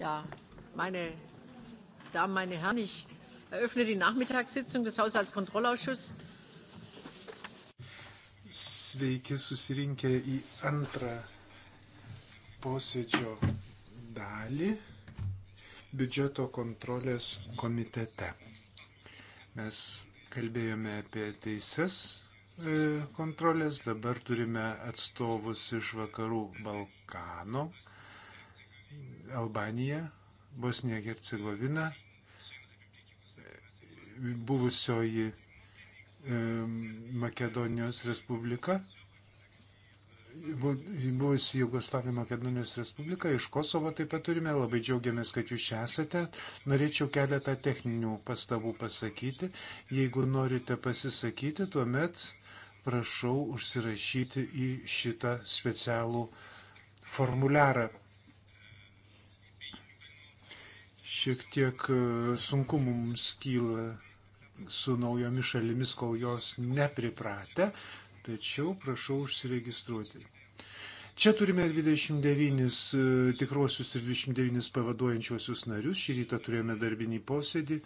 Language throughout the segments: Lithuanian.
Ja, meine Damen, meine Herren, ich eröffne die Nachmittagssitzung des Haushaltskontrollausschusses. Sveiki susirinkę į antrą posėdžio dalį biudžeto kontrolės komitete. Mes kalbėjome apie teises e, kontrolės, dabar turime atstovus iš vakarų Balkano Albanija, Bosnija Hercegovina, buvusioji Makedonijos Respublika, buvusi Jugoslavija Makedonijos Respublika, iš Kosovo taip pat turime, labai džiaugiamės, kad jūs čia esate. Norėčiau keletą techninių pastabų pasakyti. Jeigu norite pasisakyti, tuomet prašau užsirašyti į šitą specialų formuliarą. Šiek tiek e, sunkumų mums kyla su naujomis šalimis, kol jos nepripratę, tačiau prašau užsiregistruoti. Čia turime 29 e, tikruosius ir 29 pavaduojančiuosius narius. Šį rytą turėjome darbinį posėdį.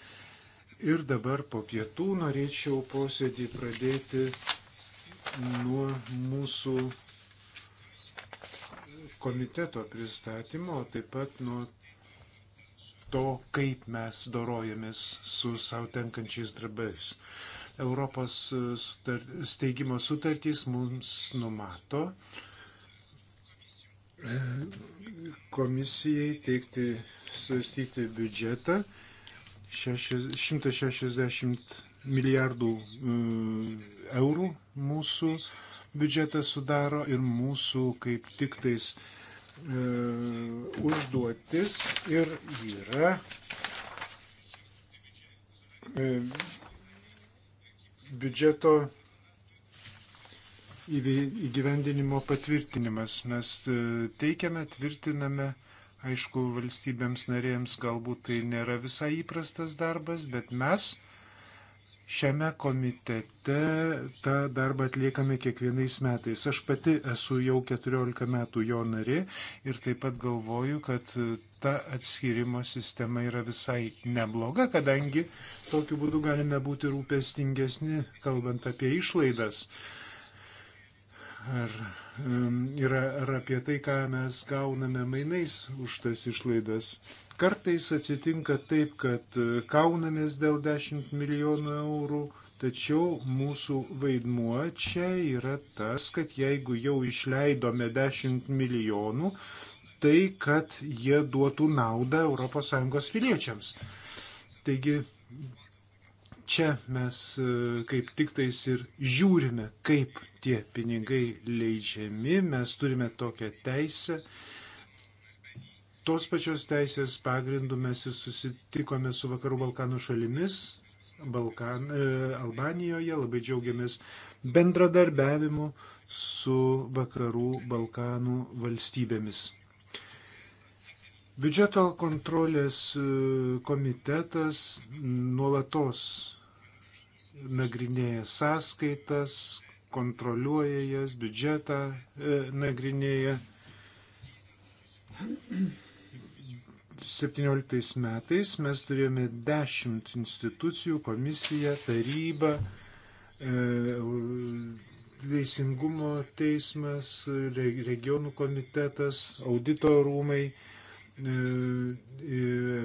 Ir dabar po pietų norėčiau posėdį pradėti nuo mūsų komiteto pristatymo, taip pat nuo to, kaip mes dorojamės su savo tenkančiais darbais. Europos e, sutar, steigimo sutartys mums numato e, komisijai teikti, svarstyti biudžetą 160 milijardų e, eurų mūsų biudžetą sudaro ir mūsų kaip tik tais E, užduotis ir yra e, biudžeto įgyvendinimo patvirtinimas. Mes e, teikiame, tvirtiname, aišku, valstybėms narėms galbūt tai nėra visai įprastas darbas, bet mes Šiame komitete tą darbą atliekame kiekvienais metais. Aš pati esu jau 14 metų jo narė ir taip pat galvoju, kad ta atskirimo sistema yra visai nebloga, kadangi tokiu būdu galime būti rūpestingesni, kalbant apie išlaidas. Ar, ir, ir apie tai, ką mes gauname mainais už tas išlaidas. Kartais atsitinka taip, kad e, kaunamės dėl 10 milijonų eurų, tačiau mūsų vaidmuo čia yra tas, kad jeigu jau išleidome 10 milijonų, tai kad jie duotų naudą ES piliečiams. Taigi čia mes e, kaip tik tais ir žiūrime, kaip tie pinigai leidžiami, mes turime tokią teisę tos pačios teisės pagrindų mes susitikome su Vakarų Balkanų šalimis, Balkan, e, Albanijoje, labai džiaugiamės bendradarbiavimu su Vakarų Balkanų valstybėmis. Biudžeto kontrolės e, komitetas nuolatos nagrinėja sąskaitas, kontroliuoja jas, biudžetą e, nagrinėja. 17 metais mes turėjome 10 institucijų, komisiją, tarybą, e, e, teisingumo teismas, regionų komitetas, audito rūmai, e,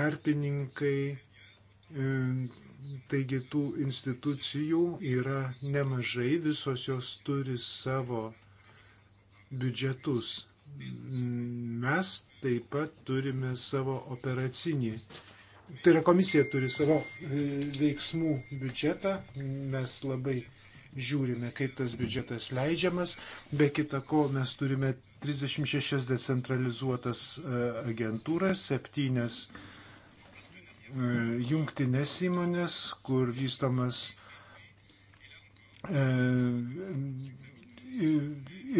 tarpininkai. Taigi tų institucijų yra nemažai, visos jos turi savo biudžetus. Mes taip pat turime savo operacinį. Tai yra komisija turi savo e, veiksmų biudžetą. Mes labai žiūrime, kaip tas biudžetas leidžiamas. Be kita ko, mes turime 36 decentralizuotas e, agentūras, 7 e, jungtinės įmonės, kur vystomas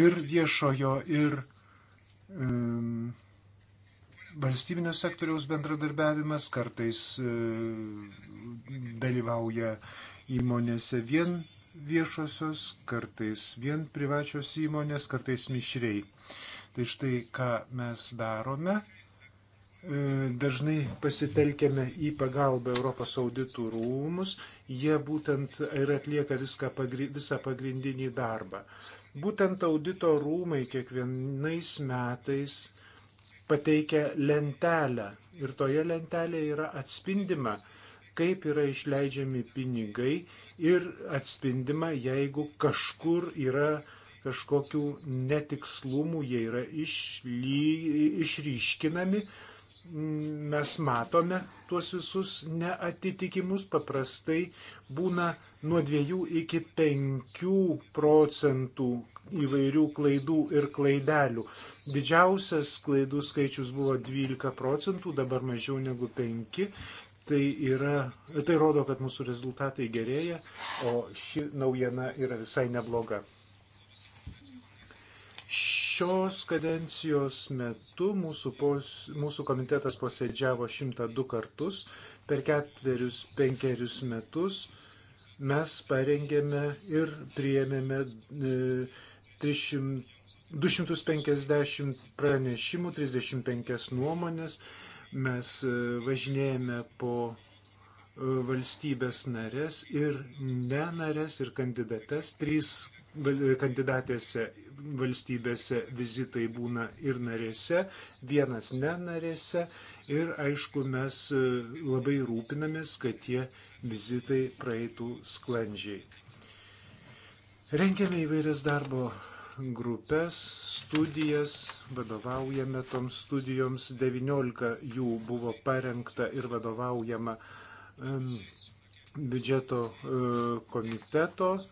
ir viešojo, ir valstybinio sektoriaus bendradarbiavimas, kartais e, dalyvauja įmonėse vien viešosios, kartais vien privačios įmonės, kartais mišriai. Tai štai ką mes darome. E, dažnai pasitelkėme į pagalbą Europos auditų rūmus, jie būtent ir atlieka viską, visą pagrindinį darbą. Būtent audito rūmai kiekvienais metais pateikia lentelę ir toje lentelėje yra atspindima, kaip yra išleidžiami pinigai ir atspindima, jeigu kažkur yra kažkokių netikslumų, jie yra išly, išryškinami mes matome tuos visus neatitikimus, paprastai būna nuo 2 iki 5 procentų įvairių klaidų ir klaidelių. Didžiausias klaidų skaičius buvo 12 procentų, dabar mažiau negu 5. Tai, yra, tai rodo, kad mūsų rezultatai gerėja, o ši naujiena yra visai nebloga. Šios kadencijos metu mūsų, pos, mūsų komitetas posėdžiavo 102 kartus. Per ketverius, penkerius metus mes parengėme ir priėmėme 300, e, 250 pranešimų, 35 nuomonės. Mes e, važinėjame po e, valstybės narės ir nenarės ir kandidates. Trys kandidatėse valstybėse vizitai būna ir narėse, vienas ne narėse. Ir aišku, mes e, labai rūpinamės, kad tie vizitai praeitų sklandžiai. Rengiame įvairias darbo grupės, studijas, vadovaujame toms studijoms, 19 jų buvo parengta ir vadovaujama um, biudžeto e, komiteto, e,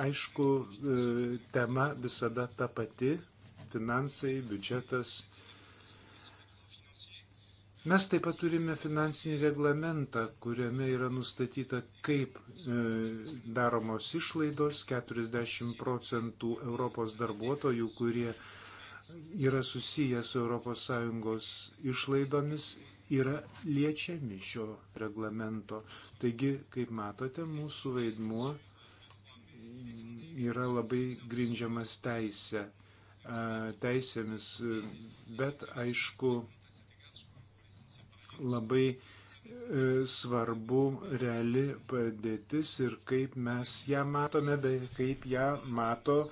aišku, e, tema visada ta pati - finansai, biudžetas. Mes taip pat turime finansinį reglamentą, kuriame yra nustatyta, kaip daromos išlaidos 40 procentų Europos darbuotojų, kurie yra susiję su ES išlaidomis, yra liečiami šio reglamento. Taigi, kaip matote, mūsų vaidmuo yra labai grindžiamas teisė, teisėmis, bet aišku, labai e, svarbu reali padėtis ir kaip mes ją matome, bei kaip ją mato e,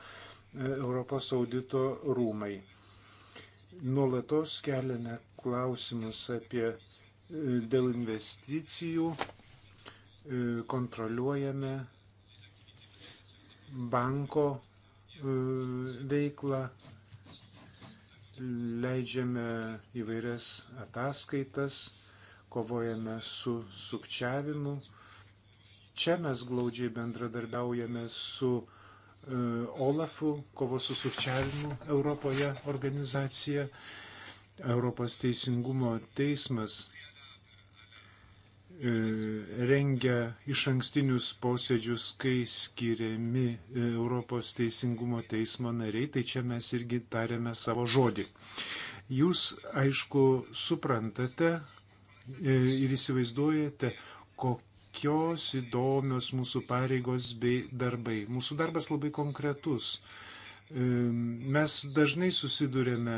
Europos audito rūmai nuolatos keliame klausimus apie e, dėl investicijų, e, kontroliuojame banko e, veiklą, leidžiame įvairias ataskaitas, kovojame su sukčiavimu. Čia mes glaudžiai bendradarbiaujame su uh, E, OLAFu, kovos su sukčiavimu Europoje organizacija, Europos teisingumo teismas e, rengia iš ankstinius posėdžius, kai skiriami e, Europos teisingumo teismo nariai, tai čia mes irgi tarėme savo žodį. Jūs, aišku, suprantate ir įsivaizduojate, kokia kokios įdomios mūsų pareigos bei darbai. Mūsų darbas labai konkretus. Mes dažnai susidurėme,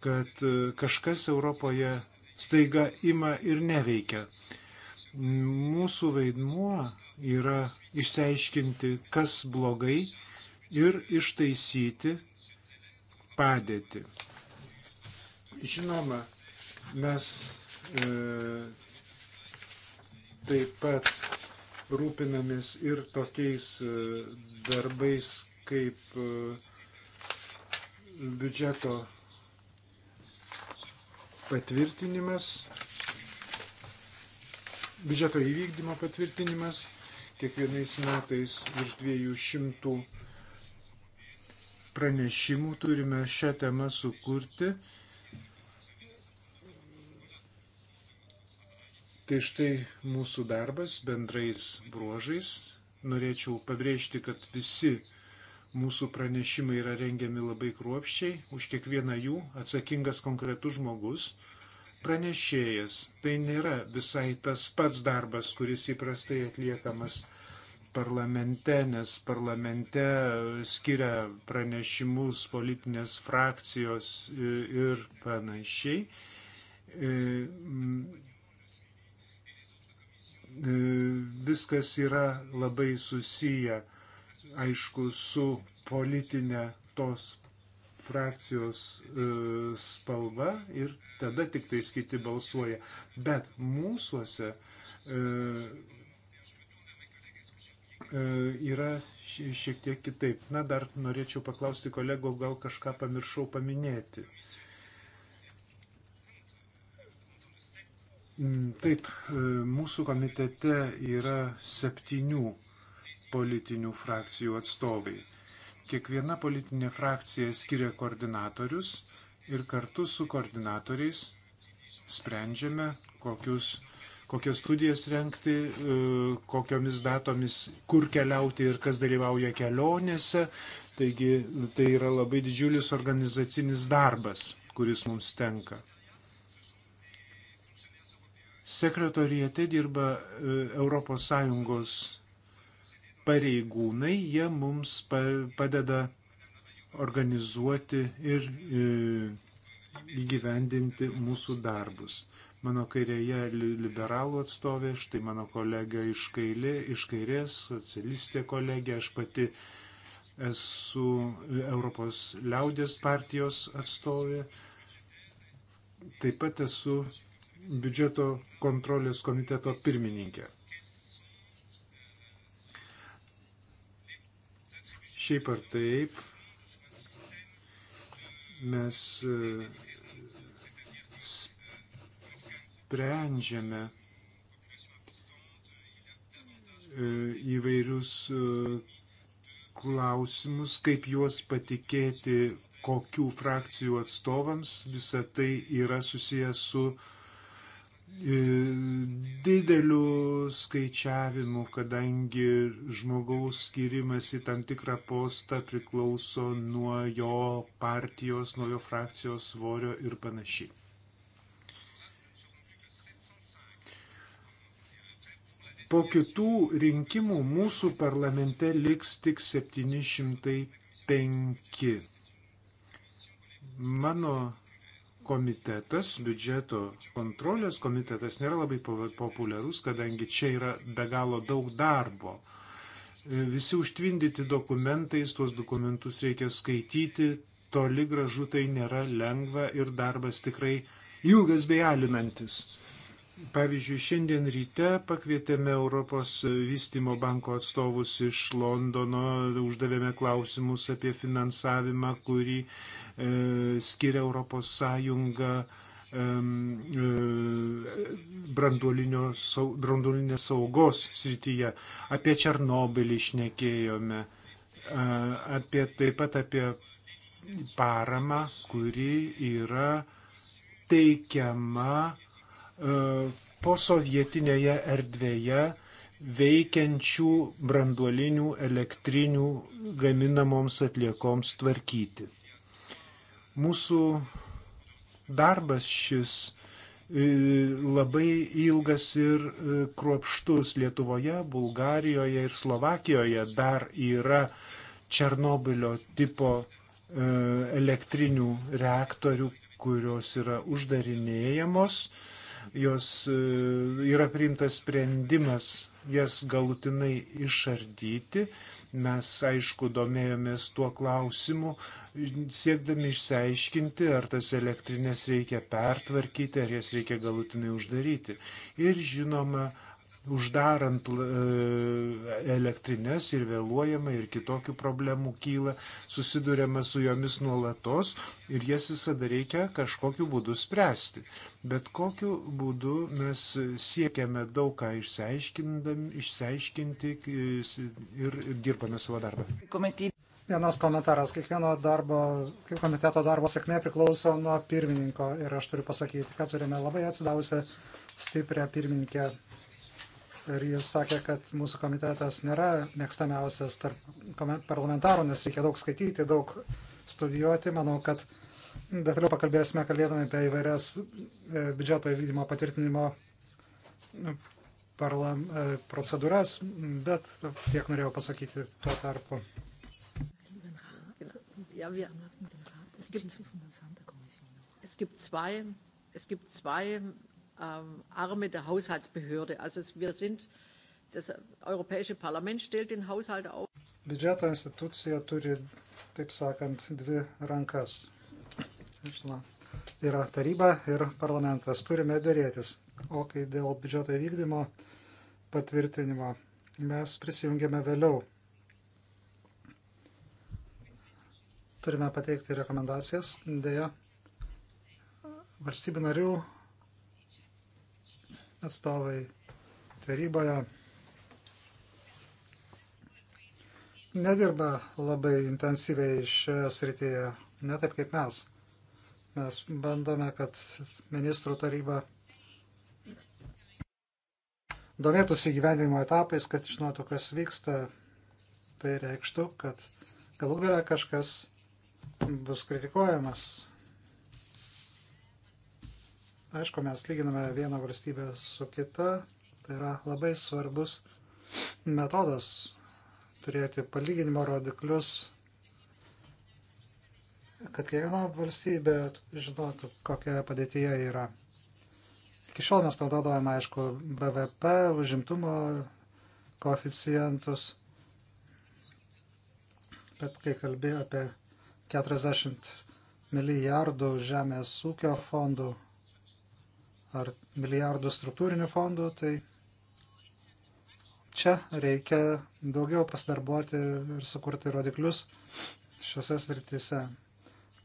kad e, kažkas Europoje staiga ima ir neveikia. Mūsų vaidmuo yra išsiaiškinti, kas blogai ir ištaisyti padėtį. Žinoma, mes e, taip pat rūpinamės ir tokiais e, darbais kaip e, biudžeto patvirtinimas, biudžeto įvykdymo patvirtinimas kiekvienais metais virš 200 pranešimų turime šią temą sukurti Tai štai mūsų darbas bendrais bruožais. Norėčiau pabrėžti, kad visi mūsų pranešimai yra rengiami labai kruopščiai, už kiekvieną jų atsakingas konkretus žmogus. Pranešėjas tai nėra visai tas pats darbas, kuris įprastai atliekamas parlamente, nes parlamente skiria pranešimus politinės frakcijos ir panašiai. E, E, viskas yra labai susiję, aišku, su politinė tos frakcijos e, spalva ir tada tik tais kiti balsuoja. Bet mūsųose e, yra šiek tiek kitaip. Na, dar norėčiau paklausti kolego, gal kažką pamiršau paminėti. Uh, Mm, taip, e, mūsų komitete yra septynių politinių frakcijų atstovai. Kiekviena politinė frakcija skiria koordinatorius ir kartu su koordinatoriais sprendžiame, kokius, kokias studijas renkti, e, kokiomis datomis, kur keliauti ir kas dalyvauja kelionėse. Taigi tai yra labai didžiulis organizacinis darbas, kuris mums tenka. Sekretorijate dirba ES pareigūnai, jie mums padeda organizuoti ir e, įgyvendinti mūsų darbus. Mano kairėje liberalų atstovė, štai mano kolega iš, kailė, iš kairės, socialistė kolegė, aš pati esu Europos liaudės partijos atstovė. Taip pat esu biudžeto kontrolės komiteto pirmininkė. Šiaip ar taip, mes e, sprendžiame e, įvairius e, klausimus, kaip juos patikėti kokių frakcijų atstovams. Visa tai yra susijęs su uh, E, dideliu skaičiavimu, kadangi žmogaus skirimas į tam tikrą postą priklauso nuo jo partijos, nuo jo frakcijos svorio ir panašiai. Po kitų rinkimų mūsų parlamente liks tik 705. Mano komitetas, biudžeto kontrolės komitetas nėra labai populiarus, kadangi čia yra be galo daug darbo. Visi užtvindyti dokumentais, tuos dokumentus reikia skaityti, toli gražu tai nėra lengva ir darbas tikrai ilgas bei alinantis. Pavyzdžiui, šiandien ryte pakvietėme Europos vystimo banko atstovus iš Londono, uždavėme klausimus apie finansavimą, kurį E, skiria Europos Sąjunga e, branduolinės saugos srityje. Apie Černobylį išnekėjome, apie, taip pat apie paramą, kuri yra teikiama e, posovietinėje erdvėje veikiančių branduolinių elektrinių gaminamoms atliekoms tvarkyti. Mūsų darbas šis e, labai ilgas ir e, kruopštus Lietuvoje, Bulgarijoje ir Slovakijoje dar yra Černobilio tipo e, elektrinių reaktorių, kurios yra uždarinėjamos. Jos yra priimtas sprendimas jas galutinai išardyti Mes, aišku, domėjomės tuo klausimu, siekdami išsiaiškinti, ar tas elektrinės reikia pertvarkyti, ar jas reikia galutinai uždaryti. Ir žinoma, uždarant e, elektrinės ir vėluojama ir kitokių problemų kyla, susidurėme su jomis nuolatos ir jas visada reikia kažkokiu būdu spręsti. Bet kokiu būdu mes siekiame daug ką išsiaiškinti ir dirbame savo darbą. Vienas komentaras. Kiekvieno darbo, kaip komiteto darbo sėkmė priklauso nuo pirmininko. Ir aš turiu pasakyti, kad turime labai atsidavusią stiprią pirmininkę. Ir jis sakė, kad mūsų komitetas nėra mėgstamiausias tarp parlamentarų, nes reikia daug skaityti, daug studijuoti. Manau, kad detaliau pakalbėsime, kalbėdami apie įvairias e, biudžeto įvykdymo patvirtinimo nu, parlam, e, procedūras, bet tiek norėjau pasakyti tuo tarpu. Es gibt zwei, es gibt zwei ähm, Arme der Haushaltsbehörde. Also es, wir sind, das Europäische Parlament stellt den Haushalt auf. Biudžeto institucija turi, taip sakant, dvi rankas žinoma, yra taryba ir parlamentas. Turime dėrėtis. O kai dėl biudžeto įvykdymo patvirtinimo mes prisijungiame vėliau. Turime pateikti rekomendacijas. Deja, valstybių narių atstovai taryboje nedirba labai intensyviai šioje srityje, ne taip kaip mes. Mes bandome, kad ministrų taryba domėtųsi gyvenimo etapais, kad žinotų, kas vyksta. Tai reikštų, kad galų gale kažkas bus kritikuojamas. Aišku, mes lyginame vieną valstybę su kita. Tai yra labai svarbus metodas turėti palyginimo rodiklius kad kiekviena valstybė žinotų, kokioje padėtyje yra. Iki šiol mes naudodavome, aišku, BVP, užimtumo koeficientus, bet kai kalbėjo apie 40 milijardų žemės ūkio fondų ar milijardų struktūrinių fondų, tai čia reikia daugiau pasidarbuoti ir sukurti rodiklius šiuose srityse.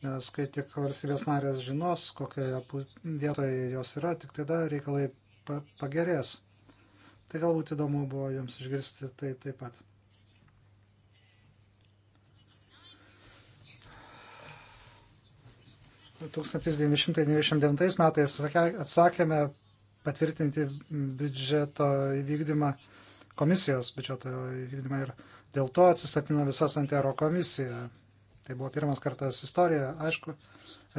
Nes kai tik valstybės narės žinos, kokioje vietoje jos yra, tik tada reikalai pagerės. Tai galbūt įdomu buvo jums išgirsti tai taip pat. Ir 1999 metais atsakėme patvirtinti biudžeto įvykdymą, komisijos biudžeto įvykdymą ir dėl to atsistatino visas Antero komisija. Tai buvo pirmas kartas istorijoje. Aišku,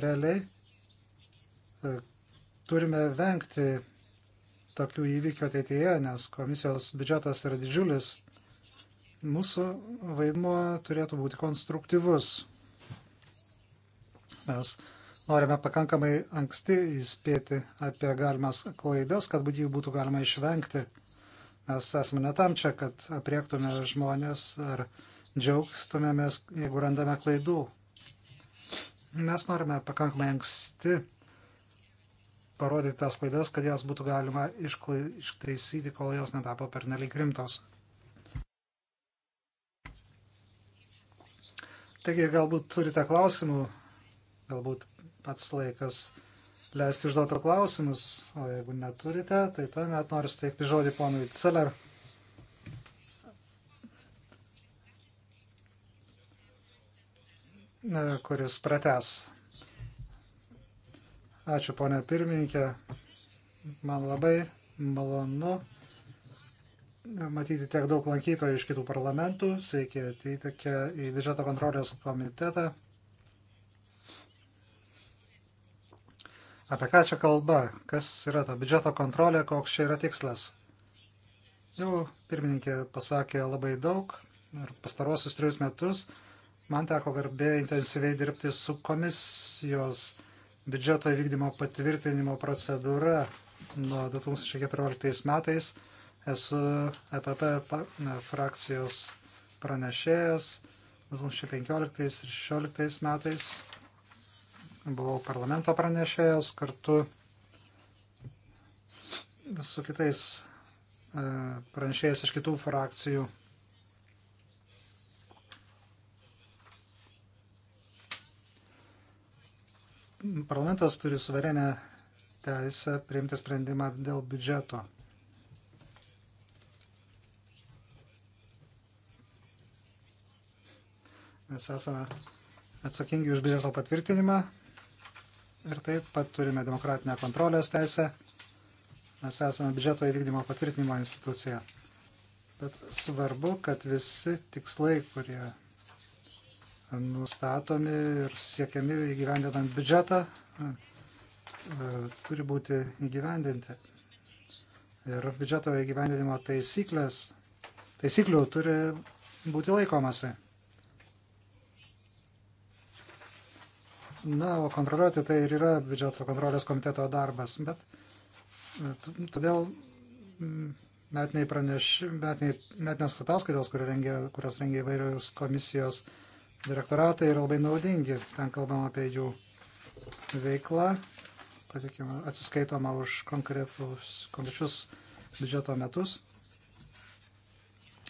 realiai e, turime vengti tokių įvykių ateityje, nes komisijos biudžetas yra didžiulis. Mūsų vaidmuo turėtų būti konstruktyvus. Mes norime pakankamai anksti įspėti apie galimas klaidas, kad jų būtų galima išvengti. Mes esame ne tam čia, kad apriektume žmonės ar žmonės džiaugstumėmės, jeigu randame klaidų. Mes norime pakankamai anksti parodyti tas klaidas, kad jas būtų galima išklai, ištaisyti, kol jos netapo pernelyg rimtos. Taigi galbūt turite klausimų, galbūt pats laikas leisti užduoto klausimus, o jeigu neturite, tai tuomet noriu steigti žodį ponui Celer. E, kuris prates. Ačiū, ponė pirmininkė. Man labai malonu matyti tiek daug lankytojų iš kitų parlamentų. Sveiki atvykę į biudžeto kontrolės komitetą. Apie ką čia kalba? Kas yra ta biudžeto kontrolė? Koks čia yra tikslas? Jau pirmininkė pasakė labai daug ir pastarosius trejus metus Man teko garbė intensyviai dirbti su komisijos biudžeto įvykdymo patvirtinimo procedūra nuo 2014 metais. Esu EPP frakcijos pranešėjas 2015 ir 2016 metais. Buvau parlamento pranešėjas kartu su kitais e, pranešėjais iš kitų frakcijų parlamentas turi suverenę teisę priimti sprendimą dėl biudžeto. Mes esame atsakingi už biudžeto patvirtinimą ir taip pat turime demokratinę kontrolės teisę. Mes esame biudžeto įvykdymo patvirtinimo institucija. Bet svarbu, kad visi tikslai, kurie nustatomi ir siekiami įgyvendinant biudžetą, e, turi būti įgyvendinti. Ir biudžeto įgyvendinimo taisyklės, taisyklių turi būti laikomasi. Na, o kontroliuoti tai ir yra biudžeto kontrolės komiteto darbas. Bet e, todėl mm, metiniai pranešimai, metiniai, metinės ataskaitos, kurios rengia, kurios rengia įvairios komisijos, direktoratai yra labai naudingi. Ten kalbam apie jų veiklą, patikima, atsiskaitoma už konkrečius biudžeto metus.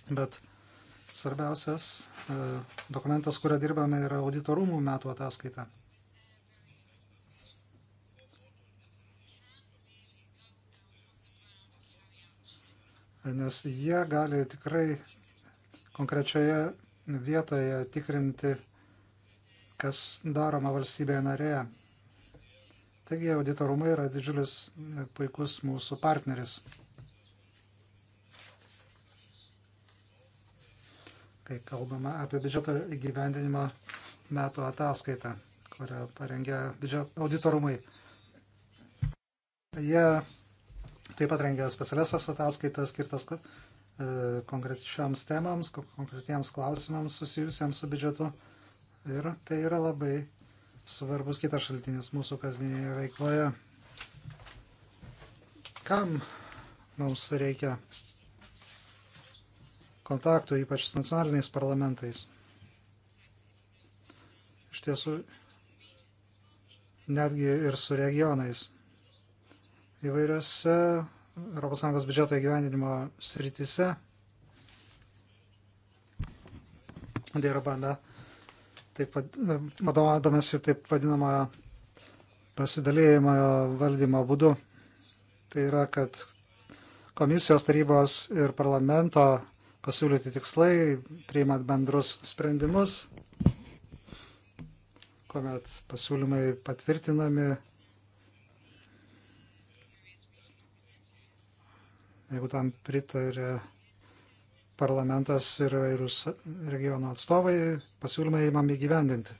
Bet svarbiausias e, dokumentas, kurio dirbame, yra auditorumų metų ataskaita. Nes jie gali tikrai konkrečioje vietoje tikrinti, kas daroma valstybėje narėje. Taigi auditorumai yra didžiulis e, puikus mūsų partneris. Kai kalbame apie biudžeto įgyvendinimą metų ataskaitą, kurią parengė biudžeto auditorumai. Jie taip pat rengia specialiasias ataskaitas skirtas E, konkrečiams temams, konkretiems klausimams susijusiems su biudžetu. Ir tai yra labai svarbus kitas šaltinis mūsų kasdienėje veikloje. Kam mums reikia kontaktų, ypač su nacionaliniais parlamentais? Iš tiesų, netgi ir su regionais. Įvairiose ES biudžeto įgyvendinimo srityse dirbame taip e, vadovaudomasi taip vadinamojo pasidalėjimojo valdymo būdu. Tai yra, kad komisijos tarybos ir parlamento pasiūlyti tikslai, priimant bendrus sprendimus, kuomet pasiūlymai patvirtinami jeigu tam pritarė parlamentas ir vairūs regiono atstovai, pasiūlymai įmami gyvendinti.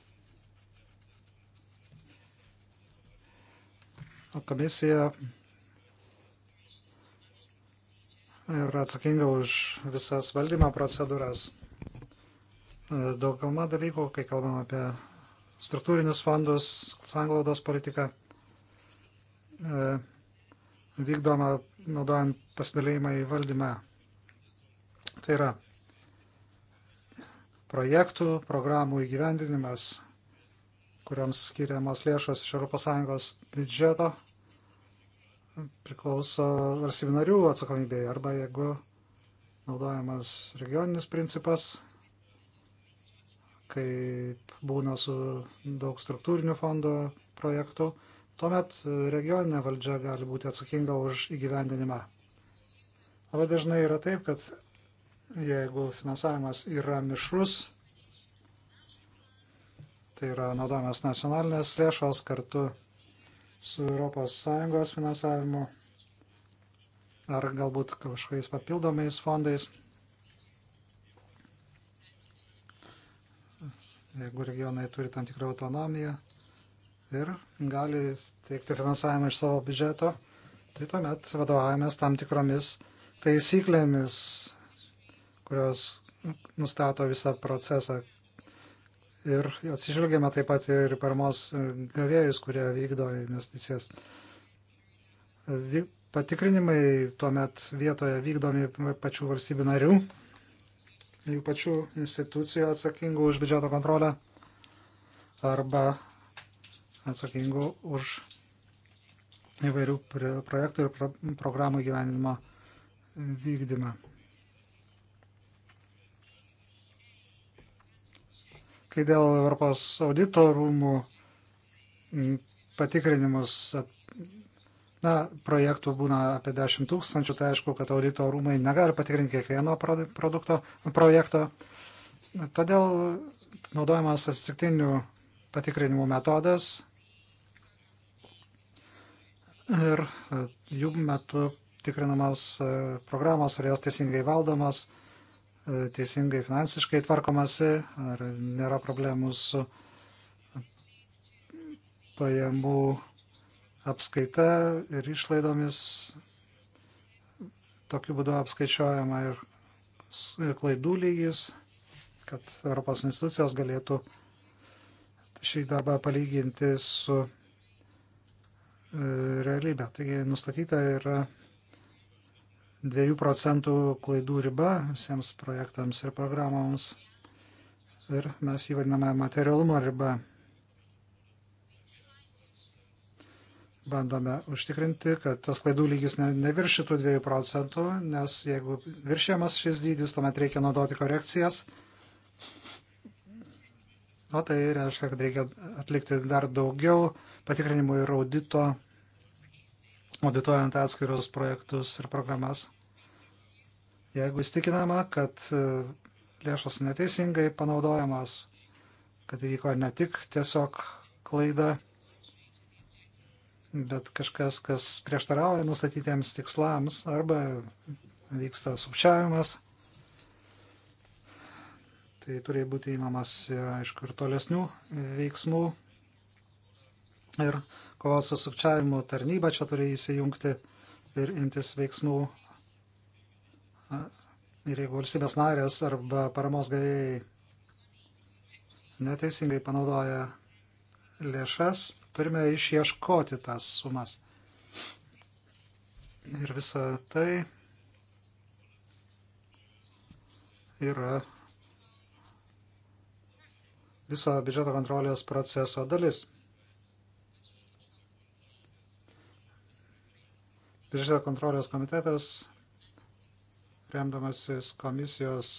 O komisija yra atsakinga už visas valdymo procedūras. Daugama dalykų, kai kalbam apie struktūrinius fondus, sanglaudos politiką, e, vykdoma naudojant pasidalėjimą į valdymą. Tai yra projektų, programų įgyvendinimas, kuriams skiriamos lėšos iš ES biudžeto priklauso valstybių narių atsakomybėje arba jeigu naudojamas regioninis principas, kaip būna su daug struktūrinių fondų projektų, Tuomet e, regioninė valdžia gali būti atsakinga už įgyvendinimą. Labai dažnai yra taip, kad jeigu finansavimas yra mišrus, tai yra naudojamas nacionalinės lėšos kartu su ES finansavimu ar galbūt kažkokiais papildomais fondais. Jeigu regionai turi tam tikrą autonomiją, ir gali teikti finansavimą iš savo biudžeto, tai tuomet vadovavomės tam tikromis taisyklėmis, kurios nustato visą procesą. Ir atsižvelgėme taip pat ir paramos gavėjus, kurie vykdo investicijas. Patikrinimai tuomet vietoje vykdomi pačių valstybių narių, jų pačių institucijų atsakingų už biudžeto kontrolę arba atsakingų už įvairių projektų ir pro programų gyvenimo vykdymą. Kai dėl Europos audito rūmų patikrinimus, na, projektų būna apie 10 tūkstančių, tai aišku, kad audito rūmai negali patikrinti kiekvieno produkto, projekto. Todėl naudojamas atsitiktinių patikrinimų metodas ir e, jų metu tikrinamos e, programos, ar jos teisingai valdomos, e, teisingai finansiškai tvarkomasi, ar nėra problemų su pajamų apskaita ir išlaidomis. Tokiu būdu apskaičiuojama ir klaidų lygis, kad Europos institucijos galėtų šį darbą palyginti su realybę. Taigi nustatyta yra 2 procentų klaidų riba visiems projektams ir programoms ir mes jį vadiname materialumo riba. Bandome užtikrinti, kad tas klaidų lygis ne, neviršytų 2 procentų, nes jeigu viršėmas šis dydis, tuomet reikia naudoti korekcijas O tai reiškia, kad reikia atlikti dar daugiau patikrinimų ir audito, audituojant atskirus projektus ir programas. Jeigu įstikinama, kad e, lėšos neteisingai panaudojamos, kad įvyko ne tik tiesiog klaida, bet kažkas, kas prieštarauja nustatytiems tikslams arba vyksta sukčiavimas, tai turi būti įmamas, e, aišku, ir tolesnių e, veiksmų. Ir kovos su sukčiavimu tarnyba čia turi įsijungti ir imtis veiksmų. Ir jeigu valstybės narės arba paramos gavėjai neteisingai panaudoja lėšas, turime išieškoti tas sumas. Ir visa tai yra viso biudžeto kontrolės proceso dalis. Biudžeto kontrolės komitetas, remdamasis komisijos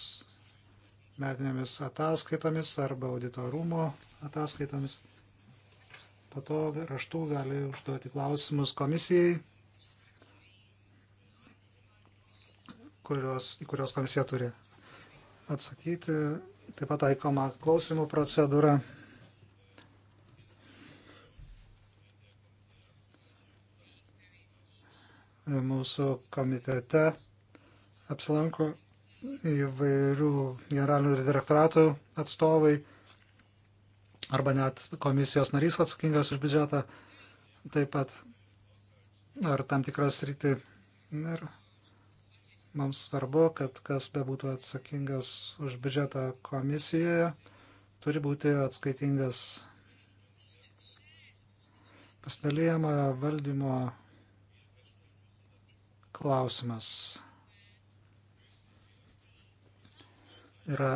metinėmis ataskaitomis arba auditorumo ataskaitomis, po to raštų gali užduoti klausimus komisijai, kurios, į kurios komisija turi atsakyti Taip pat taikoma klausimų procedūra. Mūsų komitete apsilanko įvairių generalinių direktoratų atstovai arba net komisijos narys atsakingas už biudžetą, taip pat ar tam tikras rytį ir Mums svarbu, kad kas bebūtų atsakingas už biudžetą komisijoje, turi būti atskaitingas pasidalyjamojo valdymo klausimas. Yra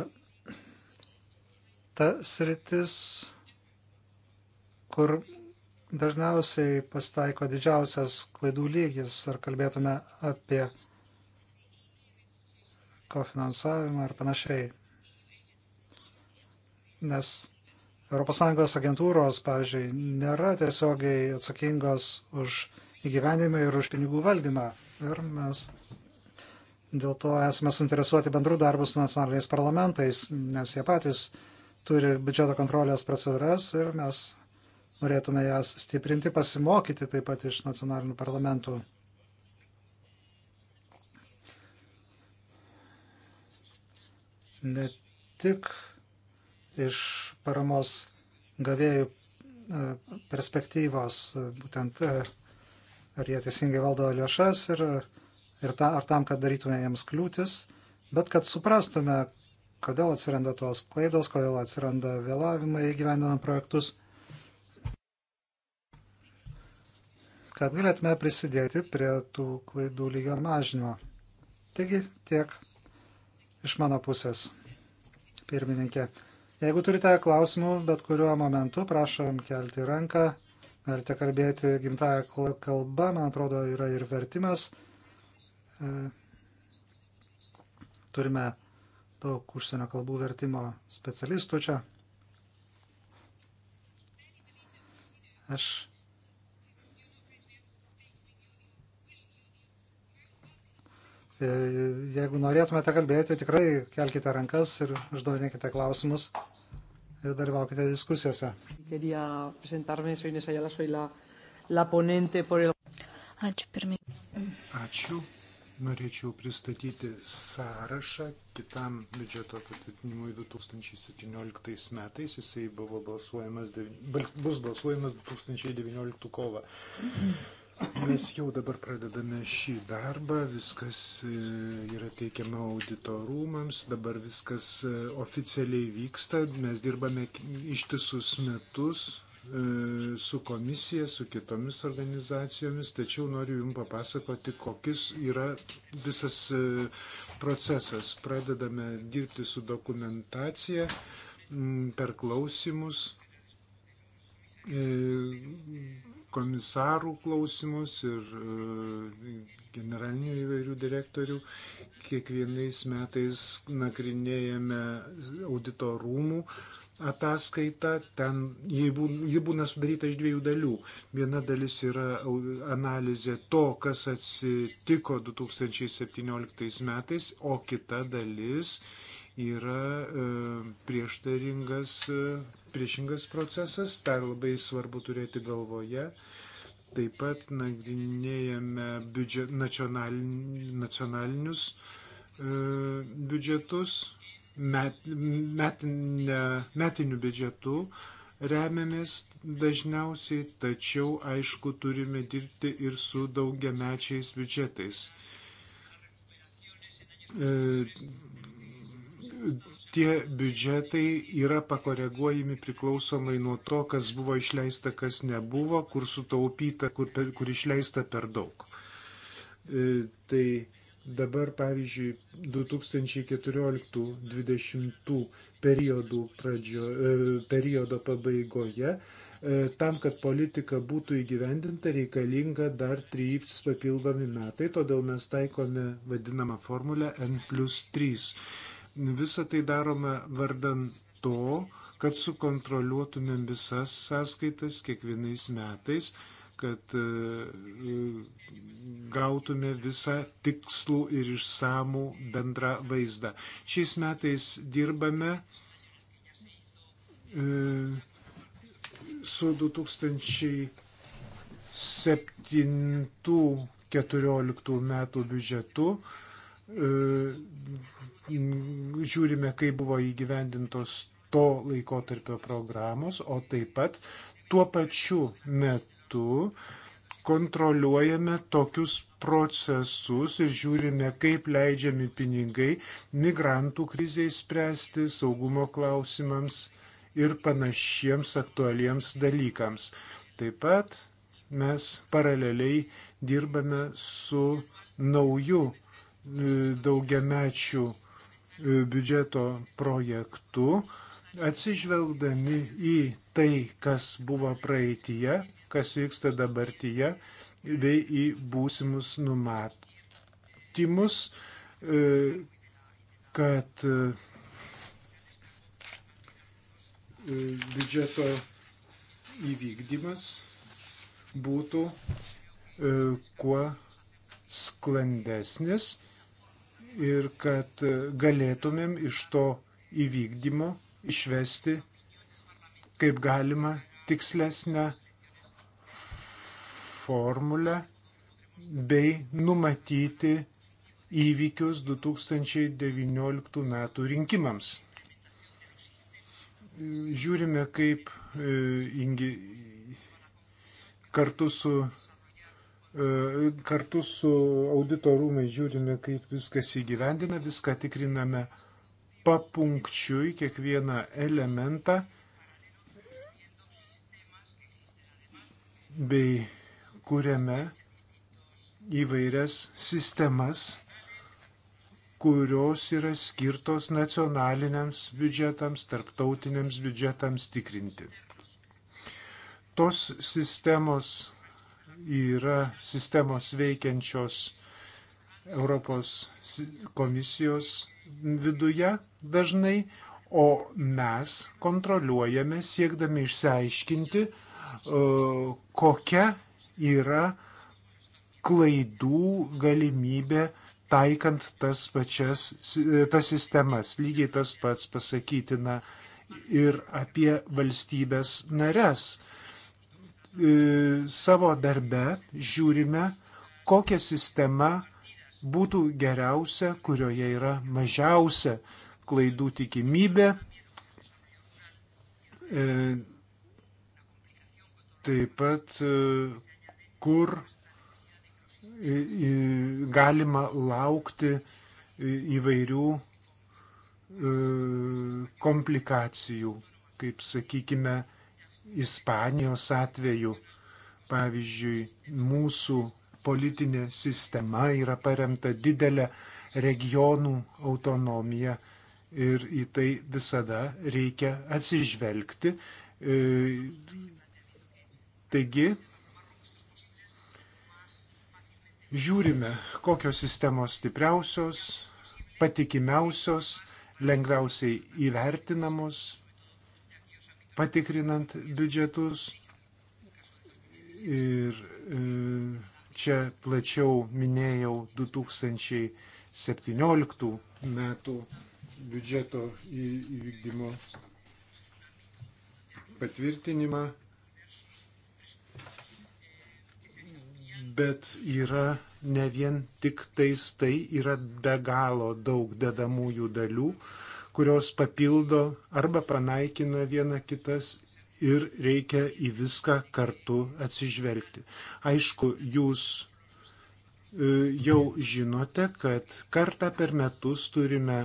ta sritis, kur dažniausiai pasitaiko didžiausias klaidų lygis, ar kalbėtume apie kofinansavimą ir panašiai. Nes ES agentūros, pavyzdžiui, nėra tiesiogiai atsakingos už įgyvenimą ir už pinigų valdymą. Ir mes dėl to esame suinteresuoti bendrų darbų su nacionaliniais parlamentais, nes jie patys turi biudžeto kontrolės procedūras ir mes norėtume jas stiprinti, pasimokyti taip pat iš nacionalinių parlamentų. ne tik iš paramos gavėjų e, perspektyvos, būtent e, ar jie teisingai valdo lėšas ir, ir ta, ar tam, kad darytume jiems kliūtis, bet kad suprastume, kodėl atsiranda tos klaidos, kodėl atsiranda vėlavimai įgyvendinant projektus, kad galėtume prisidėti prie tų klaidų lygio mažinimo. Taigi tiek iš mano pusės, pirmininkė. Jeigu turite klausimų, bet kuriuo momentu, prašom kelti ranką. Galite kalbėti gimtają kalbą, man atrodo, yra ir vertimas. E, turime daug užsienio kalbų vertimo specialistų čia. Aš E, jeigu norėtumėte kalbėti, tikrai kelkite rankas ir uždavinėkite klausimus ir dalyvaukite diskusijose. Ačiū pirmininkai. Ačiū. Norėčiau pristatyti sąrašą kitam biudžeto patvirtinimui 2017 metais. Jisai buvo balsuojamas, bus balsuojamas 2019 kovą. Mes jau dabar pradedame šį darbą, viskas e, yra teikiama auditorumams, dabar viskas e, oficialiai vyksta, mes dirbame ištisus metus e, su komisija, su kitomis organizacijomis, tačiau noriu Jums papasakoti, kokis yra visas procesas. Pradedame dirbti su dokumentacija per klausimus komisarų klausimus ir e, generalinių įvairių direktorių. Kiekvienais metais nagrinėjame audito rūmų ataskaita, ten ji būna sudaryta iš dviejų dalių. Viena dalis yra analizė to, kas atsitiko 2017 metais, o kita dalis yra e, prieštaringas e, priešingas procesas, tą labai svarbu turėti galvoje. Taip pat nagrinėjame biudžet, nacionalin, nacionalinius e, biudžetus, met, metinę, metinių biudžetų remiamės dažniausiai, tačiau aišku turime dirbti ir su daugiamečiais biudžetais. E, tie biudžetai yra pakoreguojami priklausomai nuo to, kas buvo išleista, kas nebuvo, kur sutaupyta, kur, per, kur išleista per daug. E, tai dabar, pavyzdžiui, 2014-2020 periodų pradžio, e, periodo pabaigoje e, tam, kad politika būtų įgyvendinta, reikalinga dar trys papildomi metai, todėl mes taikome vadinamą formulę N plus 3. Visą tai darome vardan to, kad sukontroliuotumėm visas sąskaitas kiekvienais metais, kad e, gautume visą tikslų ir išsamų bendrą vaizdą. Šiais metais dirbame e, su 2007-2014 metų biudžetu e, žiūrime, kaip buvo įgyvendintos to laikotarpio programos, o taip pat tuo pačiu metu kontroliuojame tokius procesus ir žiūrime, kaip leidžiami pinigai migrantų kriziai spręsti, saugumo klausimams ir panašiems aktualiems dalykams. Taip pat mes paraleliai dirbame su nauju e, daugiamečiu E, biudžeto projektu, atsižvelgdami į tai, kas buvo praeitie, kas vyksta dabartyje, bei į būsimus numatymus, e, kad e, biudžeto įvykdymas būtų kuo sklandesnis ir kad galėtumėm iš to įvykdymo išvesti kaip galima tikslesnę formulę bei numatyti įvykius 2019 m. rinkimams. Žiūrime, kaip e, ingi, kartu su E, kartu su audito rūmai žiūrime, kaip viskas įgyvendina, viską tikriname papunkčiui, kiekvieną elementą bei kuriame įvairias sistemas, kurios yra skirtos nacionaliniams biudžetams, tarptautiniams biudžetams tikrinti. Tos sistemos yra sistemos veikiančios Europos komisijos viduje dažnai, o mes kontroliuojame siekdami išsiaiškinti, e, kokia yra klaidų galimybė taikant tas pačias e, tas sistemas. Lygiai tas pats pasakytina ir apie valstybės nares. E, savo darbe žiūrime, kokia sistema būtų geriausia, kurioje yra mažiausia klaidų tikimybė. E, taip pat, e, kur galima laukti įvairių komplikacijų, kaip sakykime, Ispanijos atveju, pavyzdžiui, mūsų politinė sistema yra paremta didelė regionų autonomija ir į tai visada reikia atsižvelgti. E, taigi, žiūrime, kokios sistemos stipriausios, patikimiausios, lengviausiai įvertinamos, patikrinant biudžetus. Ir e, čia plačiau minėjau 2017 metų biudžeto įvykdymo patvirtinimą, bet yra ne vien tik tais tai, yra be galo daug dedamųjų dalių, kurios papildo arba panaikina viena kitas ir reikia į viską kartu atsižvelgti. Aišku, jūs e, jau žinote, kad kartą per metus turime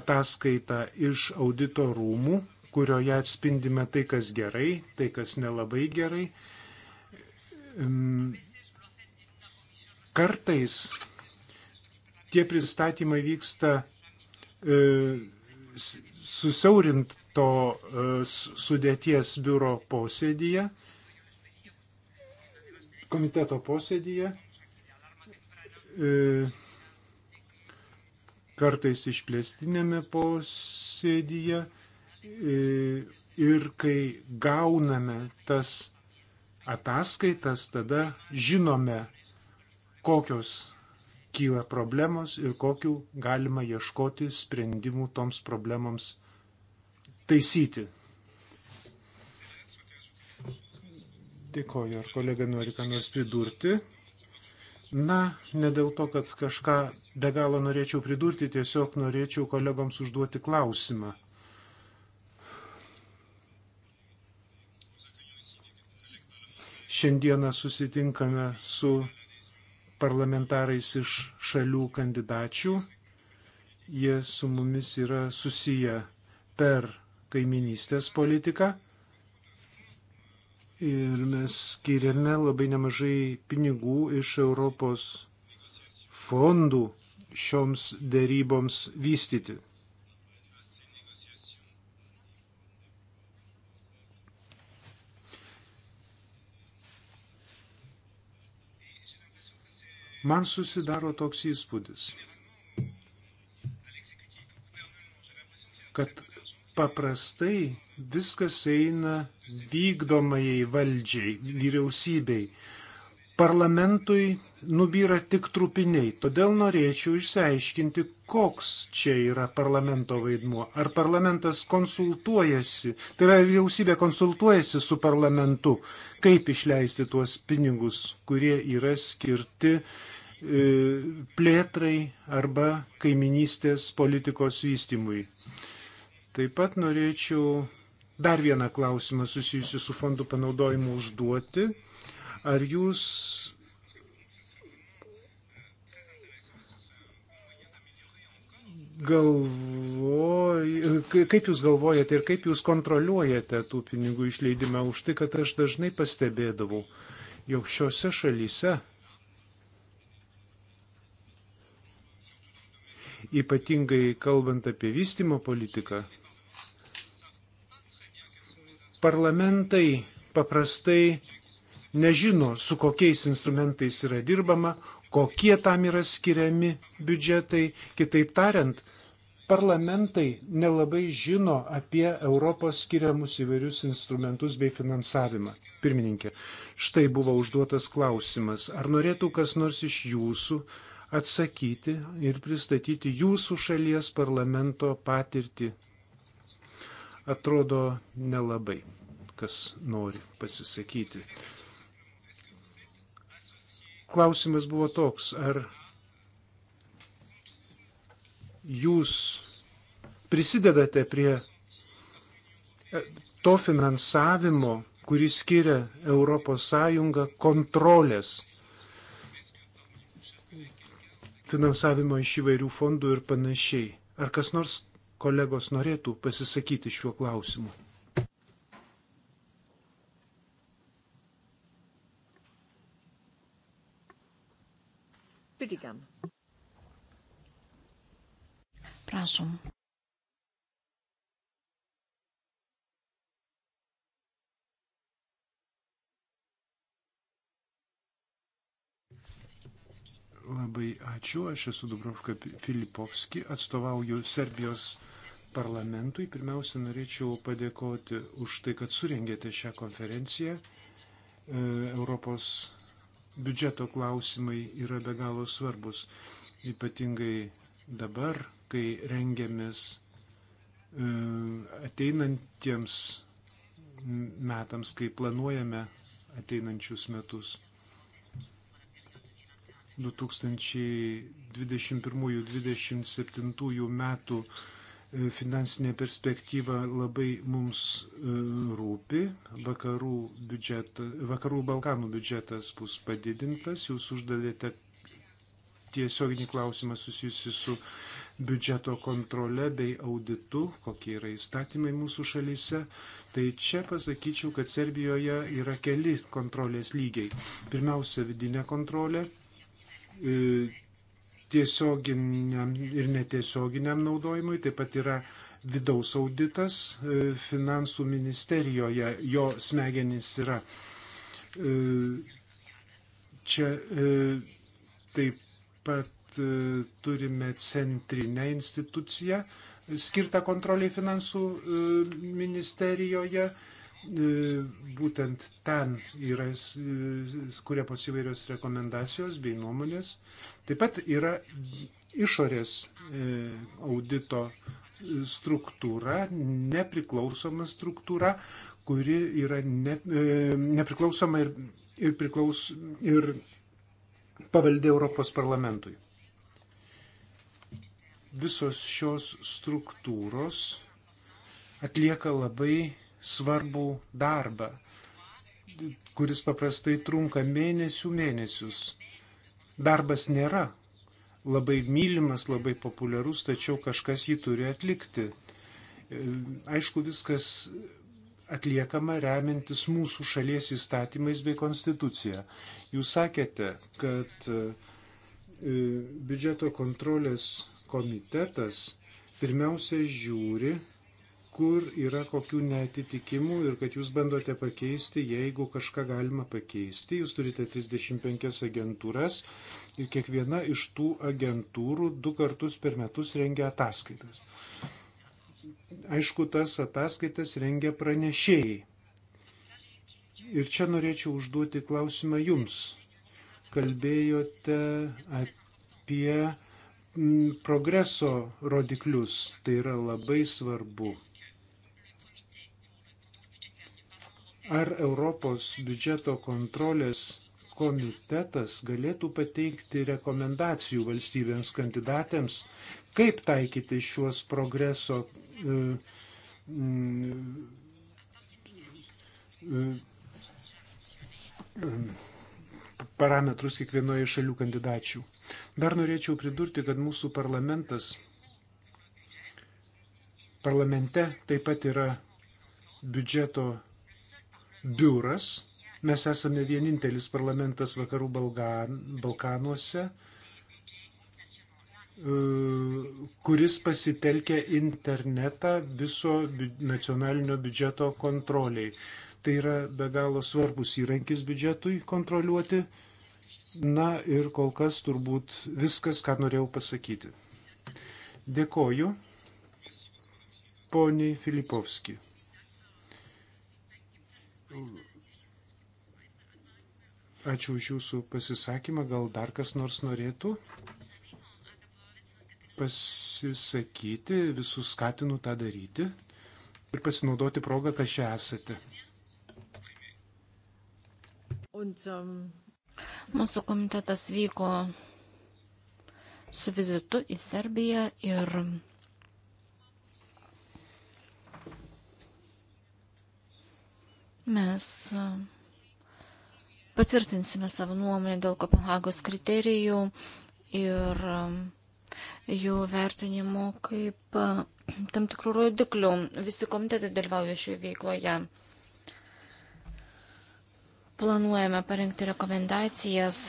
ataskaitą iš audito rūmų, kurioje atspindime tai, kas gerai, tai, kas nelabai gerai. Kartais tie pristatymai vyksta e, susiaurinto e, sudėties biuro posėdyje, komiteto posėdyje, e, kartais išplėstinėme posėdyje e, ir kai gauname tas ataskaitas, tada žinome, kokios kyla problemos ir kokiu galima ieškoti sprendimų toms problemams taisyti. Dėkoju, ar kolega nori ką nors pridurti? Na, ne dėl to, kad kažką be galo norėčiau pridurti, tiesiog norėčiau kolegoms užduoti klausimą. Šiandieną susitinkame su parlamentarais iš šalių kandidačių. Jie su mumis yra susiję per kaiminystės politiką. Ir mes skiriame labai nemažai pinigų iš Europos fondų šioms dėryboms vystyti. Man susidaro toks įspūdis, kad paprastai viskas eina vykdomai valdžiai, vyriausybei. Parlamentui nubyra tik trupiniai, todėl norėčiau išsiaiškinti, koks čia yra parlamento vaidmuo. Ar parlamentas konsultuojasi, tai yra vyriausybė konsultuojasi su parlamentu, kaip išleisti tuos pinigus, kurie yra skirti uh, E, plėtrai arba kaiminystės politikos vystimui. Taip pat norėčiau dar vieną klausimą susijusiu su fondų panaudojimu užduoti. Ar jūs galvoj, kaip jūs galvojate ir kaip jūs kontroliuojate tų pinigų išleidimą už tai, kad aš dažnai pastebėdavau, jog šiuose šalyse ypatingai kalbant apie vystimo politiką, parlamentai paprastai nežino, su kokiais instrumentais yra dirbama, kokie tam yra skiriami biudžetai. Kitaip tariant, parlamentai nelabai žino apie Europos skiriamus įvairius instrumentus bei finansavimą. Pirmininkė, štai buvo užduotas klausimas, ar norėtų kas nors iš jūsų atsakyti ir pristatyti jūsų šalies parlamento patirtį. Atrodo nelabai, kas nori pasisakyti. Klausimas buvo toks, ar jūs prisidedate prie e, to finansavimo, kurį skiria ES kontrolės finansavimo iš įvairių fondų ir panašiai. Ar kas nors kolegos norėtų pasisakyti šiuo klausimu? Bitte gern. Prašom. Labai ačiū. Aš esu Dubrovka Filipovski, atstovauju Serbijos parlamentui. Pirmiausia, norėčiau padėkoti už tai, kad surengėte šią konferenciją. E, Europos biudžeto klausimai yra be galo svarbus, ypatingai dabar, kai rengiamės e, ateinantiems metams, kai planuojame ateinančius metus. 2021-2027 metų e, finansinė perspektyva labai mums e, rūpi. Vakarų, biudžet, vakarų Balkanų biudžetas bus padidintas. Jūs uždavėte tiesioginį klausimą susijusi su biudžeto kontrole bei auditu, kokie yra įstatymai mūsų šalyse. Tai čia pasakyčiau, kad Serbijoje yra keli kontrolės lygiai. Pirmiausia, vidinė kontrolė E, tiesioginiam ir netiesioginiam naudojimui, taip pat yra vidaus auditas e, finansų ministerijoje, jo smegenys yra. E, čia taip pat turime centrinę instituciją skirtą kontroliai finansų ministerijoje E, būtent ten yra e, kuriamos įvairios rekomendacijos bei nuomonės. Taip pat yra išorės e, audito struktūra, nepriklausoma struktūra, kuri yra ne, nepriklausoma ir, ir, priklaus, ir pavaldi Europos parlamentui. Visos šios struktūros atlieka labai svarbų darbą, kuris paprastai trunka mėnesių mėnesius. Darbas nėra labai mylimas, labai populiarus, tačiau kažkas jį turi atlikti. Aišku, viskas atliekama remiantis mūsų šalies įstatymais bei konstitucija. Jūs sakėte, kad e, biudžeto kontrolės komitetas pirmiausia žiūri kur yra kokių netitikimų ir kad jūs bandote pakeisti, jeigu kažką galima pakeisti. Jūs turite 35 agentūras ir kiekviena iš tų agentūrų du kartus per metus rengia ataskaitas. Aišku, tas ataskaitas rengia pranešėjai. Ir čia norėčiau užduoti klausimą jums. Kalbėjote apie mm, progreso rodiklius. Tai yra labai svarbu. Ar Europos biudžeto kontrolės komitetas galėtų pateikti rekomendacijų valstybėms kandidatėms, kaip taikyti šiuos progreso e, mm, e, e, parametrus kiekvienoje šalių kandidačių. Dar norėčiau pridurti, kad mūsų parlamentas, parlamente taip pat yra biudžeto biuras. Mes esame vienintelis parlamentas vakarų Balkanuose, e, kuris pasitelkia internetą viso nacionalinio biudžeto kontroliai. Tai yra be galo svarbus įrankis biudžetui kontroliuoti. Na ir kol kas turbūt viskas, ką norėjau pasakyti. Dėkoju poniai Filipovski. Ačiū už Jūsų pasisakymą. Gal dar kas nors norėtų pasisakyti, visus skatinu tą daryti ir pasinaudoti progą, kad čia esate. Ähm, Mūsų komitetas vyko su vizitu į Serbiją ir Mes e, patvirtinsime savo nuomonę dėl Kopenhagos kriterijų ir e, jų vertinimo kaip e, tam tikrų rodiklių. Visi komitetai dalyvauja šioje veikloje. Planuojame parengti rekomendacijas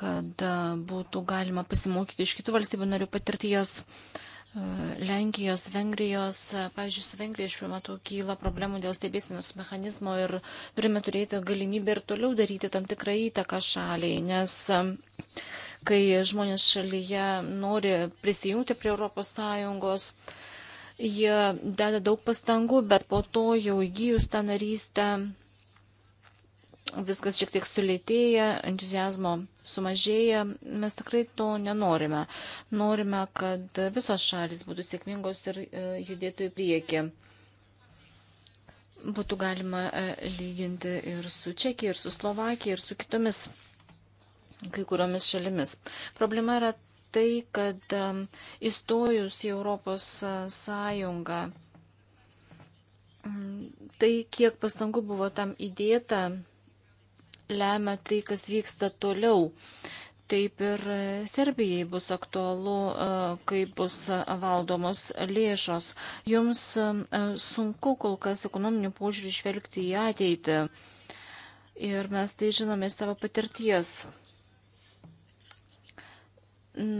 kad e, būtų galima pasimokyti iš kitų valstybių narių patirties. E, Lenkijos, Vengrijos, e, pavyzdžiui, su Vengrija šiuo metu kyla problemų dėl stebėsinos mechanizmo ir turime turėti galimybę ir toliau daryti tam tikrą įtaką šaliai, nes kai žmonės šalyje nori prisijungti prie ES, jie deda daug pastangų, bet po to jau įgyjus tą narystę viskas šiek tiek sulėtėja, entuzijazmo sumažėja, mes tikrai to nenorime. Norime, kad visos šalis būtų sėkmingos ir e, judėtų į priekį. Būtų galima e, lyginti ir su Čekija, ir su Slovakija, ir su kitomis kai kuriomis šalimis. Problema yra tai, kad e, įstojus į Europos Sąjungą, tai kiek pastangų buvo tam įdėta, lemia tai, kas vyksta toliau. Taip ir Serbijai bus aktualu, e, kaip bus valdomos lėšos. Jums e, sunku kol kas ekonominių požiūrį išvelgti į ateitį. Ir mes tai žinome savo patirties.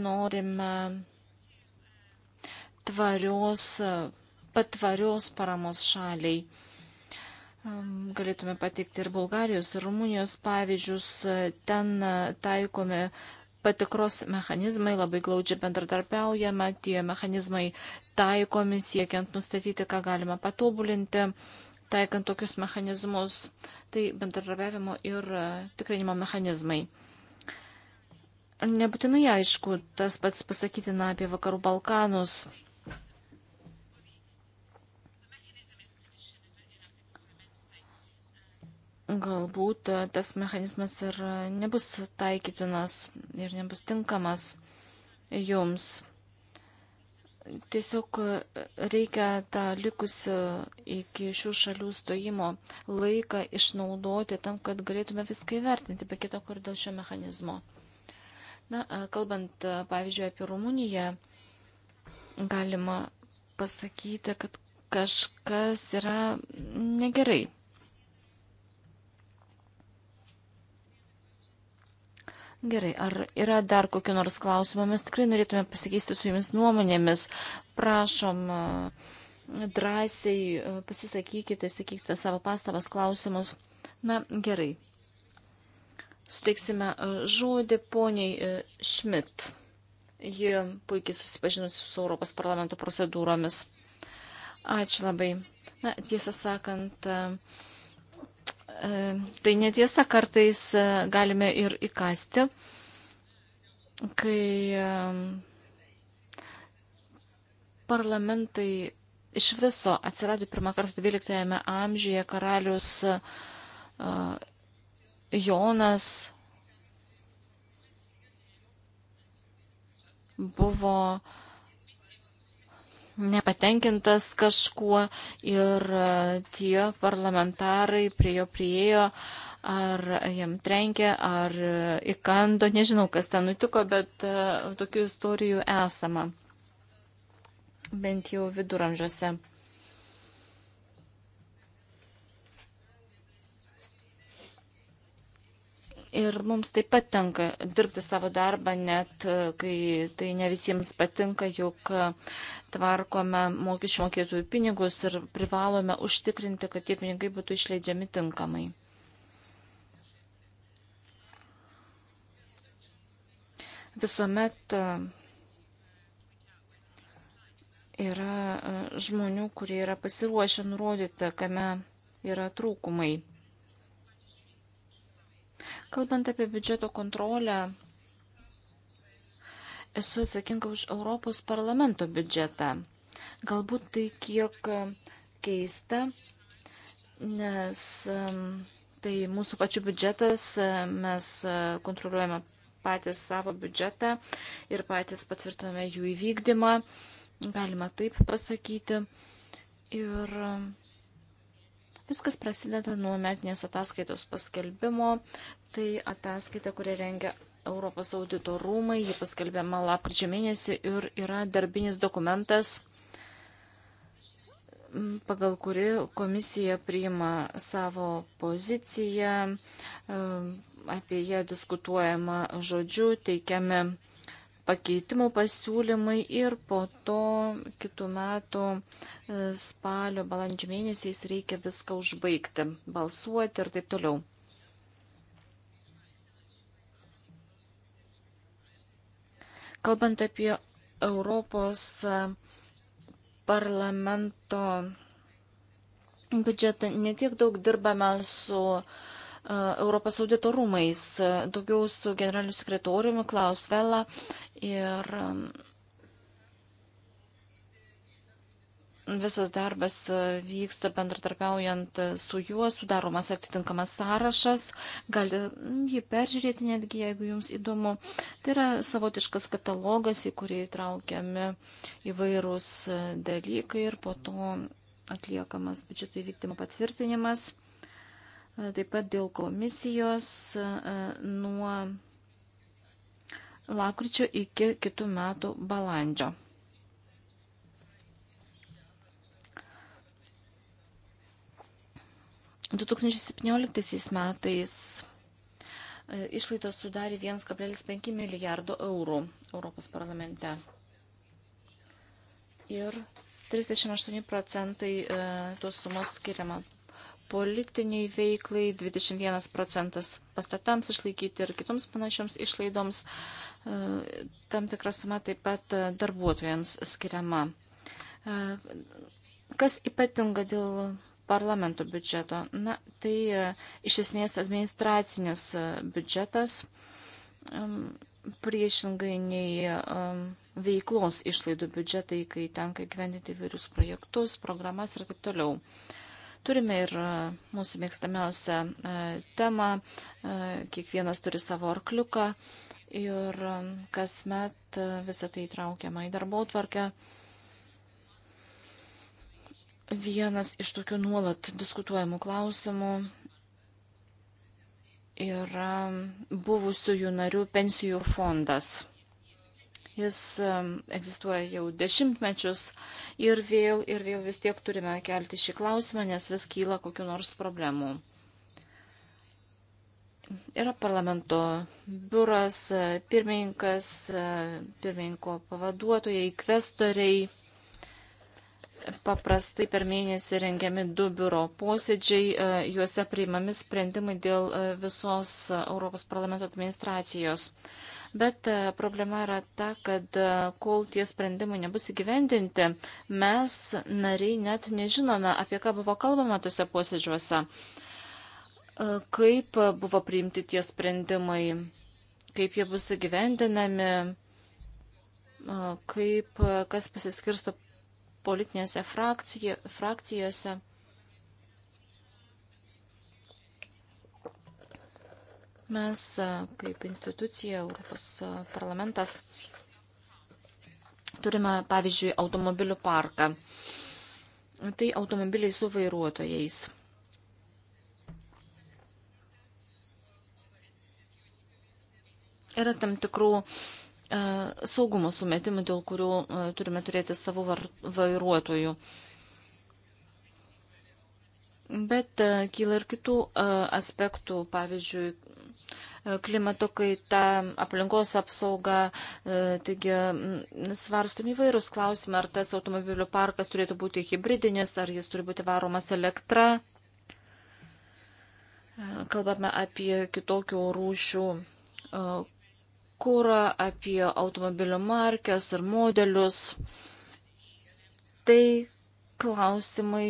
Norime tvarios, e, patvarios paramos šaliai Galėtume pateikti ir Bulgarijos, ir Rumunijos pavyzdžius. Ten taikome patikros mechanizmai, labai glaudžiai bendradarbiaujama, tie mechanizmai taikomi siekiant nustatyti, ką galima patobulinti, taikant tokius mechanizmus, tai bendradarbiavimo ir tikrinimo mechanizmai. Nebūtinai aišku, tas pats pasakytina apie Vakarų Balkanus. galbūt e, tas mechanizmas ir e, nebus taikytinas ir nebus tinkamas jums. Tiesiog e, reikia tą likusią iki šių šalių stojimo laiką išnaudoti tam, kad galėtume viską įvertinti, be kito kur dėl šio mechanizmo. Na, kalbant, pavyzdžiui, apie Rumuniją, galima pasakyti, kad kažkas yra negerai Gerai, ar yra dar kokiu nors klausimu? Mes tikrai norėtume pasikeisti su jumis nuomonėmis. Prašom, e, drąsiai e, pasisakykite, sakykite savo pastabas klausimus. Na, gerai. Suteiksime e, žodį poniai Šmit. Ji puikiai susipažinusi su Europos parlamento procedūromis. Ačiū labai. Na, tiesą sakant, uh, E, tai netiesa, kartais e, galime ir įkasti, kai e, parlamentai iš viso atsirado pirmą kartą 12 amžiuje karalius Jonas buvo uh, nepatenkintas kažkuo ir e, tie parlamentarai prie jo priejo, ar jam trenkė, ar e, įkando, nežinau, kas ten nutiko, bet e, tokių istorijų esama, bent jau viduramžiuose. Ir mums taip pat tenka dirbti savo darbą, net e, kai tai ne visiems patinka, juk e, tvarkome mokesčių mokėtųjų pinigus ir privalome užtikrinti, kad tie pinigai būtų išleidžiami tinkamai. Visuomet e, yra žmonių, kurie yra pasiruošę nurodyti, kame yra trūkumai. Kalbant apie biudžeto kontrolę, esu atsakinga už Europos parlamento biudžetą. Galbūt tai kiek keista, nes tai mūsų pačių biudžetas, mes e, kontroliuojame patys savo biudžetą ir patys patvirtiname jų įvykdymą, galima taip pasakyti. Ir Viskas prasideda nuo metinės ataskaitos paskelbimo. Tai ataskaita, kurią rengia Europos audito rūmai, ji paskelbiama lapkričio mėnesį ir yra darbinis dokumentas pagal kuri komisija priima savo poziciją, e, apie ją diskutuojama žodžiu, teikiami pakeitimų pasiūlymai ir po to kitų metų e, spalio, balandžio mėnesiais reikia viską užbaigti, balsuoti ir taip toliau. Kalbant apie Europos e, parlamento biudžetą, netiek daug dirbame su uh, Europos audito rūmais, daugiau su generaliniu sekretoriumi Klaus Vela ir um, visas darbas uh, vyksta bendratarpiaujant uh, su juo, sudaromas atitinkamas sąrašas, galite um, jį peržiūrėti netgi, jeigu jums įdomu. Tai yra savotiškas katalogas, į kurį traukiami įvairūs uh, dalykai ir po to atliekamas biudžeto įvykdymo patvirtinimas taip pat dėl komisijos nuo lakryčio iki kitų metų balandžio. Du 2017 metais išlaidos sudarė 1,5 milijardo eurų Europos parlamente. Ir 38 procentai tos sumos skiriama politiniai veiklai 21 procentas pastatams išlaikyti ir kitoms panašioms išlaidoms. E, tam tikra suma taip pat e, darbuotojams skiriama. E, kas ypatinga dėl parlamento biudžeto? Na, tai iš esmės administracinis biudžetas priešingai nei veiklos išlaidų biudžetai, kai tenka gyventi įvairius projektus, programas ir taip toliau. Turime ir e, mūsų mėgstamiausią e, temą, e, kiekvienas turi savo arkliuką ir kasmet visą tai įtraukiama į darbo tvarkę. Vienas iš tokių nuolat diskutuojamų klausimų yra buvusiųjų narių pensijų fondas. Jis egzistuoja jau dešimtmečius ir vėl ir vėl vis tiek turime kelti šį klausimą, nes vis kyla kokiu nors problemu. Yra parlamento biuras, e, pirmininkas, e, pirmininko pavaduotojai, kvestoriai. Paprastai per mėnesį rengiami du biuro posėdžiai, e, juose priimami sprendimai dėl visos Europos parlamento administracijos. Bet e, problema yra ta, kad e, kol tie sprendimai nebus įgyvendinti, mes nariai net nežinome, apie ką buvo kalbama tuose posėdžiuose, e, kaip buvo priimti tie sprendimai, kaip jie bus įgyvendinami, kaip kas pasiskirsto politinėse frakcijose. Mes kaip institucija, Europos parlamentas, turime, pavyzdžiui, automobilių parką. Tai automobiliai su vairuotojais. Yra tam tikrų saugumo sumetimų, dėl kurių turime turėti savo vairuotojų. Bet kyla ir kitų aspektų, pavyzdžiui, klimato kaitą, aplinkos apsaugą. E, taigi svarstum įvairūs klausimai, ar tas automobilių parkas turėtų būti hybridinis, ar jis turi būti varomas elektra. E, kalbame apie kitokių rūšių e, kūrą, apie automobilių markės ir modelius. Tai klausimai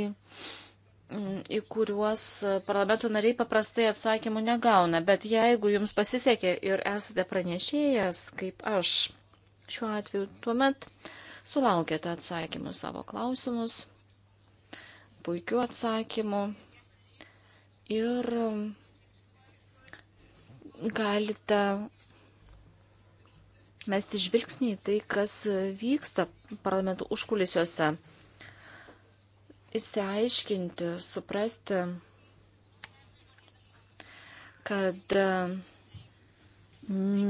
Mm, į kuriuos parlamento nariai paprastai atsakymų negauna. Bet jeigu jums pasisekė ir esate pranešėjas, kaip aš šiuo atveju, tuomet sulaukėte atsakymų savo klausimus, puikių atsakymų ir mm, galite mesti žvilgsnį į tai, kas vyksta parlamentų užkulisiuose. Įsiaiškinti, suprasti, kad e,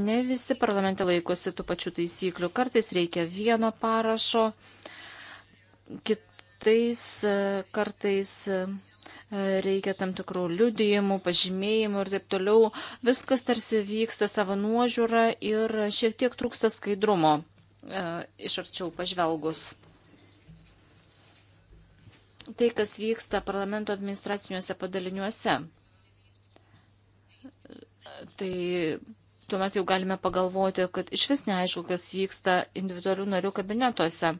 ne visi parlamente laikosi tų pačių taisyklių. Kartais reikia vieno parašo, kitais e, kartais e, reikia tam tikrų liudijimų, pažymėjimų ir taip toliau. Viskas tarsi vyksta savo nuožiūra ir šiek tiek trūksta skaidrumo iš arčiau pažvelgus tai, kas vyksta parlamento administraciniuose padaliniuose. Tai tuomet jau galime pagalvoti, kad iš vis neaišku, kas vyksta individualių narių kabinetuose.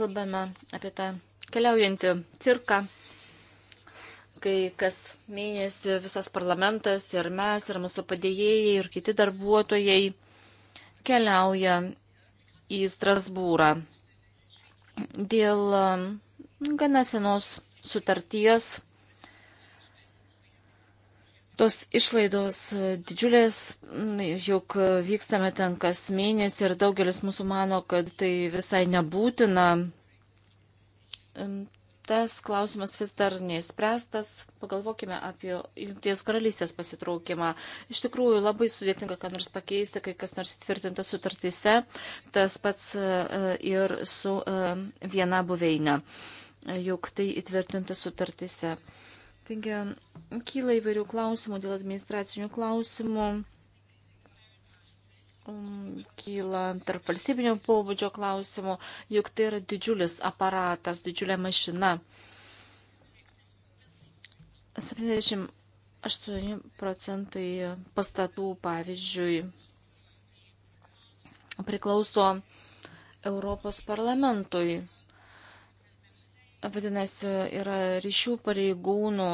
Kalbame apie tą keliaujantį cirką kai kas mėnesį visas parlamentas ir mes, ir mūsų padėjėjai, ir kiti darbuotojai keliauja į Strasbūrą. Dėl um, gana senos sutarties tos išlaidos didžiulės, juk vykstame ten kas mėnesį ir daugelis mūsų mano, kad tai visai nebūtina tas klausimas vis dar neįspręstas. Pagalvokime apie Junktinės karalystės pasitraukimą. Iš tikrųjų, labai sudėtinga, ką nors pakeisti, kai kas nors įtvirtinta sutartyse, tas pats e, ir su e, viena buveinė, juk tai įtvirtinta sutartyse. Taigi, kyla įvairių klausimų dėl administracinių klausimų Mm, kyla tarp valstybinio pobūdžio klausimų, juk tai yra didžiulis aparatas, didžiulė mašina. 78 procentai pastatų, pavyzdžiui, priklauso Europos parlamentui. Vadinasi, yra ryšių pareigūnų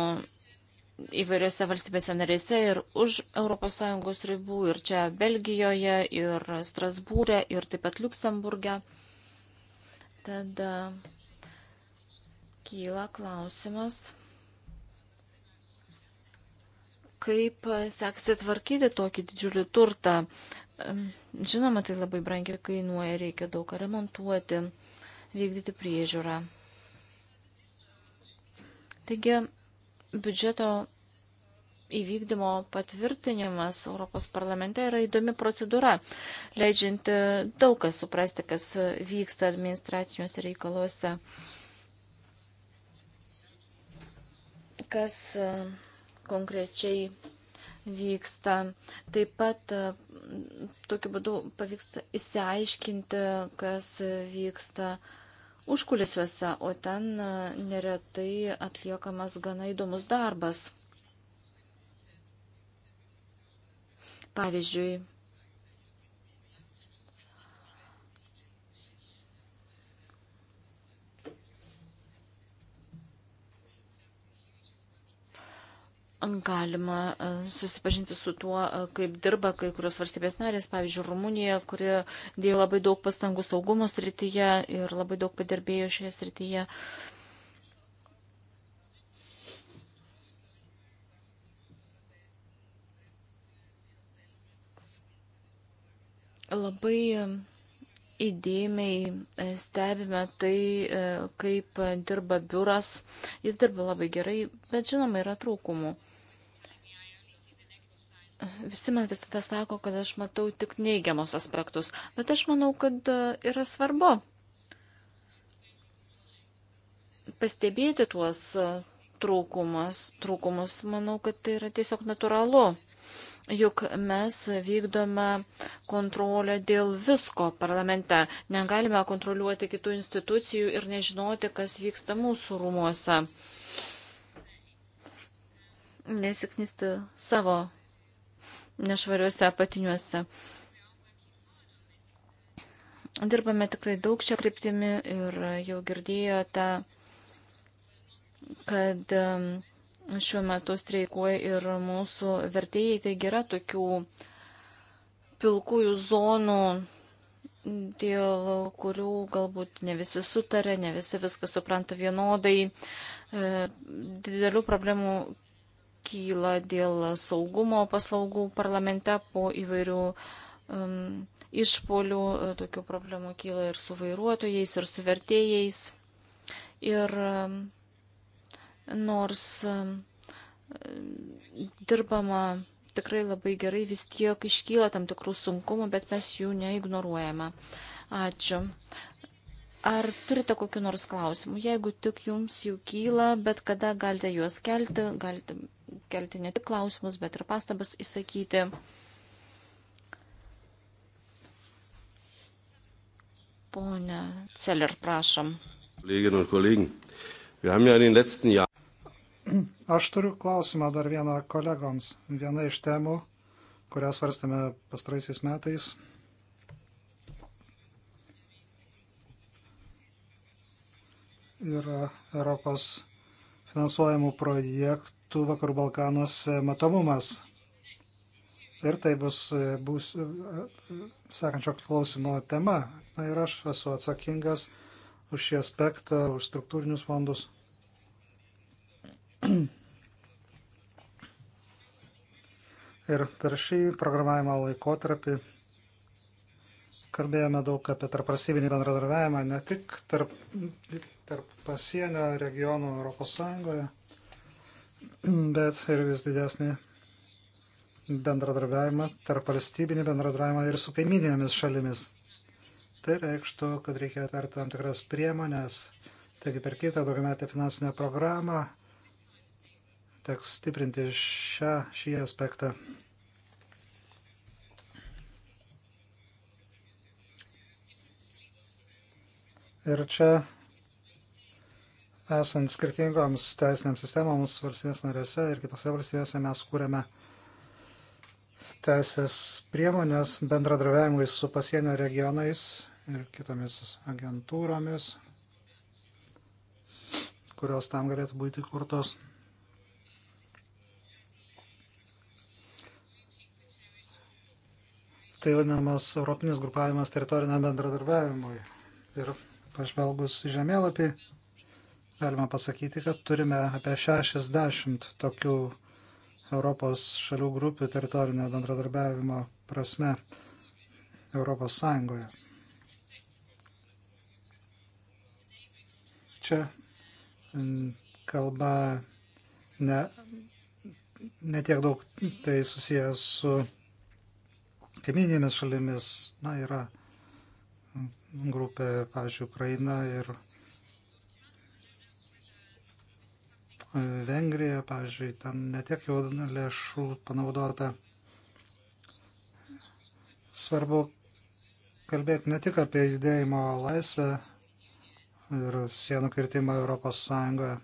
įvairiose valstybėse narėse ir už ES ribų, ir čia Belgijoje, ir Strasbūrė, ir taip pat Luksemburgė. Tada kyla klausimas, kaip sekasi tvarkyti tokį didžiulį turtą. Žinoma, tai labai brangiai kainuoja, reikia daug ką remontuoti, vykdyti priežiūrą. Taigi, biudžeto įvykdymo patvirtinimas Europos parlamente yra įdomi procedūra, leidžianti daug kas suprasti, kas vyksta administraciniuose reikaluose. Kas e, konkrečiai vyksta. Taip pat e, tokiu būdu pavyksta įsiaiškinti, kas vyksta uh, užkulisiuose, o ten e, neretai atliekamas gana įdomus darbas. Pavyzdžiui, Galima e, susipažinti su tuo, e, kaip dirba kai kurios valstybės narės, pavyzdžiui, Rumunija, kuri dėjo labai daug pastangų saugumo srityje ir labai daug padirbėjo šioje srityje. Labai įdėmiai e, stebime tai, kaip dirba biuras. Jis dirba labai gerai, bet žinoma, yra trūkumų. Visi man visada sako, kad aš matau tik neigiamus aspektus, bet aš manau, kad e, yra svarbu pastebėti tuos e, trūkumas, trūkumus. Manau, kad tai yra tiesiog natūralu. Juk mes vykdome kontrolę dėl visko parlamente. Negalime kontroliuoti kitų institucijų ir nežinoti, kas vyksta mūsų rūmuose. Nesiknisti savo nešvariuose apatiniuose. Dirbame tikrai daug šią kryptimį ir jau girdėjote, kad um, šiuo metu streikuoja ir mūsų vertėjai. Taigi yra tokių pilkųjų zonų, dėl kurių galbūt ne visi sutarė, ne visi viską supranta vienodai. E, didelių problemų kyla dėl saugumo paslaugų parlamente po įvairių um, išpolių. E, tokių problemų kyla ir su vairuotojais, ir su vertėjais. Ir um, nors um, dirbama tikrai labai gerai, vis tiek iškyla tam tikrų sunkumų, bet mes jų neignoruojame. Ačiū. Ar turite kokiu nors klausimu? Jeigu tik jums jų kyla, bet kada galite juos kelti, galite kelti ne tik klausimus, bet ir pastabas įsakyti. Pone Celler, prašom. Aš turiu klausimą dar vieną kolegoms. Viena iš temų, kurią svarstame pastaraisiais metais. Yra Europos finansuojamų projektų metu Vakarų Balkanuose matomumas. Ir tai bus, e, bus e, e, sekančio klausimo tema. Na ir aš esu atsakingas už šį aspektą, už struktūrinius fondus. Ir per šį programavimo laikotarpį kalbėjome daug apie tarprasybinį bendradarbiavimą, ne tik tarp, tarp pasienio regionų ES, bet ir vis didesnį bendradarbiavimą, tarp valstybinį bendradarbiavimą ir su kaiminėmis šalimis. Tai reikštų, kad reikia atverti tam tikras priemonės, taigi per kitą daugiametę finansinę programą teks stiprinti šią, šį aspektą. Ir čia esant skirtingoms teisiniams sistemoms valstybės narėse ir kitose valstybėse mes kūrėme teisės priemonės bendradarbiavimui su pasienio regionais ir kitomis agentūromis, kurios tam galėtų būti kurtos. Tai vadinamas Europinis grupavimas teritoriniam bendradarbiavimui. Ir pažvelgus žemėlapį, galima pasakyti, kad turime apie 60 tokių Europos šalių grupių teritorinio bendradarbiavimo prasme Europos Sąjungoje. Čia kalba ne, ne tiek daug tai susijęs su kaiminėmis šalimis. Na, yra grupė, pavyzdžiui, Ukraina ir Vengrija, pavyzdžiui, ten netiek jau lėšų panaudota. Svarbu kalbėti ne tik apie judėjimo laisvę ir sienų kirtimą Europos Sąjungoje,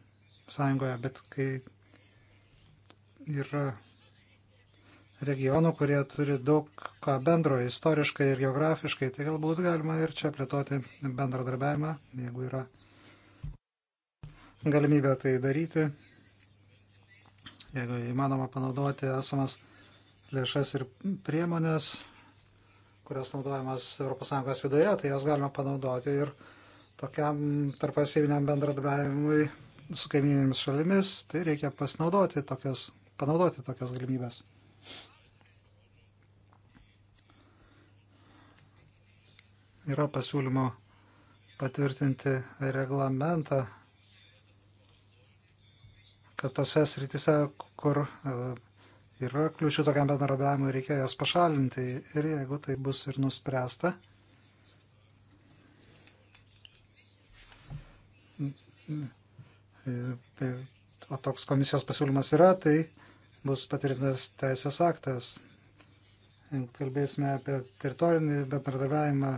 Sąjungoje bet kai yra regionų, kurie turi daug ką bendro istoriškai ir geografiškai, tai galbūt galima ir čia plėtoti bendradarbiavimą, jeigu yra galimybę tai daryti, jeigu įmanoma panaudoti esamas lėšas ir priemonės, kurios naudojamas ES viduje, tai jas galima panaudoti ir tokiam tarpasiviniam bendradarbiavimui su kaiminėmis šalimis, tai reikia pasinaudoti tokias, panaudoti tokias galimybės. Yra pasiūlymo patvirtinti reglamentą kad tose srityse, kur e, yra kliučių tokiam bendradarbiavimui, reikia jas pašalinti ir jeigu tai bus ir nuspręsta. E, o toks komisijos pasiūlymas yra, tai bus patvirtintas teisės aktas. Kalbėsime apie teritorinį bendradarbiavimą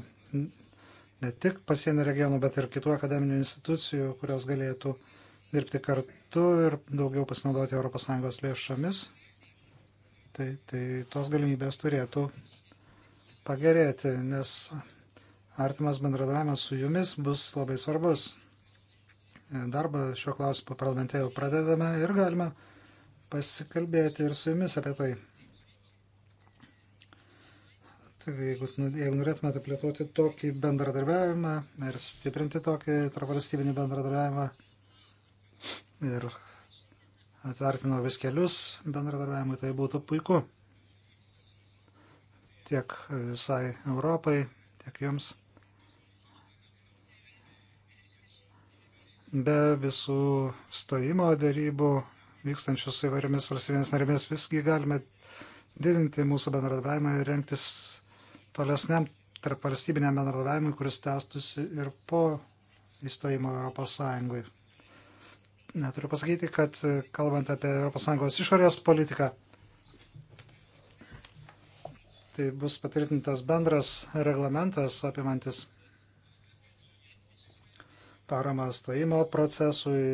ne tik pasienio regionų, bet ir kitų akademinių institucijų, kurios galėtų dirbti kartu kartu ir daugiau pasinaudoti ES lėšomis, tai, tai tos galimybės turėtų pagerėti, nes artimas bendradavimas su jumis bus labai svarbus. Darbą šiuo klausimu parlamente jau pradedame ir galime pasikalbėti ir su jumis apie tai. Taigi, jeigu, nu, jeigu norėtumėte plėtoti tokį bendradarbiavimą ir stiprinti tokį tarpvalstybinį bendradarbiavimą, ir atvertino vis kelius bendradarbiavimui, tai būtų puiku tiek visai Europai, tiek jums. Be visų stojimo darybų vykstančių su įvairiomis valstybėmis narėmis visgi galime didinti mūsų bendradarbiavimą ir renktis tolesniam tarp valstybiniam bendradarbiavimui, kuris tęstųsi ir po įstojimo Europos Sąjungoje. Neturiu pasakyti, kad e, kalbant apie ES išorės politiką, tai bus patvirtintas bendras reglamentas apimantis paramą stojimo procesui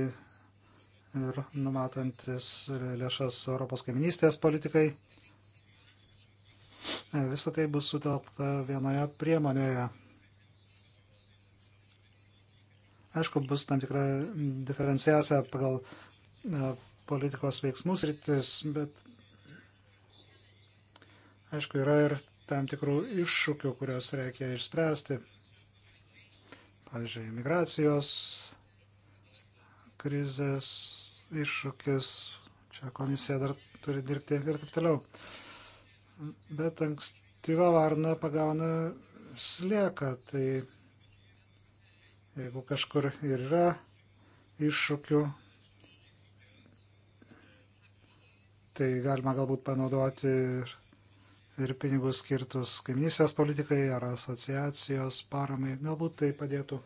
ir numatantis lėšas Europos kaiminystės politikai. E, Visą tai bus sutelkta vienoje priemonėje Aišku, bus tam tikra mm, diferenciacija pagal e, politikos veiksmus rytis, bet aišku, yra ir tam tikrų iššūkių, kuriuos reikia išspręsti. Pavyzdžiui, migracijos krizės iššūkis, čia komisija dar turi dirbti ir taip toliau. Bet ankstyva varna pagauna slieką, tai Jeigu kažkur ir yra iššūkių, tai galima galbūt panaudoti ir pinigus skirtus kaimynysės politikai ar asociacijos paramai. Galbūt tai padėtų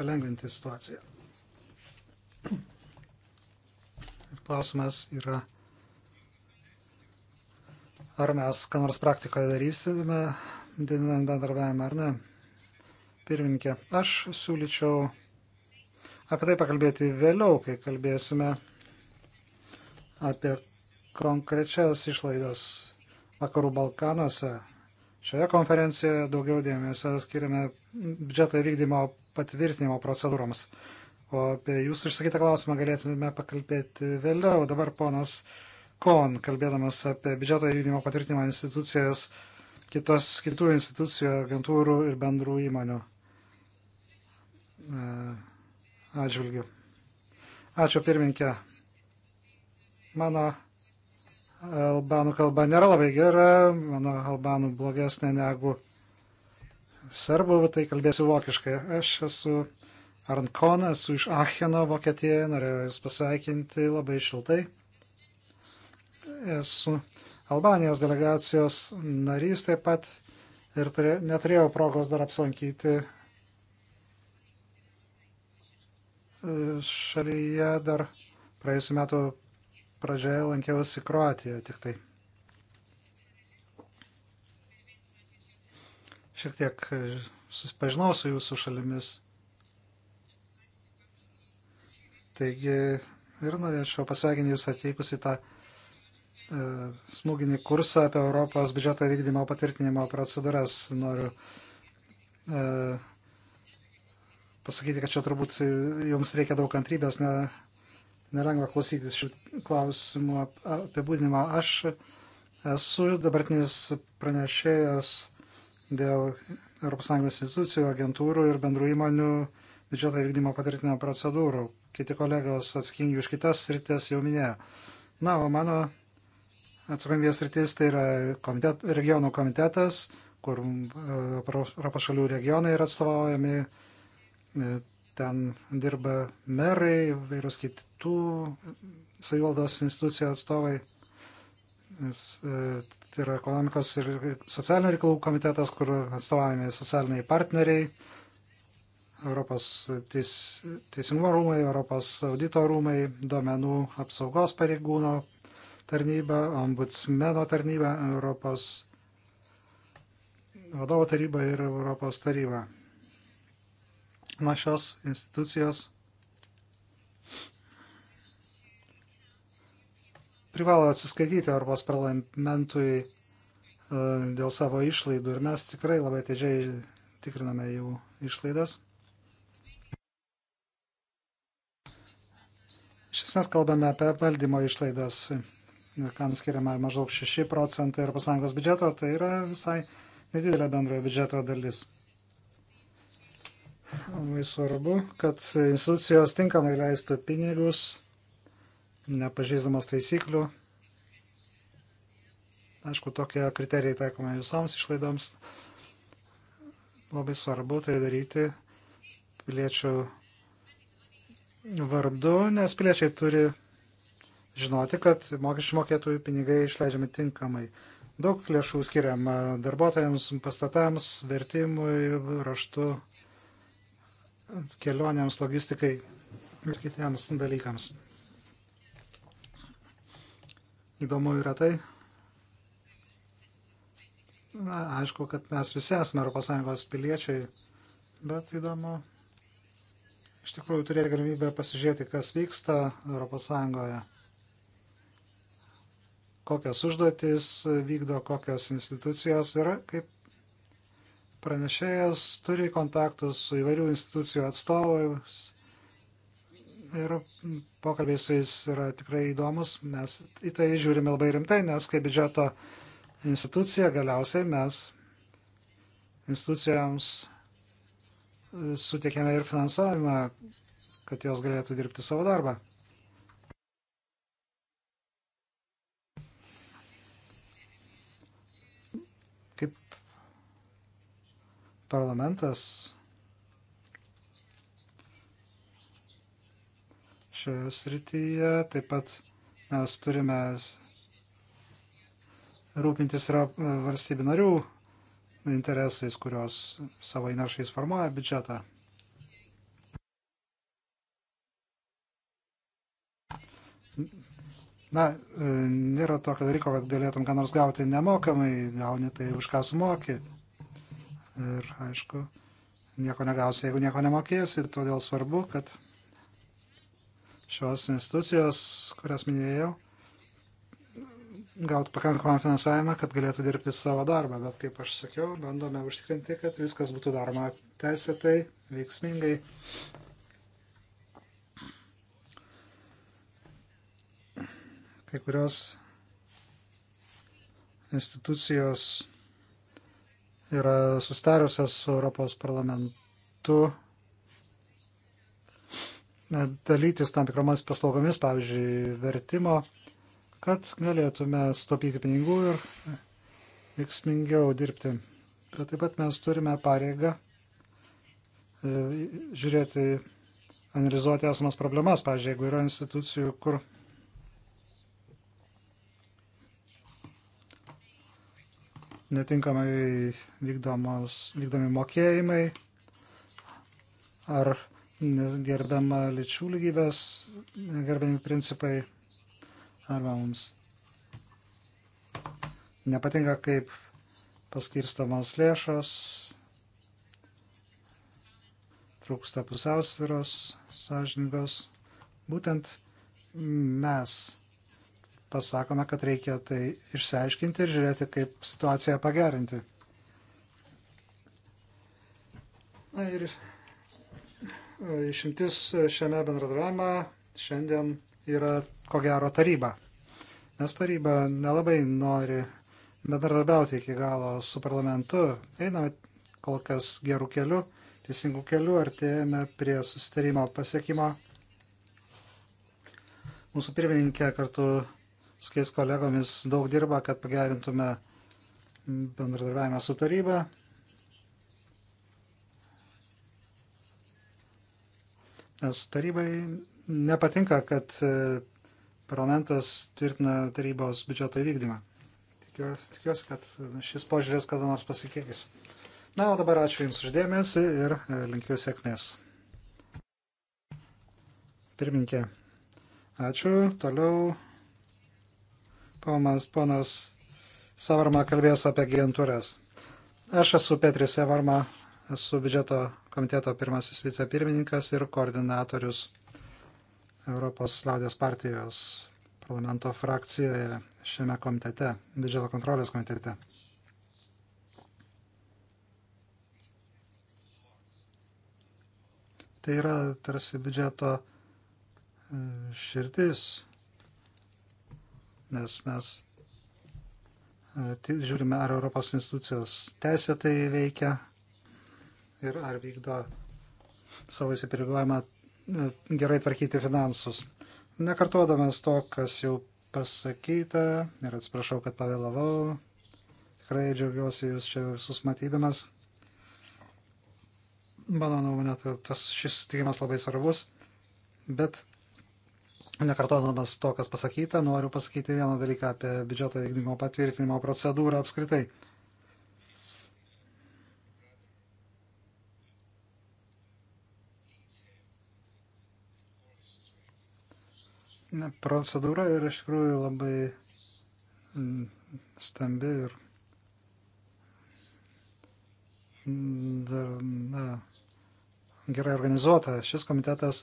palengventi situaciją. Ir klausimas yra, ar mes ką nors praktikoje darysime, didinant bendravimą ar ne. Pirminkė, aš siūlyčiau apie tai pakalbėti vėliau, kai kalbėsime apie konkrečias išlaidas Vakarų Balkanuose. Šioje konferencijoje daugiau dėmesio skiriame biudžeto įvykdymo patvirtinimo procedūroms. O apie jūsų išsakytą klausimą galėtume pakalbėti vėliau. Dabar ponas Kon, kalbėdamas apie biudžeto įvykdymo patvirtinimo institucijas, kitos, kitų institucijų, agentūrų ir bendrų įmonių. E, atžvilgių. Ačiū pirminkė. Mano albanų kalba nėra labai gera, mano albanų blogesnė negu serbų, tai kalbėsiu vokiškai. Aš esu Arnkona, esu iš Acheno, Vokietijoje, norėjau Jūs pasveikinti labai šiltai. Esu Albanijos delegacijos narys taip pat ir turė, neturėjau progos dar apsilankyti šalyje dar praėjusiu metu pradžioje lankiausi Kroatijoje tik tai. Šiek tiek susipažinau su jūsų šalimis. Taigi ir norėčiau pasveikinti jūs atvykus į tą e, smūginį kursą apie Europos biudžeto vykdymo patvirtinimo procedūras. Noriu e, pasakyti, kad čia turbūt e, jums reikia daug kantrybės, ne, nelengva klausytis šių klausimų apibūdinimo. Aš esu dabartinis pranešėjas dėl ES institucijų, agentūrų ir bendrų įmonių biudžeto vykdymo patvirtinimo procedūrų. Kiti kolegos atsakingi už kitas sritis jau minėjo. Na, o mano atsakomybės sritis tai yra komitet, regionų komitetas, kur e, Europos šalių regionai yra atstovaujami E, ten dirba merai, vairūs kitų savivaldos institucijų atstovai. E, tai yra ekonomikos ir socialinių reikalų komitetas, kur atstovaujami socialiniai partneriai, Europos teis, teisingumo rūmai, Europos audito rūmai, duomenų apsaugos pareigūno tarnyba, ombudsmeno tarnyba, Europos vadovo taryba ir Europos taryba. Na, šios institucijos privalo atsiskaityti Europos parlamentui e, dėl savo išlaidų ir mes tikrai labai atidžiai tikriname jų išlaidas. Iš esmės kalbame apie valdymo išlaidas, kam skiriama maždaug 6 procentai Europos Sąjungos biudžeto, tai yra visai nedidelė bendrojo biudžeto dalis. Labai svarbu, kad institucijos tinkamai leistų pinigus, nepažeisdamas taisyklių. Aišku, tokie kriterijai taikoma visoms išlaidoms. Labai svarbu tai daryti piliečių vardu, nes piliečiai turi žinoti, kad mokesčių mokėtųjų pinigai išleidžiami tinkamai. Daug lėšų skiriama darbuotojams, pastatams, vertimui, raštu kelionėms, logistikai ir kitiems dalykams. Įdomu yra tai, na, aišku, kad mes visi esame ES piliečiai, bet įdomu iš tikrųjų turėti galimybę pasižiūrėti, kas vyksta ES, kokias užduotis vykdo, kokios institucijos yra, kaip Pranešėjas turi kontaktus su įvairių institucijų atstovais ir pokalbiai su jais yra tikrai įdomus. Mes į tai žiūrime labai rimtai, nes kaip biudžeto institucija galiausiai mes institucijoms e, sutikėme ir finansavimą, kad jos galėtų dirbti savo darbą. parlamentas šioje srityje. Taip pat mes turime rūpintis yra valstybių narių interesais, kurios savo įnašais formuoja biudžetą. Na, e, nėra tokio dalyko, kad galėtum ką nors gauti nemokamai, gauni tai už ką sumoki. Ir aišku, nieko negausi, jeigu nieko nemokėsi. Todėl svarbu, kad šios institucijos, kurias minėjau, gautų pakankamą finansavimą, kad galėtų dirbti savo darbą. Bet kaip aš sakiau, bandome užtikrinti, kad viskas būtų daroma teisėtai, veiksmingai. Kai kurios institucijos yra sustariusios su Europos parlamentu e, dalytis tam tikromis paslaugomis, pavyzdžiui, vertimo, kad galėtume stopyti pinigų ir veiksmingiau dirbti. Bet taip pat mes turime pareigą e, žiūrėti, analizuoti esamas problemas, pavyzdžiui, jeigu yra institucijų, kur netinkamai vykdomos, vykdomi mokėjimai ar gerbiama lyčių lygybės, gerbiami principai, arba mums nepatinka, kaip paskirstamos lėšos, trūksta pusiausviros, sąžiningos. Būtent mes pasakome, kad reikia tai išsiaiškinti ir žiūrėti, kaip situaciją pagerinti. Na ir e, išimtis šiame bendradarbiavime šiandien yra ko gero taryba. Nes taryba nelabai nori bendradarbiauti iki galo su parlamentu. Einame kol kas gerų kelių, teisingų kelių, artėjame prie susitarimo pasiekimo. Mūsų pirmininkė kartu su kiais kolegomis daug dirba, kad pagerintume bendradarbiavimą su taryba. Nes tarybai nepatinka, kad e, parlamentas tvirtina tarybos biudžeto įvykdymą. Tikiuosi, kad šis požiūrės kada nors pasikeis. Na, o dabar ačiū Jums uždėmesi ir e, linkiu sėkmės. Pirminkė, ačiū. Toliau Pomas, ponas Savarma kalbės apie agentūras. Aš esu Petris Savarma, esu biudžeto komiteto pirmasis vicepirmininkas ir koordinatorius Europos liaudės partijos parlamento frakcijoje šiame komitete, biudžeto kontrolės komitete. Tai yra tarsi biudžeto e, širdis nes mes e, tai žiūrime, ar Europos institucijos teisėtai veikia ir ar vykdo savo įsipareigojimą e, gerai tvarkyti finansus. Nekartodamas to, kas jau pasakyta ir atsiprašau, kad pavėlavau, tikrai džiaugiuosi jūs čia visus matydamas. Mano nuomonė, tai tas šis susitikimas labai svarbus, bet Nekartodamas to, kas pasakyta, noriu pasakyti vieną dalyką apie biudžeto vykdymo patvirtinimo procedūrą apskritai. procedūra yra iš tikrųjų labai mm, stambi ir dar, na, gerai organizuota. Šis komitetas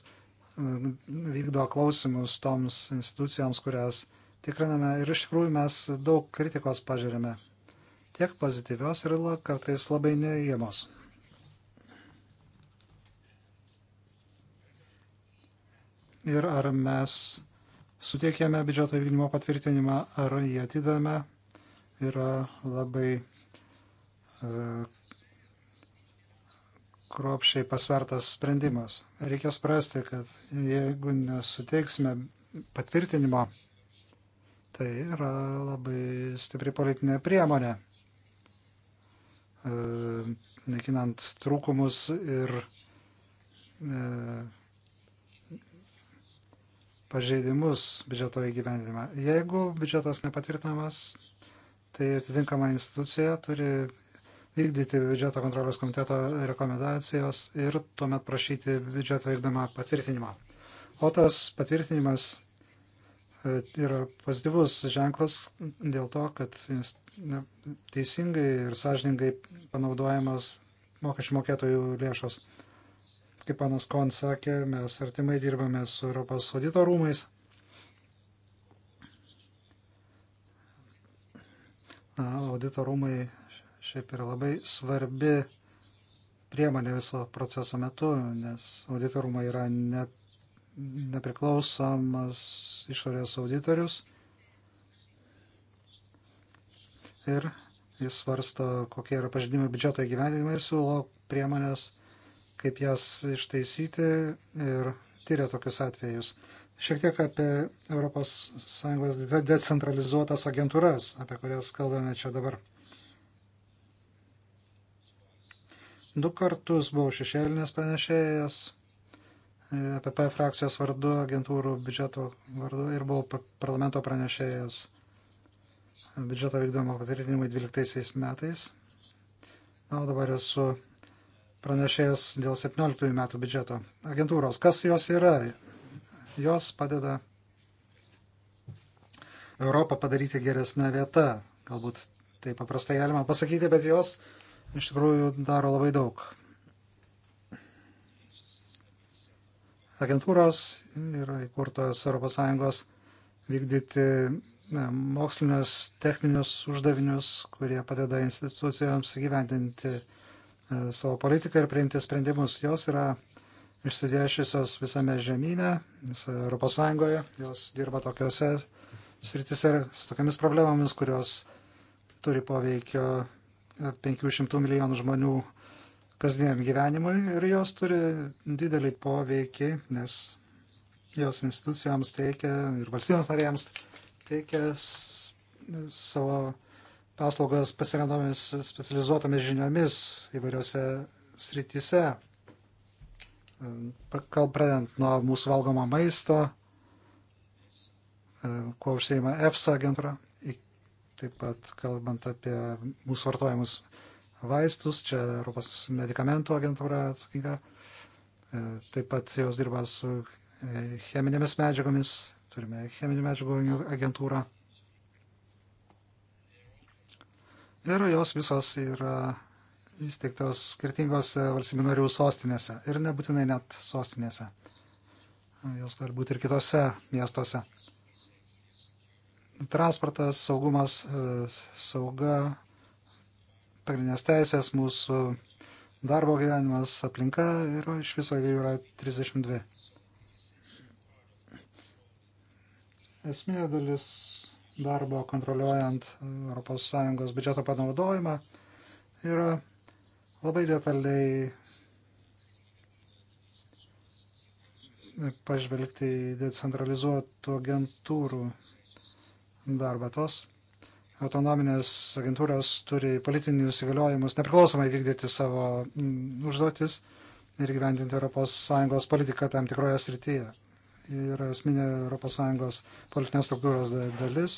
vykdo klausimus toms institucijoms, kurias tikriname. Ir iš tikrųjų mes daug kritikos pažiūrime. Tiek pozityvios ir kartais labai neįgiamos. Ir ar mes suteikėme biudžeto vykdymo patvirtinimą, ar jį atidame, yra labai e, kruopšiai pasvertas sprendimas. Reikia suprasti, kad jeigu nesuteiksime patvirtinimo, tai yra labai stipri politinė priemonė, e, nekinant trūkumus ir e, pažeidimus biudžeto įgyvendinimą. Jeigu biudžetas nepatvirtinamas, tai atitinkama institucija turi vykdyti biudžeto kontrolės komiteto rekomendacijos ir tuomet prašyti biudžeto vykdomą patvirtinimą. O tas patvirtinimas e, yra pozityvus ženklas dėl to, kad teisingai ir sąžiningai panaudojamas mokesčių mokėtojų lėšos. Kaip panas Kon sakė, mes artimai dirbame su Europos audito rūmais. Audito rūmai šiaip yra labai svarbi priemonė viso proceso metu, nes auditorumai yra ne, nepriklausomas išorės auditorius ir jis svarsto, kokie yra pažydimai biudžeto įgyvendinimai ir siūlo priemonės, kaip jas ištaisyti ir tyria tokius atvejus. Šiek tiek apie ES decentralizuotas agentūras, apie kurias kalbame čia dabar. Du kartus buvau šešėlinės pranešėjas EPP frakcijos vardu, agentūrų biudžeto vardu ir buvau parlamento pranešėjas e, biudžeto vykdomo patvirtinimui 12 metais. Na, o dabar esu pranešėjas dėl 17 metų biudžeto. Agentūros, kas jos yra? Jos padeda Europą padaryti geresnę vietą. Galbūt tai paprastai galima pasakyti, bet jos iš tikrųjų daro labai daug. Agentūros yra įkurtos ES vykdyti mokslinius techninius uždavinius, kurie padeda institucijoms gyvendinti e, savo politiką ir priimti sprendimus. Jos yra išsidėšiusios visame žemynė, visoje Europos Sąjungoje, jos dirba tokiuose sritise su tokiamis problemomis, kurios turi poveikio 500 milijonų žmonių kasdieniam gyvenimui ir jos turi didelį poveikį, nes jos institucijoms teikia ir valstybės narėms teikia savo paslaugas pasirendomis specializuotomis žiniomis įvairiose srityse. Kal pradedant nuo mūsų valgomo maisto, kuo užsieima EFSA agentūra, Taip pat kalbant apie mūsų vartojimus vaistus, čia Europos medikamentų agentūra atsakinga. E, taip pat jos dirba su e, cheminėmis medžiagomis, turime cheminių medžiagų agentūrą. Ir jos visos yra įsteigtos skirtingose valstybių narių sostinėse ir nebūtinai net sostinėse. Jos galbūt ir kitose miestuose transportas, saugumas, e, sauga, pagrindinės teisės, mūsų darbo gyvenimas, aplinka ir iš viso jų yra 32. Esminė dalis darbo kontroliuojant ES biudžeto panaudojimą yra labai detaliai pažvelgti į decentralizuotų agentūrų darbą. Tos autonominės agentūros turi politinius įgaliojimus nepriklausomai vykdyti savo užduotis ir gyvendinti ES politiką tam tikroje srityje. Yra esminė ES politinės struktūros dalis.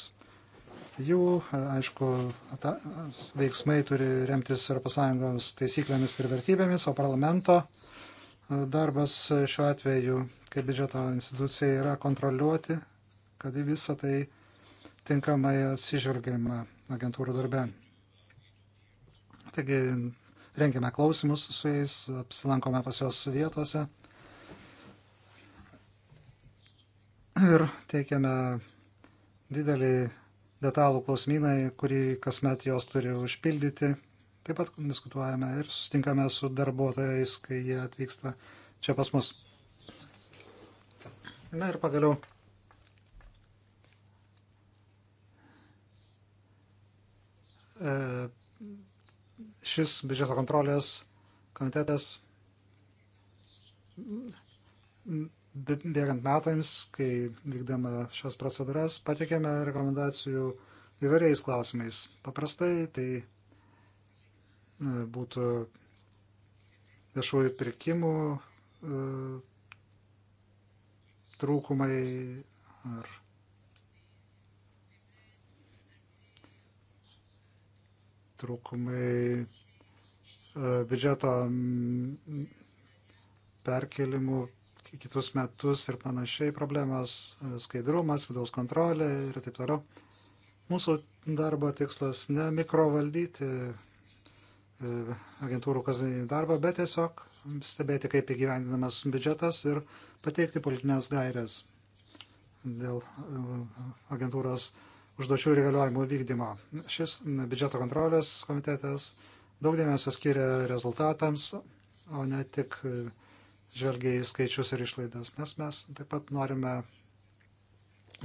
Jų, aišku, ta, veiksmai turi remtis ES taisyklėmis ir vertybėmis, o parlamento darbas šiuo atveju, kaip biudžeto institucija, yra kontroliuoti, kad visą tai tinkamai atsižvelgiama agentūrų darbe. Taigi rengiame klausimus su jais, apsilankome pas juos vietose ir teikiame didelį detalų klausimyną, kurį kasmet jos turi užpildyti. Taip pat diskutuojame ir sustinkame su darbuotojais, kai jie atvyksta čia pas mus. Na ir pagaliau E, šis biudžeto kontrolės komitetas bėgant metams, kai vykdama šios procedūras, patikėme rekomendacijų įvairiais klausimais. Paprastai tai e, būtų viešųjų pirkimų e, trūkumai ar trūkumai e, biudžeto perkelimų į kitus metus ir panašiai problemos, e, skaidrumas, vidaus kontrolė ir taip toliau. Mūsų darbo tikslas ne mikrovaldyti e, agentūrų kasdieninį darbą, bet tiesiog stebėti, kaip įgyvendinamas biudžetas ir pateikti politinės gairias dėl agentūros užduočių ir įgaliojimų vykdymo. Šis biudžeto kontrolės komitetas daug dėmesio skiria rezultatams, o ne tik e, žvelgia į skaičius ir išlaidas, nes mes taip pat norime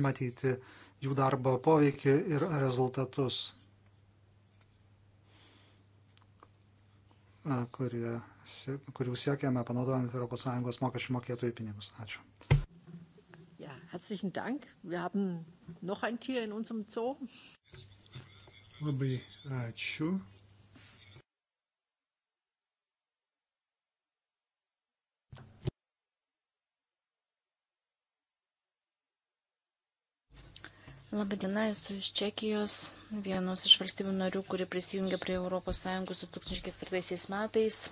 matyti jų darbo poveikį ir rezultatus, e, kurie, kurių siekiame panaudojant ES mokesčių mokėtojų pinigus. Ačiū. Herzlichen Dank. Wir haben noch ein Tier in unserem Zoo. Labai ačiū. Labadiena, esu iš Čekijos, vienos iš valstybių narių, kuri prisijungė prie ES 2004 metais.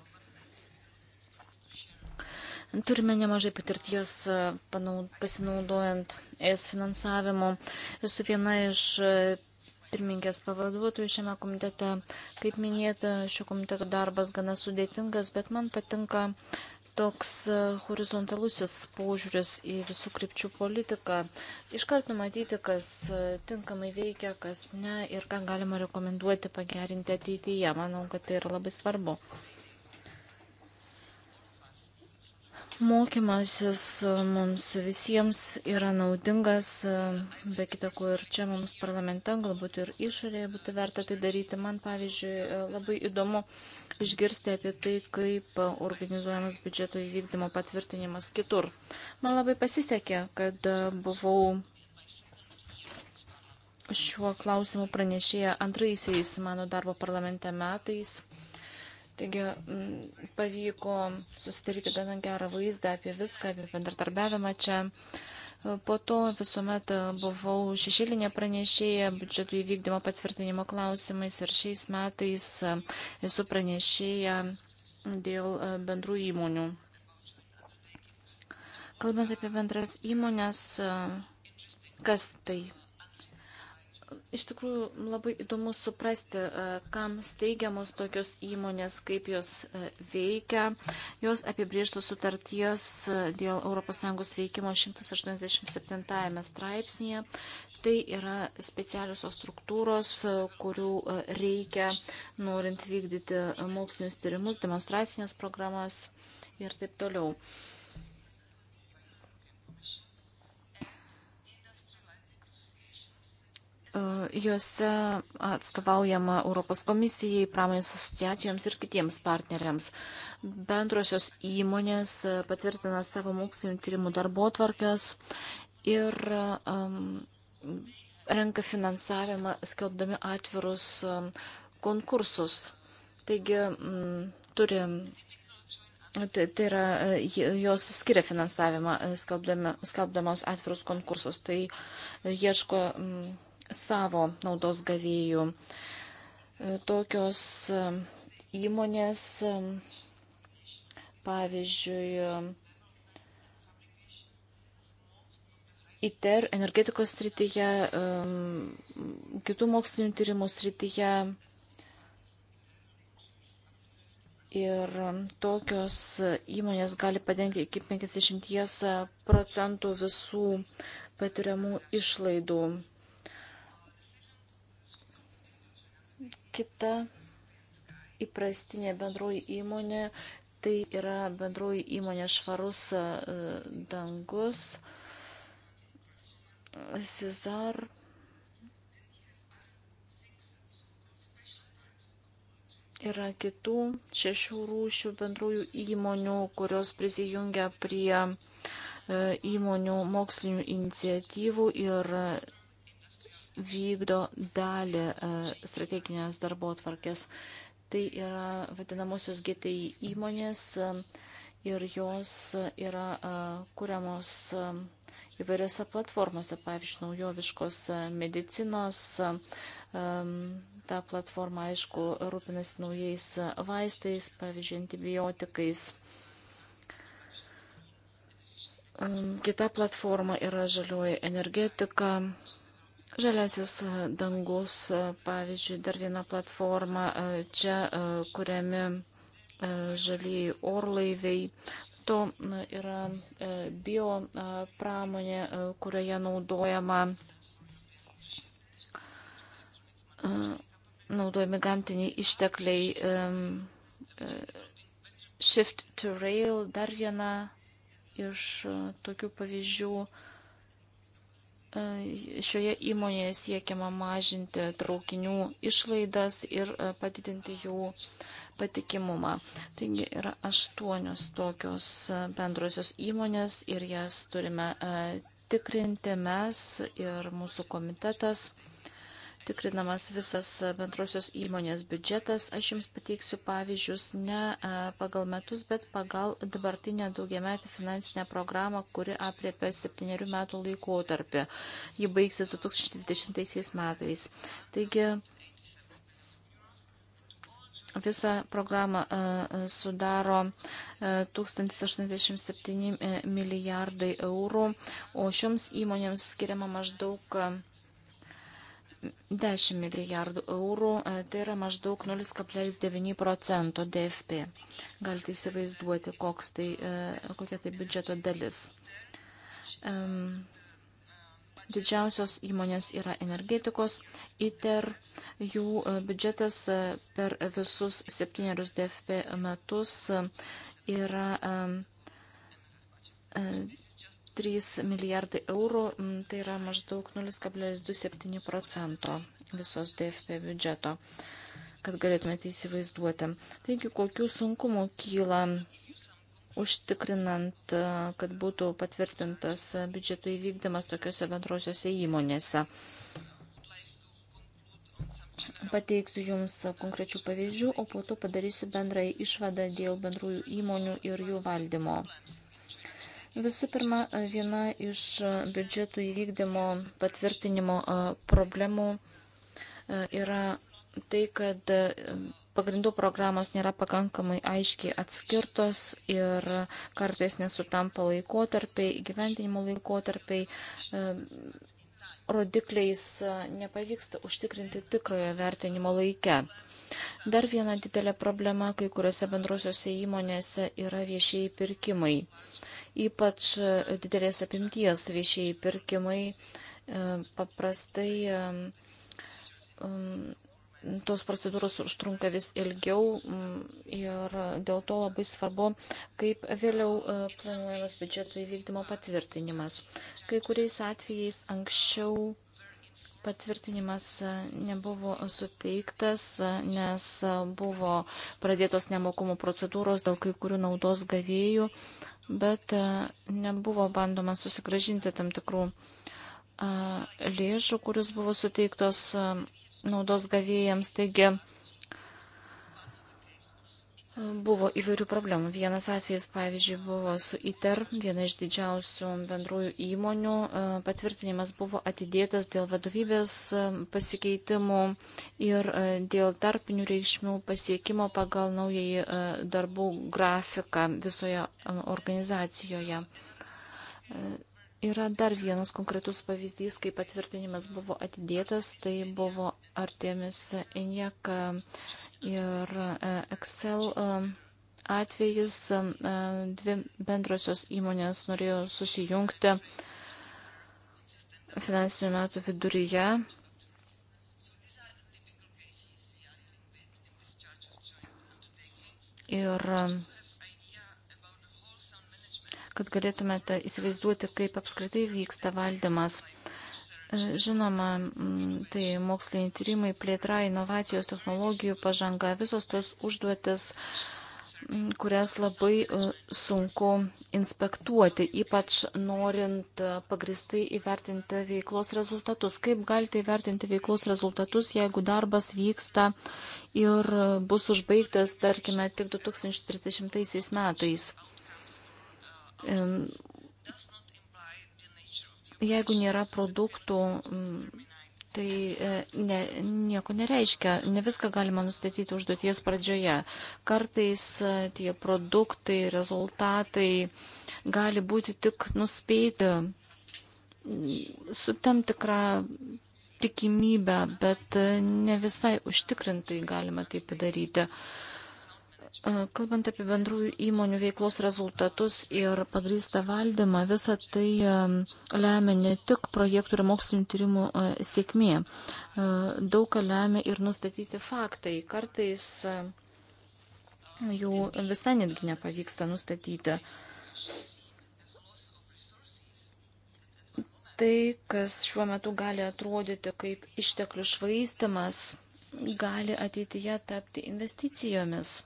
Turime nemažai patirties e, pasinaudojant ES finansavimu. Esu viena iš e, pirmininkės pavaduotojų šiame komitete. Kaip minėta, šio komiteto darbas gana sudėtingas, bet man patinka toks e, horizontalusis požiūris į visų krypčių politiką. Iš karto matyti, kas tinkamai veikia, kas ne ir ką galima rekomenduoti pagerinti ateityje. Manau, kad tai yra labai svarbu. Mokymasis e, mums visiems yra naudingas, e, be kita ko ir čia mums parlamente, galbūt ir išorėje būtų verta tai daryti. Man, pavyzdžiui, e, labai įdomu išgirsti apie tai, kaip organizuojamas biudžeto įvykdymo patvirtinimas kitur. Man labai pasisekė, kad buvau šiuo klausimu pranešėja antraisiais mano darbo parlamente metais. Taigi mm, pavyko susidaryti gana gerą vaizdą apie viską, apie bendradarbiavimą čia. Po to visuomet buvau šešilinė pranešėja biudžetų įvykdymo patvirtinimo klausimais ir šiais metais esu pranešėja dėl bendrų įmonių. Kalbant apie bendras įmonės, kas tai iš tikrųjų labai įdomu suprasti, e, kam steigiamos tokios įmonės, kaip jos e, veikia. Jos apibrieštų sutarties e, dėl ES veikimo 187 straipsnėje. Tai yra specialiusios struktūros, kurių reikia norint vykdyti mokslinius tyrimus, demonstracinės programas ir taip toliau. Juose atstovaujama Europos komisijai, pramonės asociacijoms ir kitiems partneriams. Bendrosios įmonės patvirtina savo mokslinio tyrimų darbo tvarkas ir um, renka finansavimą skelbdami atvirus um, konkursus. Taigi um, turi Tai, tai yra, jos skiria finansavimą, skelbdamos atvirus konkursus, tai ieško mm, savo naudos gavėjų. E, tokios e, įmonės, e, pavyzdžiui, ITER energetikos srityje, kitų mokslinių tyrimų srityje. Ir tokios įmonės gali padengti iki 50 procentų visų patiriamų išlaidų. Kita įprastinė bendroji įmonė tai yra bendroji įmonė švarus e, dangus. Cezar. Yra kitų šešių rūšių bendrųjų įmonių, kurios prisijungia prie e, įmonių mokslinių iniciatyvų ir vykdo dalį e, strateginės darbo tvarkės. Tai yra vadinamosios GTI įmonės e, ir jos yra e, kuriamos įvairiose platformose, pavyzdžiui, naujoviškos medicinos. Ta platforma, aišku, rūpinasi naujais vaistais, pavyzdžiui, antibiotikais. Kita platforma yra žalioji energetika. Žaliasis e, dangus, e, pavyzdžiui, dar viena platforma, e, čia kuriami žalieji orlaiviai. To yra bio pramonė, kurioje naudojama naudojami gamtiniai ištekliai. Shift to Rail dar viena iš tokių pavyzdžių. Šioje įmonėje siekiama mažinti traukinių išlaidas ir e, padidinti jų patikimumą. Taigi yra aštuonios tokios e, bendrosios įmonės ir jas turime e, tikrinti mes ir mūsų komitetas tikrinamas visas bendrosios įmonės biudžetas. Aš Jums pateiksiu pavyzdžius ne e, pagal metus, bet pagal dabartinę daugiametį finansinę programą, kuri apriepia septyniarių metų laikotarpį. Ji baigsis 2020 metais. Taigi, Visą programą e, sudaro 1087 e, milijardai eurų, o šioms įmonėms skiriama maždaug 10 milijardų eurų, e, tai yra maždaug 0,9 procento DFP. Galite įsivaizduoti, tai, e, kokia tai biudžeto dalis. Didžiausios įmonės yra energetikos, ITER, jų e, biudžetas per visus septynerius DFP metus yra 3 milijardai eurų, tai yra maždaug 0,27 procento visos DFP biudžeto, kad galėtumėte įsivaizduoti. Taigi, kokių sunkumų kyla užtikrinant, kad būtų patvirtintas biudžeto įvykdymas tokiuose bendrosiuose įmonėse. Pateiksiu Jums konkrečių pavyzdžių, o po to padarysiu bendrai išvadą dėl bendrųjų įmonių ir jų valdymo. Visų pirma, viena iš biudžetų įvykdymo patvirtinimo problemų yra tai, kad pagrindų programos nėra pakankamai aiškiai atskirtos ir kartais nesutampa laikotarpiai, gyventinimo laikotarpiai, rodikliais nepavyksta užtikrinti tikrojo vertinimo laike. Dar viena didelė problema kai kuriuose bendrosiuose įmonėse yra viešieji pirkimai. Ypač e, didelės apimties viešieji pirkimai e, paprastai e, tos procedūros užtrunka vis ilgiau ir dėl to labai svarbu, kaip vėliau planuojamas biudžeto įvykdymo patvirtinimas. Kai kuriais atvejais anksčiau patvirtinimas nebuvo suteiktas, nes buvo pradėtos nemokumo procedūros dėl kai kurių naudos gavėjų bet e, nebuvo bandoma susigražinti tam tikrų e, lėšų, kuris buvo suteiktos e, naudos gavėjams. Taigi Buvo įvairių problemų. Vienas atvejis, pavyzdžiui, buvo su ITER, viena iš didžiausių bendrųjų įmonių. E, patvirtinimas buvo atidėtas dėl vadovybės e, pasikeitimų ir e, dėl tarpinių reikšmių pasiekimo pagal naująjį darbų grafiką visoje organizacijoje. Yra dar vienas konkretus pavyzdys, kai patvirtinimas buvo atidėtas, tai buvo Artemis Injek Ir e, Excel e, atvejis e, dvi bendrosios įmonės norėjo susijungti finansinių metų viduryje. Ir kad galėtumėte įsivaizduoti, kaip apskritai vyksta valdymas. Žinoma, mm, tai moksliniai tyrimai, plėtra, inovacijos, technologijų pažanga, visos tos užduotis, mm, kurias labai e, sunku inspektuoti, ypač norint e, pagristai įvertinti veiklos rezultatus. Kaip galite įvertinti veiklos rezultatus, jeigu darbas vyksta ir e, bus užbaigtas, tarkime, tik 2030 metais? Jeigu nėra produktų, mm, tai e, ne, nieko nereiškia. Ne viską galima nustatyti užduoties pradžioje. Kartais e, tie produktai, rezultatai gali būti tik nuspėti su tam tikra tikimybę, bet e, ne visai užtikrintai galima tai padaryti. Kalbant apie bendrųjų įmonių veiklos rezultatus ir pagrįstą valdymą, visa tai lemia ne tik projektų ir mokslinių tyrimų sėkmė. Daug ką lemia ir nustatyti faktai. Kartais jų visai netgi nepavyksta nustatyti. Tai, kas šiuo metu gali atrodyti kaip išteklių švaistimas, gali ateityje tapti investicijomis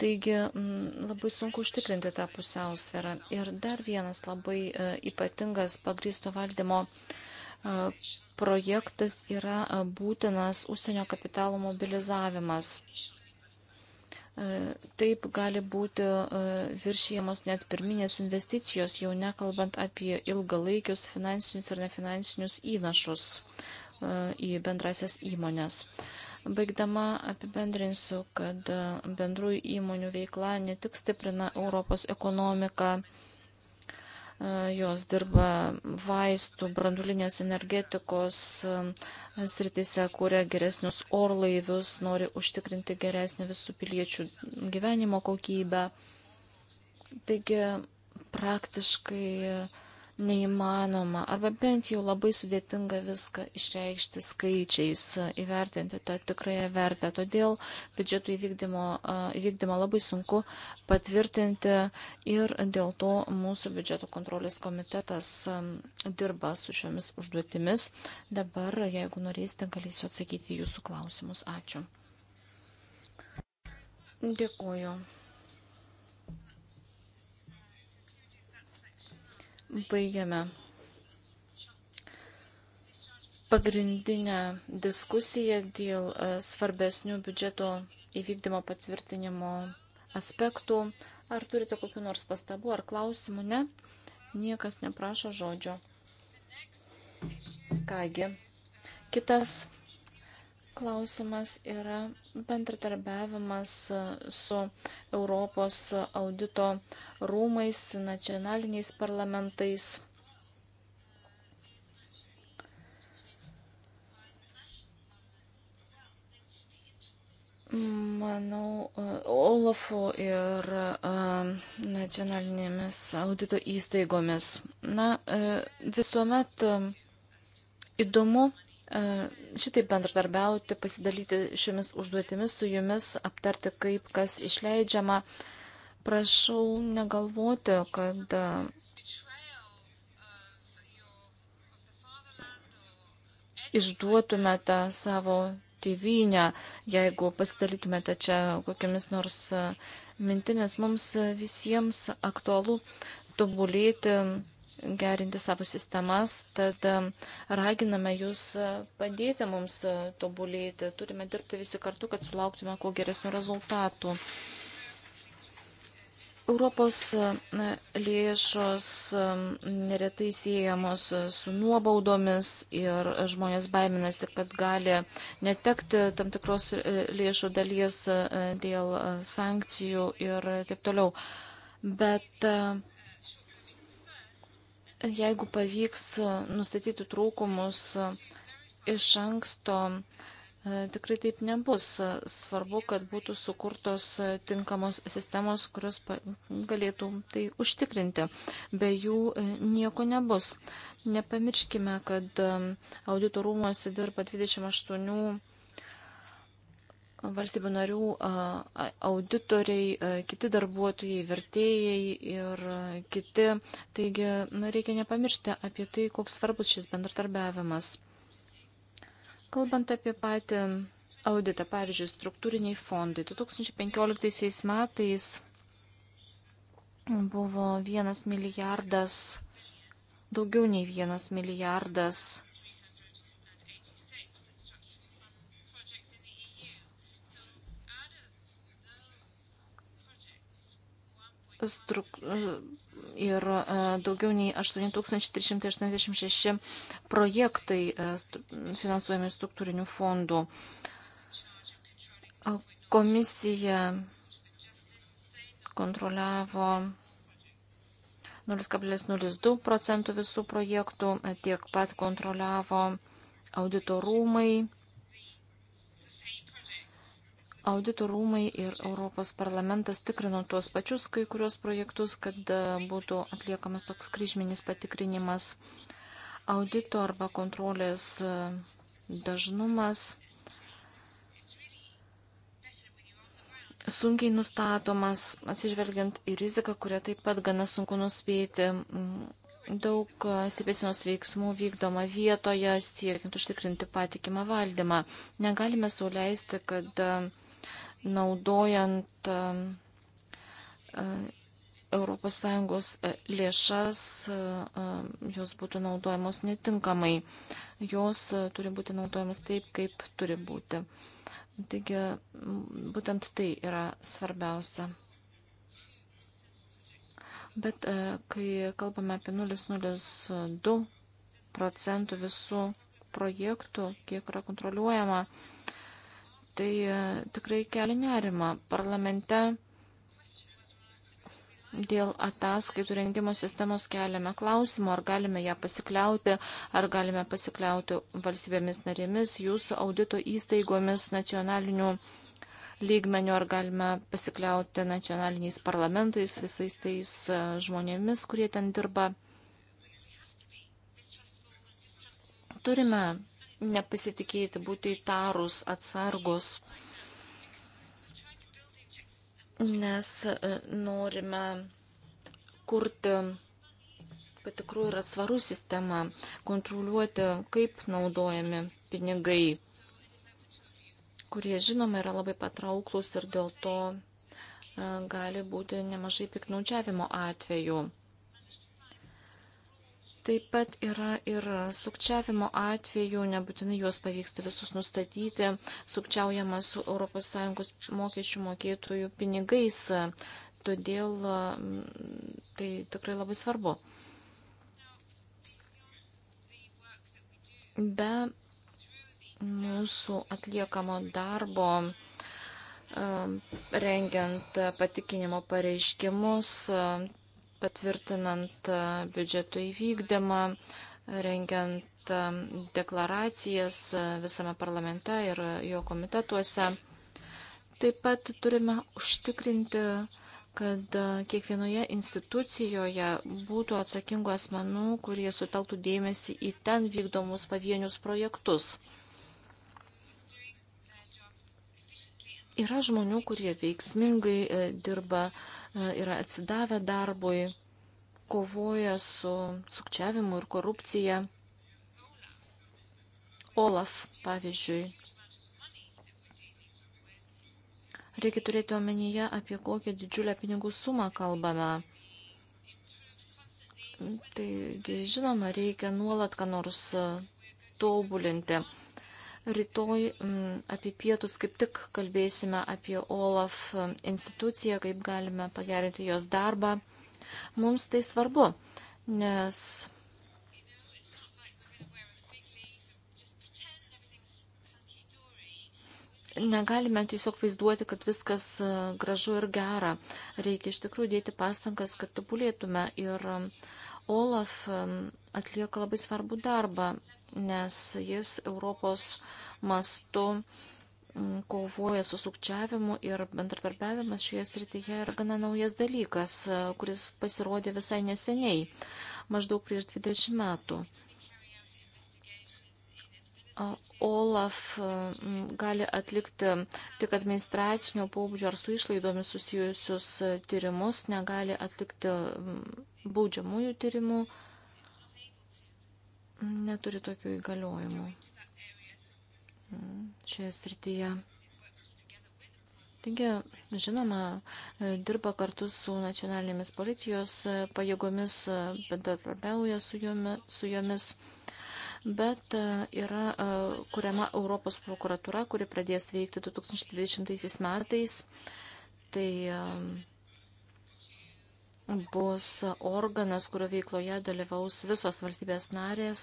Taigi mm, labai sunku užtikrinti tą pusiausvėrą. Ir dar vienas labai e, ypatingas pagrįsto valdymo e, projektas yra e, būtinas užsienio kapitalo mobilizavimas. Taip gali būti viršijamos net pirminės investicijos, jau nekalbant apie ilgalaikius finansinius ir nefinansinius įnašus į bendrasias įmonės. Baigdama apibendrinsiu, kad bendrųjų įmonių veikla ne tik stiprina Europos ekonomiką, jos dirba vaistų, brandulinės energetikos e, sritise, kuria geresnius orlaivius, nori užtikrinti geresnį visų piliečių gyvenimo kokybę. Taigi praktiškai neįmanoma, arba bent jau labai sudėtinga viską išreikšti skaičiais, įvertinti tą tikrąją vertę. Todėl biudžeto įvykdymo, įvykdymą labai sunku patvirtinti ir dėl to mūsų biudžeto kontrolės komitetas dirba su šiomis užduotimis. Dabar, jeigu norėsite, galėsiu atsakyti jūsų klausimus. Ačiū. Dėkuoju. Baigiame pagrindinę diskusiją dėl e, svarbesnių biudžeto įvykdymo patvirtinimo aspektų. Ar turite kokiu nors pastabu ar klausimu? Ne, niekas neprašo žodžio. Kągi, kitas Klausimas yra bendradarbiavimas e, su Europos audito rūmais, nacionaliniais parlamentais. Manau, e, Olafu ir e, nacionalinėmis audito įstaigomis. Na, visuomet įdomu E, šitaip bendradarbiauti, pasidalyti šiomis užduotimis su jumis, aptarti, kaip kas išleidžiama. Prašau negalvoti, kad e, išduotumėte savo tėvynę, jeigu pasidalytumėte čia kokiamis nors e, mintimis. Mums visiems aktualu tobulėti gerinti savo sistemas, tad e, raginame jūs e, padėti mums e, tobulėti. Turime dirbti visi kartu, kad sulauktume kuo geresnių rezultatų. Europos lėšos neretai siejamos su nuobaudomis ir žmonės baiminasi, kad gali netekti tam tikros lėšų dalies dėl sankcijų ir taip toliau. Bet Jeigu pavyks e, nustatyti trūkumus e, iš anksto, e, tikrai taip nebus. Svarbu, kad būtų sukurtos tinkamos sistemos, kurios galėtų tai užtikrinti. Be jų nieko nebus. Nepamirškime, kad audito rūmuose dirba 28 valstybių narių auditoriai, kiti darbuotojai, vertėjai ir kiti. Taigi reikia nepamiršti apie tai, koks svarbus šis bendratarbiavimas. Kalbant apie patį auditą, pavyzdžiui, struktūriniai fondai. 2015 metais buvo vienas milijardas, daugiau nei vienas milijardas struk... E, ir e, daugiau nei 8386 projektai e, finansuojami struktūrinių fondų. Komisija kontroliavo 0,02 procentų visų projektų, tiek pat kontroliavo auditorumai Audito rūmai ir Europos parlamentas tikrino tuos pačius kai kurios projektus, kad e, būtų atliekamas toks kryžminis patikrinimas. Audito arba kontrolės e, dažnumas sunkiai nustatomas, atsižvelgiant į riziką, kurią taip pat gana sunku nuspėti. Mm, daug e, stebėsinos veiksmų vykdoma vietoje, siekiant užtikrinti patikimą valdymą. Negalime suleisti, kad naudojant ES e, e, lėšas, e, jos būtų naudojamos netinkamai. Jos turi būti naudojamos taip, kaip turi būti. Taigi, būtent tai yra svarbiausia. Bet kai kalbame apie 0,02 procentų visų projektų, kiek yra kontroliuojama, tai e, tikrai keli nerima. Parlamente dėl ataskaitų rengimo sistemos keliame klausimą, ar galime ją pasikliauti, ar galime pasikliauti valstybėmis narėmis, jūsų audito įstaigomis, nacionaliniu lygmeniu, ar galime pasikliauti nacionaliniais parlamentais, visais tais e, žmonėmis, kurie ten dirba. Turime nepasitikėti, būti įtarus, atsargus, nes e, norime kurti patikrų ir atsvarų sistemą, kontroliuoti, kaip naudojami pinigai, kurie, žinoma, yra labai patrauklus ir dėl to e, gali būti nemažai piknaudžiavimo atvejų. Taip pat yra ir sukčiavimo atvejų, nebūtinai juos pavyksta visus nustatyti, sukčiaujama su ES mokesčių mokėtojų pinigais, todėl tai tikrai labai svarbu. Be mūsų atliekamo darbo rengiant patikinimo pareiškimus, patvirtinant biudžeto įvykdymą, rengiant deklaracijas visame parlamente ir jo komitetuose. Taip pat turime užtikrinti, kad kiekvienoje institucijoje būtų atsakingų asmenų, kurie sutelktų dėmesį į ten vykdomus pavienius projektus. Yra žmonių, kurie veiksmingai e, dirba, e, yra atsidavę darbui, kovoja su sukčiavimu ir korupcija. Olaf, pavyzdžiui, Reikia turėti omenyje, apie kokią didžiulę pinigų sumą kalbame. Taigi, žinoma, reikia nuolat ką nors e, tobulinti. Rytoj mm, apie pietus kaip tik kalbėsime apie OLAF mm, instituciją, kaip galime pagerinti jos darbą. Mums tai svarbu, nes negalime tiesiog vaizduoti, kad viskas mm, gražu ir gera. Reikia iš tikrųjų dėti pastangas, kad tobulėtume. Ir Olaf atlieka labai svarbų darbą nes jis Europos mastu mm, kovoja su sukčiavimu ir bendradarbiavimas šioje srityje yra gana naujas dalykas, kuris pasirodė visai neseniai, maždaug prieš 20 metų. Olaf mm, gali atlikti tik administracinio pobūdžio ar su išlaidomis susijusius tyrimus, negali atlikti mm, baudžiamųjų tyrimų neturi tokių įgaliojimų šioje srityje. Taigi, žinoma, dirba kartu su nacionalinėmis policijos pajėgomis, bendradarbiauja su, su jomis, bet e, yra e, kuriama Europos prokuratūra, kuri pradės veikti 2020 metais. Tai e, bus organas, kurio veikloje dalyvaus visos valstybės narės,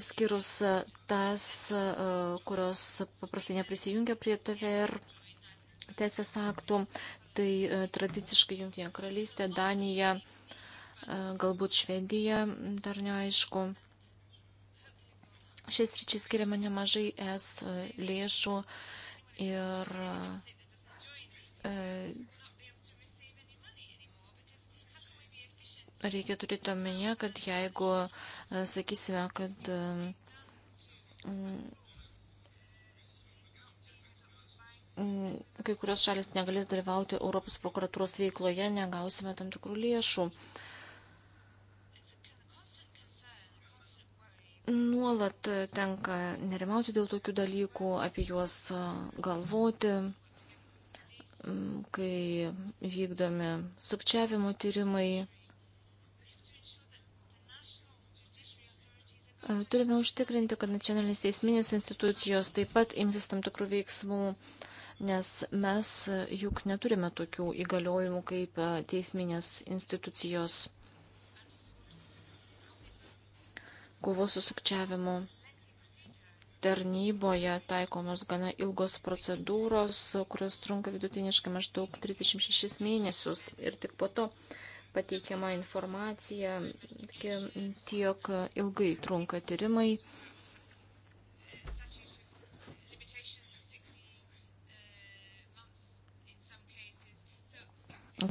išskyrus tas, e, kurios paprastai neprisijungia prie TVR teisės aktų, tai e, tradiciškai Junktinė karalystė, Danija, e, galbūt Švedija, dar neaišku. Šiais ryčiai skiriama nemažai es lėšų ir E, reikia turėti omenyje, kad jeigu e, sakysime, kad e, kai kurios šalis negalės dalyvauti Europos prokuratūros veikloje, negausime tam tikrų lėšų. Nuolat tenka nerimauti dėl tokių dalykų, apie juos galvoti kai vykdomi sukčiavimo tyrimai. E, turime užtikrinti, kad nacionalinės teisminės institucijos taip pat imsis tam tikrų veiksmų, nes mes juk neturime tokių įgaliojimų kaip e, teisminės institucijos kovos su sukčiavimu tarnyboje taikomos gana ilgos procedūros, kurios trunka vidutiniškai maždaug 36 mėnesius ir tik po to pateikiama informacija, tiek ilgai trunka tyrimai.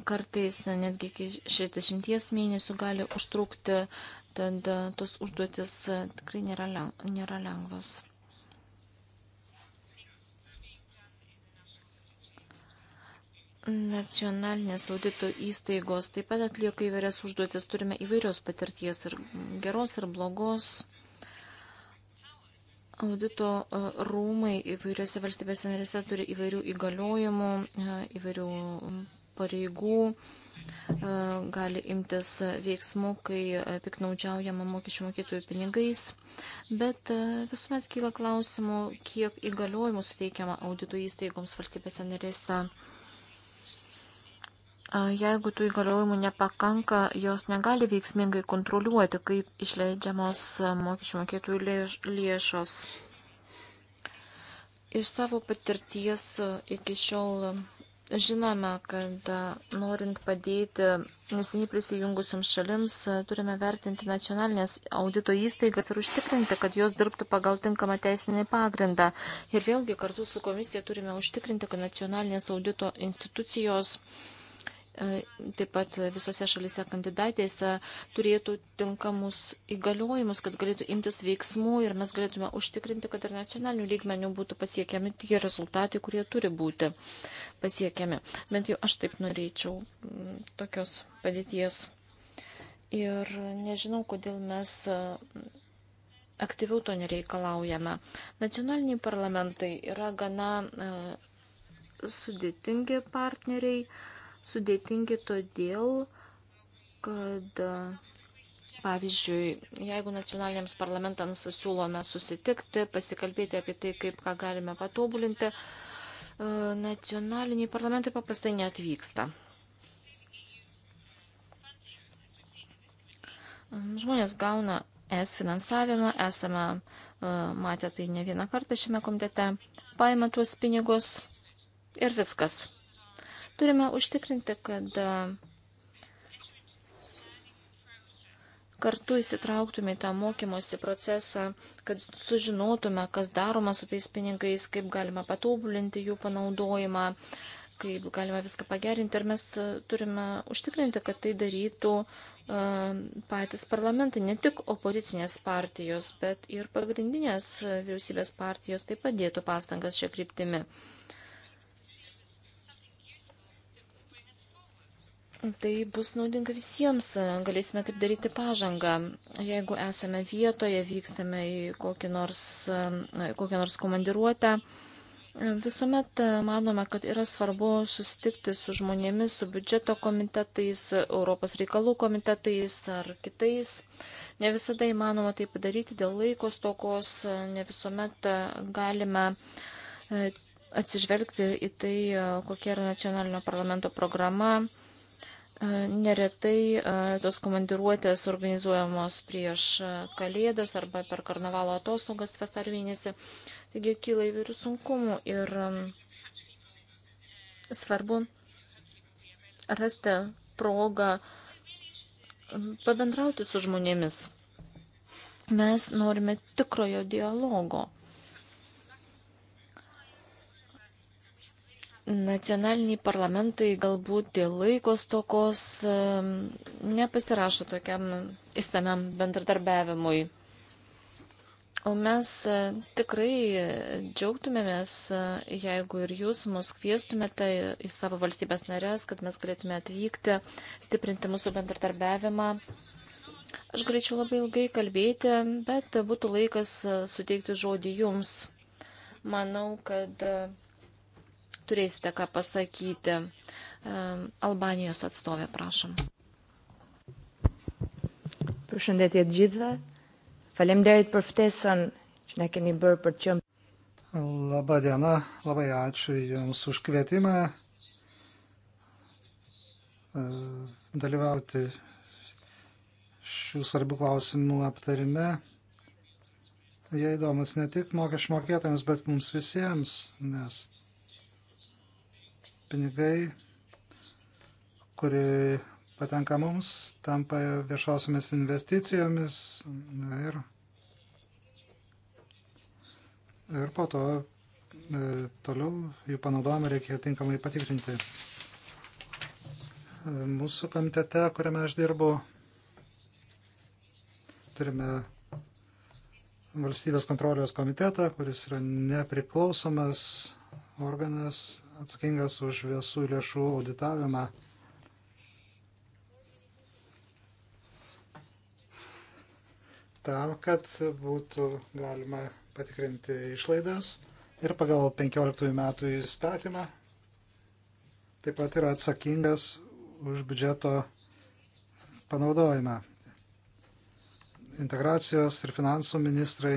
Kartais netgi iki 60 mėnesių gali užtrukti, tad tos užduotis tikrai nėra, leng nėra lengvos. Nacionalinės audito įstaigos taip pat atlieka įvairias užduotis, turime įvairios patirties ir geros, ir blogos. Audito e, rūmai įvairiose valstybėse narėse turi įvairių įgaliojimų, e, įvairių pareigų, e, gali imtis veiksmų, kai piknaudžiaujama mokesčių mokėtojų pinigais. Bet visuomet kyla klausimų, kiek įgaliojimų suteikiama audito įstaigoms valstybėse narėse jeigu tų įgaliojimų nepakanka, jos negali veiksmingai kontroliuoti, kaip išleidžiamos mokesčių mokėtojų lėš, lėšos. Iš savo patirties iki šiol žinome, kad norint padėti neseniai prisijungusiams šalims, turime vertinti nacionalinės audito įstaigas ir užtikrinti, kad jos dirbtų pagal tinkamą teisinį pagrindą. Ir vėlgi kartu su komisija turime užtikrinti, kad nacionalinės audito institucijos uh, E, taip pat visose šalise kandidatėse turėtų tinkamus įgaliojimus, kad galėtų imtis veiksmų ir mes galėtume užtikrinti, kad ir nacionalinių lygmenių būtų pasiekiami tie rezultatai, kurie turi būti pasiekiami. Bent jau aš taip norėčiau tokios padėties. Ir nežinau, kodėl mes aktyviau to nereikalaujame. Nacionaliniai parlamentai yra gana e, sudėtingi partneriai, uh, sudėtingi todėl, kad Pavyzdžiui, jeigu nacionaliniams parlamentams siūlome susitikti, pasikalbėti apie tai, kaip ką galime patobulinti, e, nacionaliniai parlamentai paprastai neatvyksta. Žmonės gauna es finansavimą, esame e, matę tai ne vieną kartą šiame komitete, paima tuos pinigus ir viskas. Turime užtikrinti, kad e, kartu įsitrauktume į tą mokymosi procesą, kad sužinotume, kas daroma su tais pinigais, kaip galima patobulinti jų panaudojimą, kaip galima viską pagerinti. Ir mes e, turime užtikrinti, kad tai darytų e, patys parlamentai, ne tik opozicinės partijos, bet ir pagrindinės vyriausybės partijos taip pat dėtų pastangas šią kryptimį. Tai bus naudinga visiems, galėsime taip daryti pažangą. Jeigu esame vietoje, vykstame į kokį nors, kokią nors komandiruotę, visuomet manome, kad yra svarbu susitikti su žmonėmis, su biudžeto komitetais, Europos reikalų komitetais ar kitais. Ne visada įmanoma tai padaryti dėl laiko stokos, ne visuomet galime e, atsižvelgti į tai, kokia yra nacionalinio parlamento programa E, neretai e, tos komandiruotės organizuojamos prieš e, kalėdas arba per karnavalo atostogas vasario mėnesį. Taigi kyla įvairių sunkumų ir svarbu rasti progą pabendrauti su žmonėmis. Mes norime tikrojo dialogo. Nacionaliniai parlamentai galbūt dėl laiko stokos nepasirašo tokiam įsamiam bendradarbiavimui. O mes e, tikrai džiaugtumėmės, e, jeigu ir jūs mus kvieštumėte į savo valstybės narės, kad mes galėtume atvykti, stiprinti mūsų bendradarbiavimą. Aš galėčiau labai ilgai kalbėti, bet būtų laikas e, suteikti žodį jums. Manau, kad turėsite ką pasakyti. Albanijos atstovė, prašom. Përshëndetje të gjithëve. Faleminderit për ftesën që na keni bërë për çëm. Labą dieną, labai ačiū Jums už kvietimą e, dalyvauti šių svarbių klausimų aptarime. Jie įdomus ne tik mokesčių mokėtojams, bet mums visiems, nes pinigai, kuri patenka mums, tampa viešosiamis investicijomis na, ir, ir po to e, toliau jų panaudojimą reikia tinkamai patikrinti. E, mūsų komitete, kuriame aš dirbu, turime valstybės kontrolės komitetą, kuris yra nepriklausomas organas atsakingas už visų lėšų auditavimą. Tam, kad būtų galima patikrinti išlaidas ir pagal 15 metų įstatymą taip pat yra atsakingas už biudžeto panaudojimą. Integracijos ir finansų ministrai,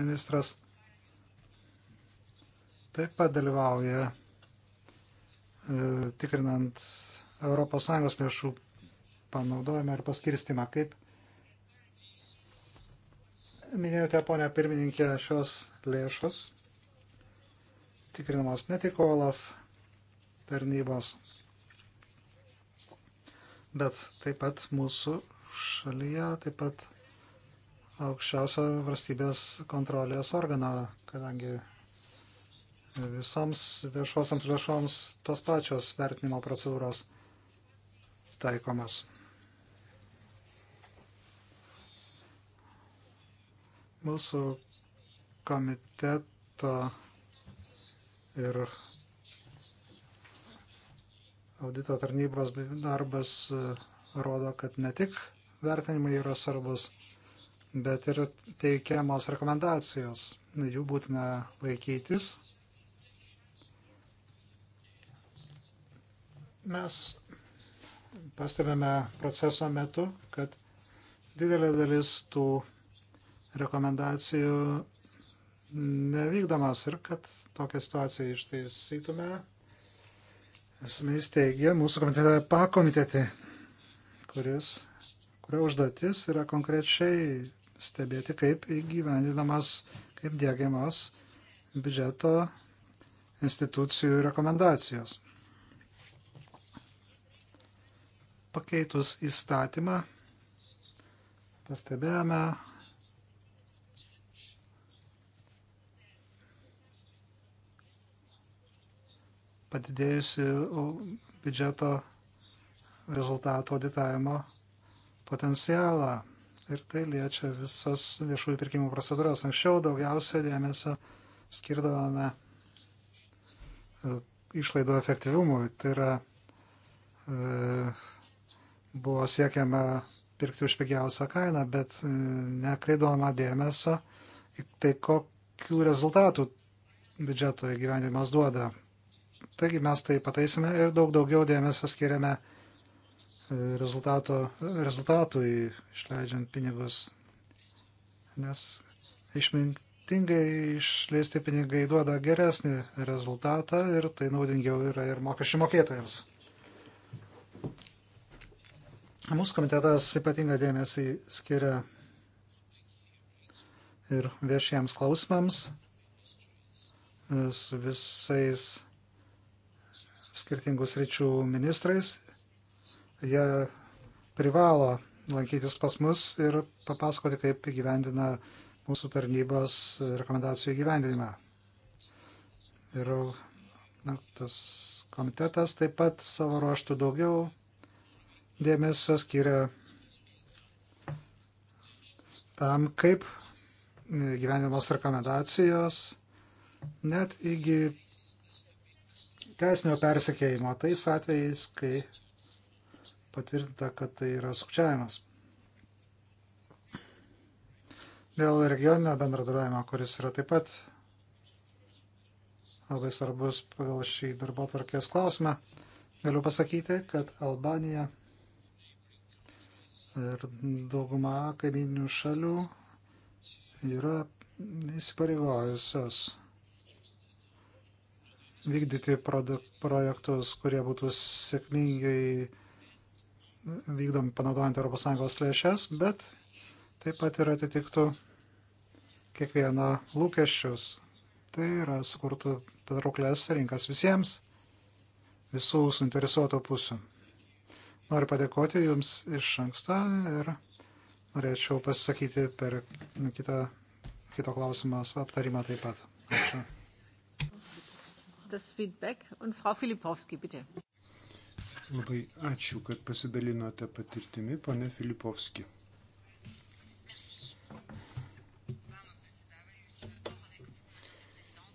ministras taip pat dalyvauja E, tikrinant ES lėšų panaudojimą ir paskirstimą. Kaip minėjote, ponia pirmininkė, šios lėšos tikrinamos ne tik OLAF tarnybos, bet taip pat mūsų šalyje, taip pat aukščiausio valstybės kontrolės organo, kadangi visoms viešosiams lėšoms tos pačios vertinimo procedūros taikomas. Mūsų komiteto ir audito tarnybos darbas e, rodo, kad ne tik vertinimai yra svarbus, bet ir teikiamos rekomendacijos. Jų būtina laikytis Mes pastebėme proceso metu, kad didelė dalis tų rekomendacijų nevykdomas ir kad tokią situaciją ištaisytume. Esame įsteigę mūsų komitete pakomitetį, kuris, kurio užduotis yra konkrečiai stebėti, kaip įgyvendinamas, kaip dėgiamas biudžeto institucijų rekomendacijos. pakeitus įstatymą pastebėjome, padidėjusi biudžeto rezultato auditavimo potencialą. Ir tai liečia visas viešųjų pirkimų procedūras. Anksčiau daugiausia dėmesio skirdavome e, išlaidų efektyvumui. Tai yra e, buvo siekiama pirkti už pigiausią kainą, bet e, nekreidoma dėmesio į tai, kokių rezultatų biudžeto įgyvendinimas duoda. Taigi mes tai pataisime ir daug daugiau dėmesio skiriame e, rezultatui išleidžiant pinigus, nes išmintingai išleisti pinigai duoda geresnį rezultatą ir tai naudingiau yra ir mokesčių mokėtojams. Mūsų komitetas ypatingą dėmesį skiria ir viešiems klausimams su visais skirtingus ryčių ministrais. Jie privalo lankytis pas mus ir papasakoti, kaip įgyvendina mūsų tarnybos rekomendacijų įgyvendinimą. Ir na, tas komitetas taip pat savo ruoštų daugiau dėmesio skiria tam, kaip gyvenimos rekomendacijos net iki teisinio persikėjimo tais atvejais, kai patvirtinta, kad tai yra sukčiavimas. Dėl regioninio bendradarbiavimo, kuris yra taip pat labai svarbus pagal šį darbo tvarkės klausimą, galiu pasakyti, kad Albanija Ir dauguma kaiminių šalių yra įsipareigojusios vykdyti projektus, kurie būtų sėkmingai vykdomi panaudojant ES lėšas, bet taip pat ir atitiktų kiekvieno lūkesčius. Tai yra sukurtų patrauklės rinkas visiems, visų suinteresuoto pusių. Noriu padėkoti Jums iš anksto ir norėčiau pasisakyti per kitą, kito klausimo aptarimą taip pat. Ačiū. Das Feedback und Frau Filipovski, bitte. Labai ačiū, kad pasidalinote patirtimi, ponė Filipovski.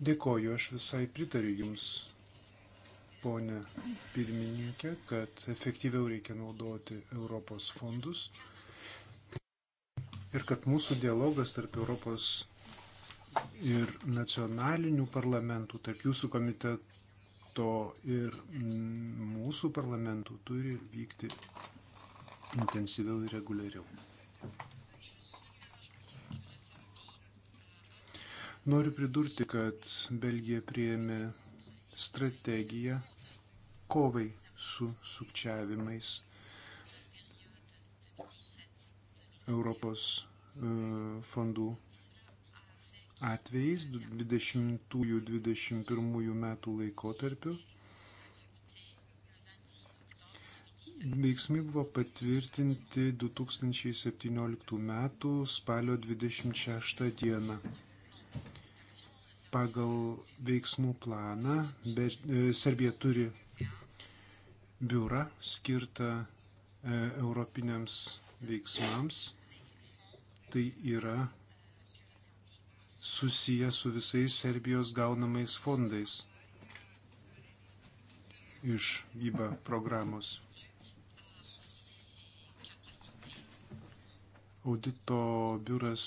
Dėkoju, aš visai pritariu Jums ponė pirmininkė, kad efektyviau reikia naudoti Europos fondus ir kad mūsų dialogas tarp Europos ir nacionalinių parlamentų, tarp jūsų komiteto ir mūsų parlamentų turi vykti intensyviau ir reguliariau. Noriu pridurti, kad Belgija prieėmė strategiją kovai su sukčiavimais Europos e, fondų atvejais 20-21 metų laikotarpiu. Veiksmai buvo patvirtinti 2017 metų spalio 26 dieną. Pagal veiksmų planą Ber, e, Serbija turi biurą skirtą e, europiniams veiksmams. Tai yra susiję su visais Serbijos gaunamais fondais iš IBA programos. Audito biuras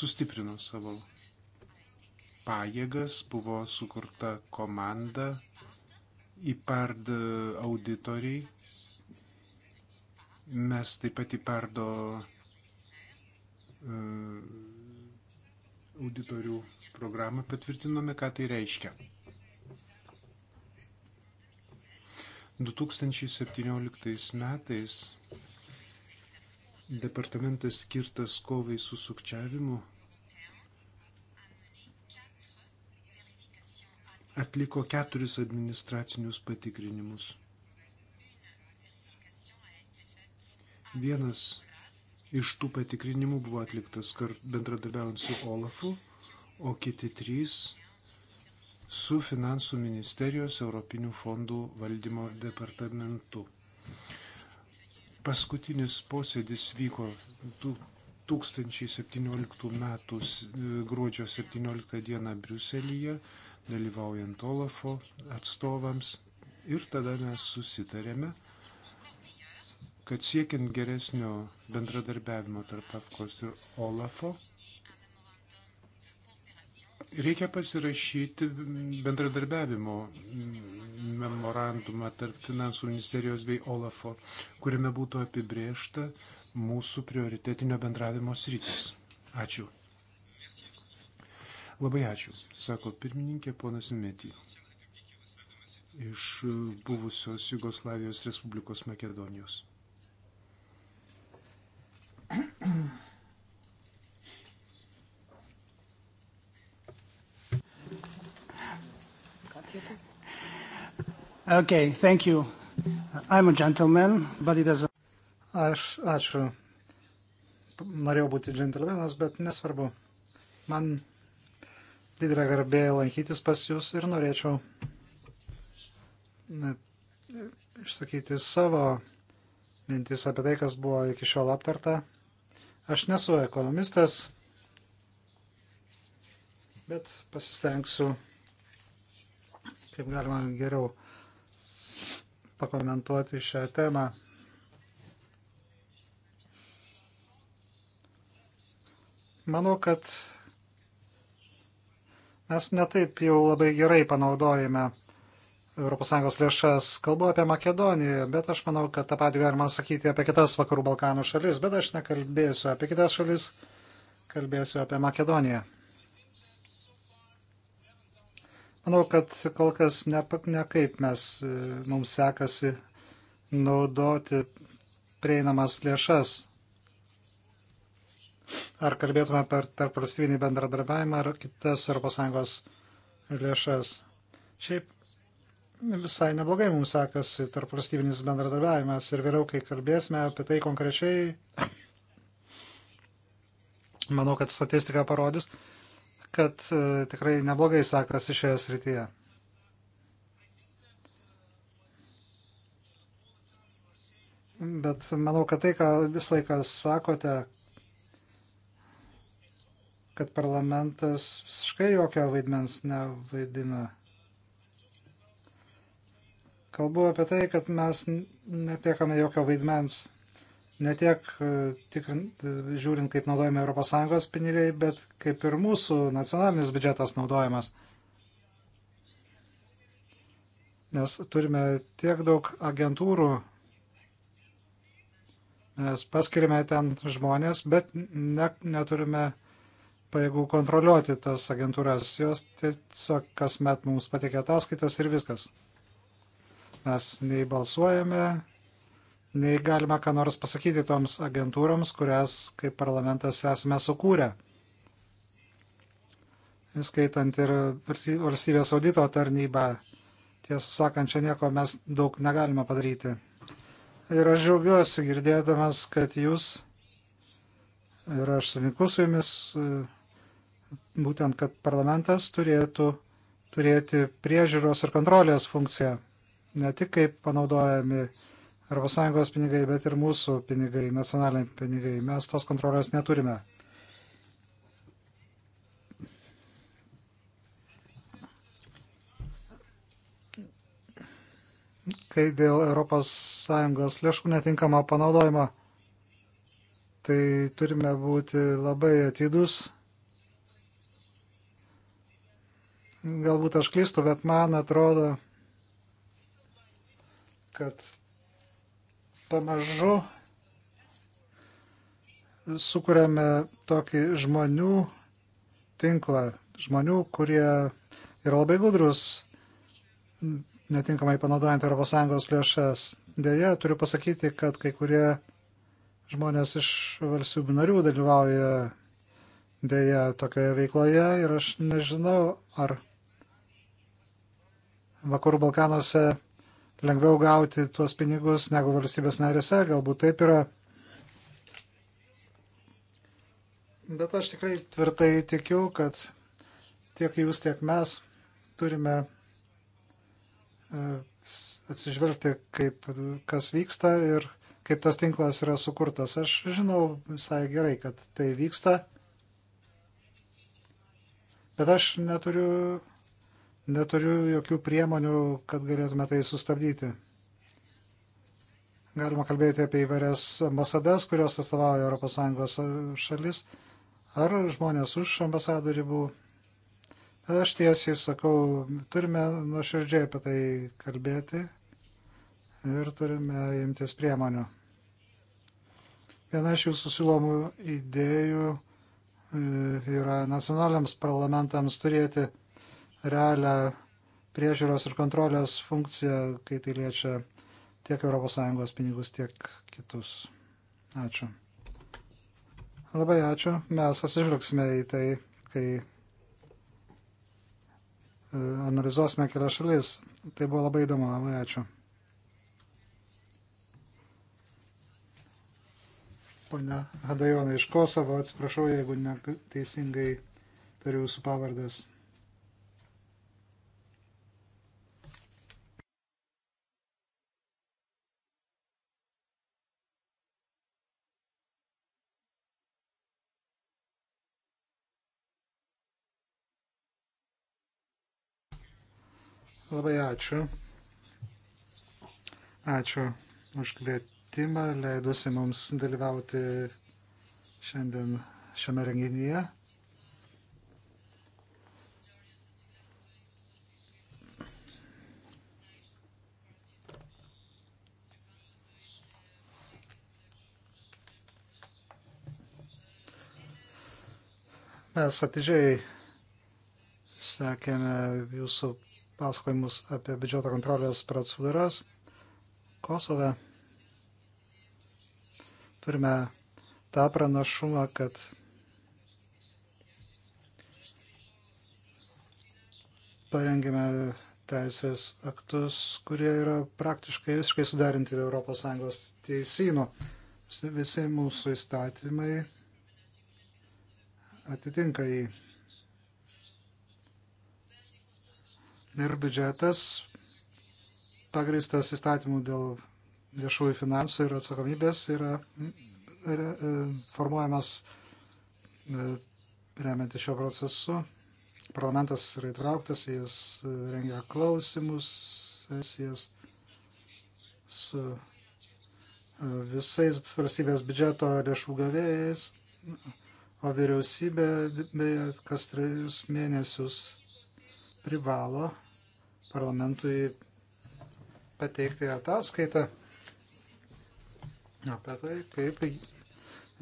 sustiprino savo pajėgas, buvo sukurta komanda, įpard auditoriai. Mes taip pat įpardo e, auditorių programą patvirtinome, ką tai reiškia. 2017 metais departamentas skirtas kovai su sukčiavimu atliko keturis administracinius patikrinimus. Vienas iš tų patikrinimų buvo atliktas bendradarbiaujant su Olafu, o kiti trys su Finansų ministerijos Europinių fondų valdymo departamentu. Paskutinis posėdis vyko 2017 m. gruodžio 17 d. Briuselyje dalyvaujant Olafo atstovams. Ir tada mes susitarėme, kad siekiant geresnio bendradarbiavimo tarp Afkos ir Olafo, reikia pasirašyti bendradarbiavimo memorandumą tarp Finansų ministerijos bei Olafo, kuriame būtų apibriešta mūsų prioritetinio bendravimo sritis. Ačiū. Labai ačiū, sako pirmininkė ponas Metį iš buvusios Jugoslavijos Respublikos Makedonijos. Okay, thank you. I'm a gentleman, but it doesn't. Aš, ačiū. Norėjau būti džentelmenas, bet nesvarbu. Man didelė garbė lankytis pas Jūs ir norėčiau išsakyti savo mintis apie tai, kas buvo iki šiol aptarta. Aš nesu ekonomistas, bet pasistengsiu kaip galima geriau pakomentuoti šią temą. Manau, kad mes netaip jau labai gerai panaudojame ES lėšas. Kalbu apie Makedoniją, bet aš manau, kad tą patį galima sakyti apie kitas Vakarų Balkanų šalis, bet aš nekalbėsiu apie kitas šalis, kalbėsiu apie Makedoniją. Manau, kad kol kas nekaip ne, ne mes, e, mums sekasi naudoti prieinamas lėšas Ar kalbėtume per tarp valstybinį bendradarbiavimą ar kitas ES lėšas. Šiaip visai neblogai mums sekasi tarp valstybinis bendradarbiavimas ir vėliau, kai kalbėsime apie tai konkrečiai, manau, kad statistika parodys, kad e, tikrai neblogai sekasi šioje srityje. Bet manau, kad tai, ką vis laiką sakote, kad parlamentas visiškai jokio vaidmens nevaidina. Kalbu apie tai, kad mes netiekame jokio vaidmens, ne tiek e, tikrint, e, žiūrint, kaip naudojami ES pinigai, bet kaip ir mūsų nacionalinis biudžetas naudojamas. Nes turime tiek daug agentūrų, mes paskirime ten žmonės, bet ne, neturime pajėgų kontroliuoti tas agentūras. Jos tiesiog kasmet mums pateikia ataskaitas ir viskas. Mes nei balsuojame, nei galime ką nors pasakyti toms agentūroms, kurias kaip parlamentas esame sukūrę. Įskaitant ir valstybės audito tarnybą, tiesą sakant, čia nieko mes daug negalime padaryti. Ir aš džiaugiuosi girdėdamas, kad jūs ir aš sutinku su jumis būtent, kad parlamentas turėtų turėti priežiūros ir kontrolės funkciją, ne tik kaip panaudojami ES pinigai, bet ir mūsų pinigai, nacionaliniai pinigai. Mes tos kontrolės neturime. Kai dėl ES lėšų netinkamo panaudojimo, tai turime būti labai atidus Galbūt aš klystu, bet man atrodo, kad pamažu sukūrėme tokį žmonių tinklą, žmonių, kurie yra labai gudrus, netinkamai panaudojant ES lėšas. Deja, turiu pasakyti, kad kai kurie žmonės iš valstybių narių dalyvauja dėja tokioje veikloje ir aš nežinau, ar Vakarų Balkanuose lengviau gauti tuos pinigus negu valstybės narėse, galbūt taip yra. Bet aš tikrai tvirtai tikiu, kad tiek jūs, tiek mes turime e, atsižvelgti, kaip kas vyksta ir kaip tas tinklas yra sukurtas. Aš žinau visai gerai, kad tai vyksta, bet aš neturiu Neturiu jokių priemonių, kad galėtume tai sustabdyti. Galima kalbėti apie įvairias ambasadas, kurios atstovauja ES šalis, ar žmonės už ambasadų ribų. Aš tiesiai sakau, turime nuoširdžiai apie tai kalbėti ir turime imtis priemonių. Viena iš jūsų siūlomų idėjų e, yra nacionaliniams parlamentams turėti realią priežiūros ir kontrolės funkciją, kai tai liečia tiek ES pinigus, tiek kitus. Ačiū. Labai ačiū. Mes atsižvelgsime į tai, kai e, analizuosime kelias šalis. Tai buvo labai įdomu. Labai ačiū. Pone Hadajona iš Kosovo, atsiprašau, jeigu neteisingai tariu jūsų pavardės. Labai ačiū. Ačiū už kvietimą, leidusi mums dalyvauti šiandien šiame renginyje. Mes atidžiai sekėme jūsų pasakojimus apie biudžeto kontrolės procedūras Kosove. Turime tą pranašumą, kad parengėme teisės aktus, kurie yra praktiškai visiškai sudarinti ES teisynų. Visi mūsų įstatymai atitinka jį. ir biudžetas pagristas įstatymų dėl viešųjų finansų ir atsakomybės yra e, formuojamas e, remiantis šio procesu. Parlamentas yra įtrauktas, jis rengia klausimus, sesijas su e, visais valstybės biudžeto lėšų gavėjais, o vyriausybė beje kas trejus mėnesius privalo parlamentui pateikti ataskaitą apie tai, kaip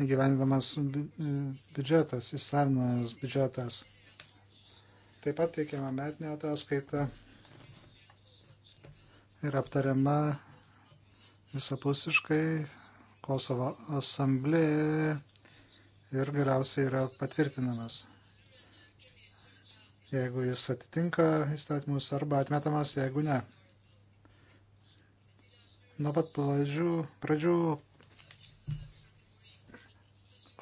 įgyvendinamas biudžetas, įsavinamas biudžetas. Taip pat teikiama metinė ataskaita ir aptariama visapusiškai Kosovo asamblėje ir galiausiai yra patvirtinamas jeigu jis atitinka įstatymus, arba atmetamas, jeigu ne. Nuo pat pradžių, pradžių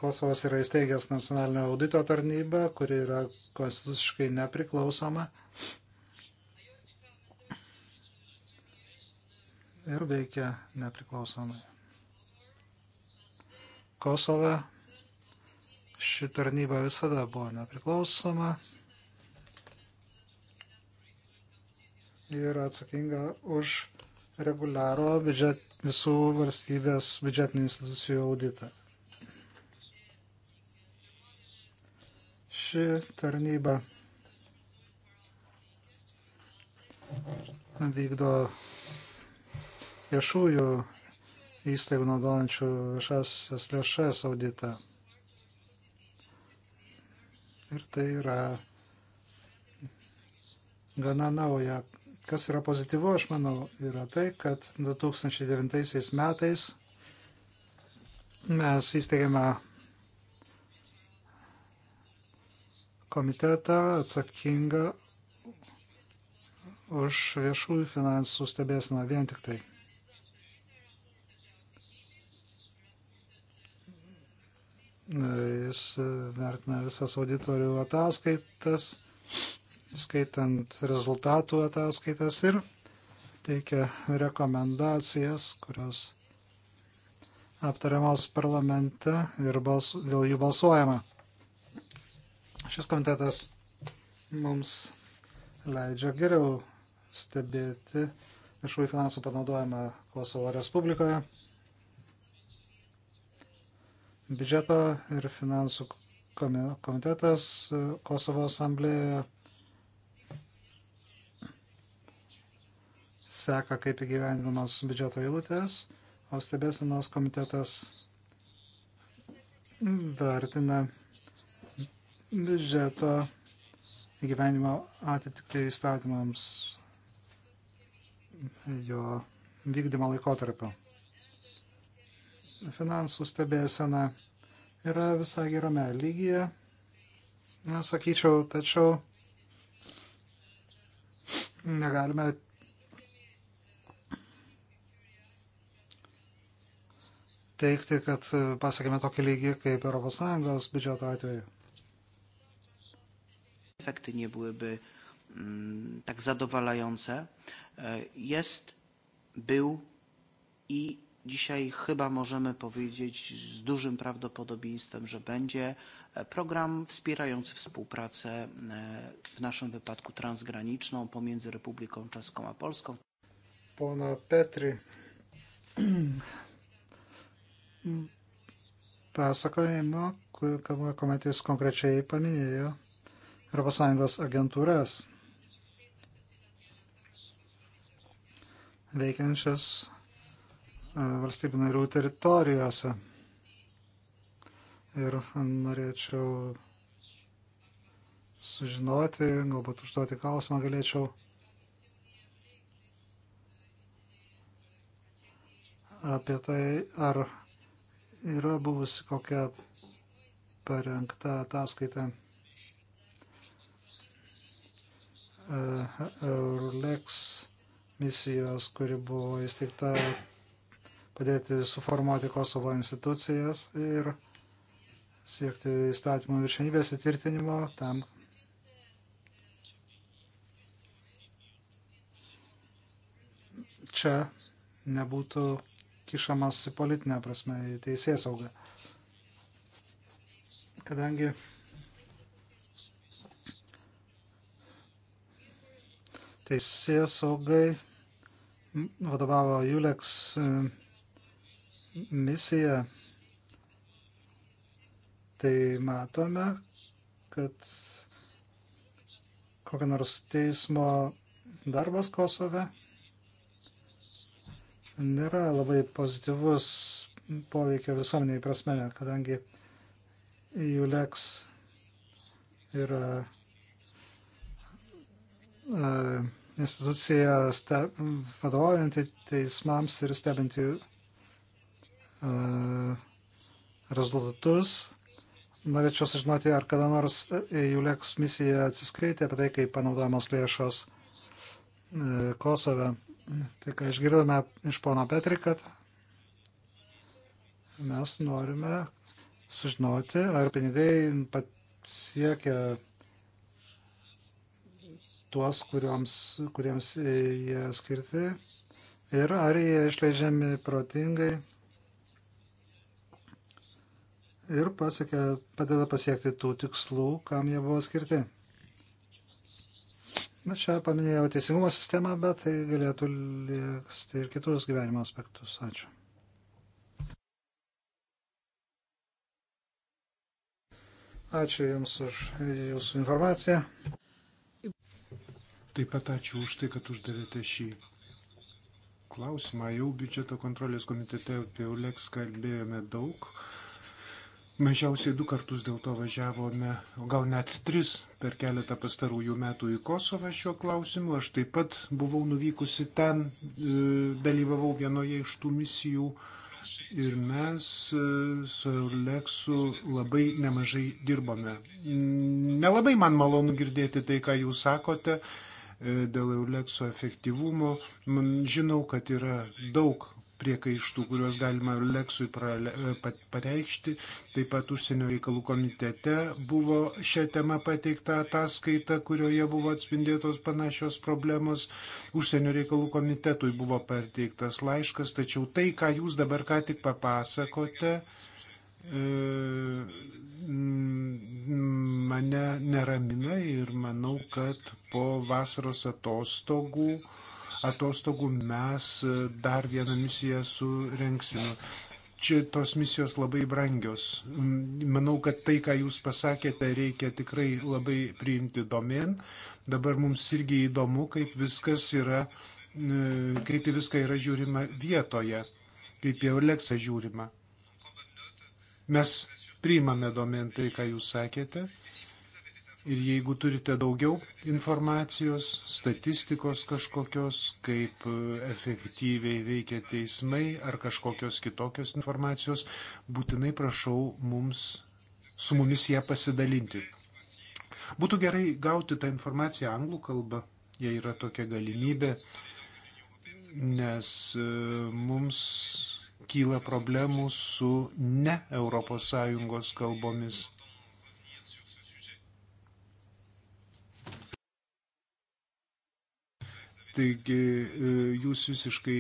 Kosovas yra įsteigęs nacionalinio audito tarnybą, kuri yra konstituciškai nepriklausoma ir veikia nepriklausomai. Kosove ši tarnyba visada buvo nepriklausoma. yra atsakinga už reguliaro biudžet, visų valstybės biudžetinių institucijų auditą. Ši tarnyba vykdo viešųjų įstaigų naudojančių viešasias lėšas auditą. Ir tai yra gana nauja Kas yra pozityvu, aš manau, yra tai, kad 2009 metais mes įsteigėme komitetą atsakingą už viešųjų finansų stebėsiną vien tik tai. Jis vertina visas auditorių ataskaitas skaitant rezultatų ataskaitas ir teikia rekomendacijas, kurios aptariamos parlamente ir balsu, dėl jų balsuojama. Šis komitetas mums leidžia geriau stebėti viešųjų finansų panaudojimą Kosovo Respublikoje. Biudžeto ir finansų komitetas Kosovo asamblėje seka, kaip įgyvendinamos biudžeto eilutės, o stebėsinos komitetas vertina biudžeto įgyvendimo atitikti įstatymams jo vykdymo laikotarpio. Finansų stebėsena yra visai gerame lygyje, nesakyčiau, tačiau negalime teikti, kad e, pasakėme tokį lygį kaip ES biudžeto atveju. Efekty nie byłyby mm, tak zadowalające. E, jest, był i dzisiaj chyba możemy powiedzieć z dużym prawdopodobieństwem, że będzie e, program wspierający współpracę, w naszym wypadku transgraniczną, pomiędzy Republiką Czeską a Polską. Pana Petry, pasakojimo, kuomet jis konkrečiai paminėjo ES agentūras veikiančias e, valstybių narių teritorijose. Ir norėčiau sužinoti, galbūt užduoti klausimą galėčiau. apie tai, ar yra buvusi kokia parengta ataskaita e, Eurlex misijos, kuri buvo įsteigta padėti suformuoti Kosovo institucijas ir siekti įstatymų viršenybės įtvirtinimo tam. Čia nebūtų kišamas politinė prasme į teisės saugą. Kadangi teisės saugai vadovavo Juleks e, misija, tai matome, kad kokia nors teismo darbas Kosove nėra labai pozityvus poveikio visuomeniai prasme, kadangi EULEX yra e, institucija vadovaujanti teismams ir stebinti e, rezultatus. Norėčiau sužinoti, ar kada nors EULEX misija atsiskaitė apie tai, kaip panaudojamos lėšos e, Kosove tai ką išgirdome iš pono Petrikat, mes norime sužinoti, ar pinigai pasiekia tuos, kuriems, kuriems jie skirti ir ar jie išleidžiami protingai ir pasiekia, padeda pasiekti tų tikslų, kam jie buvo skirti. Na čia paminėjau teisingumo sistemą, bet tai galėtų liesti ir kitus gyvenimo aspektus. Ačiū. Ačiū Jums už Jūsų informaciją. Taip pat ačiū už tai, kad uždavėte šį klausimą. Jau biudžeto kontrolės komitete apie ULEX kalbėjome daug. Mažiausiai du kartus dėl to važiavome, o gal net tris per keletą pastarųjų metų į Kosovą šiuo klausimu. Aš taip pat buvau nuvykusi ten, e, dalyvavau vienoje iš tų misijų ir mes e, su Leksu labai nemažai dirbome. Nelabai man malonu girdėti tai, ką jūs sakote e, dėl Eulekso efektyvumo. Man žinau, kad yra daug priekaištų, kuriuos galima ir Leksui e, pareikšti. Taip pat užsienio reikalų komitete buvo šią temą pateikta ataskaita, kurioje buvo atspindėtos panašios problemos. Užsienio reikalų komitetui buvo pateiktas laiškas, tačiau tai, ką jūs dabar ką tik papasakote, e, mane neramina ir manau, kad po vasaros atostogų uh, atostogų mes e, dar vieną misiją surenksime. Čia tos misijos labai brangios. Mm, manau, kad tai, ką Jūs pasakėte, reikia tikrai labai priimti domen. Dabar mums irgi įdomu, kaip viskas yra, e, kaip į viską yra žiūrima vietoje, kaip į Oleksą žiūrima. Mes priimame domen tai, ką Jūs sakėte. Ir jeigu turite daugiau informacijos, statistikos kažkokios, kaip e, efektyviai veikia teismai ar kažkokios kitokios informacijos, būtinai prašau mums, su mumis ją pasidalinti. Būtų gerai gauti tą informaciją anglų kalbą, jei yra tokia galimybė, nes e, mums kyla problemų su ne ES kalbomis Taigi e, jūs visiškai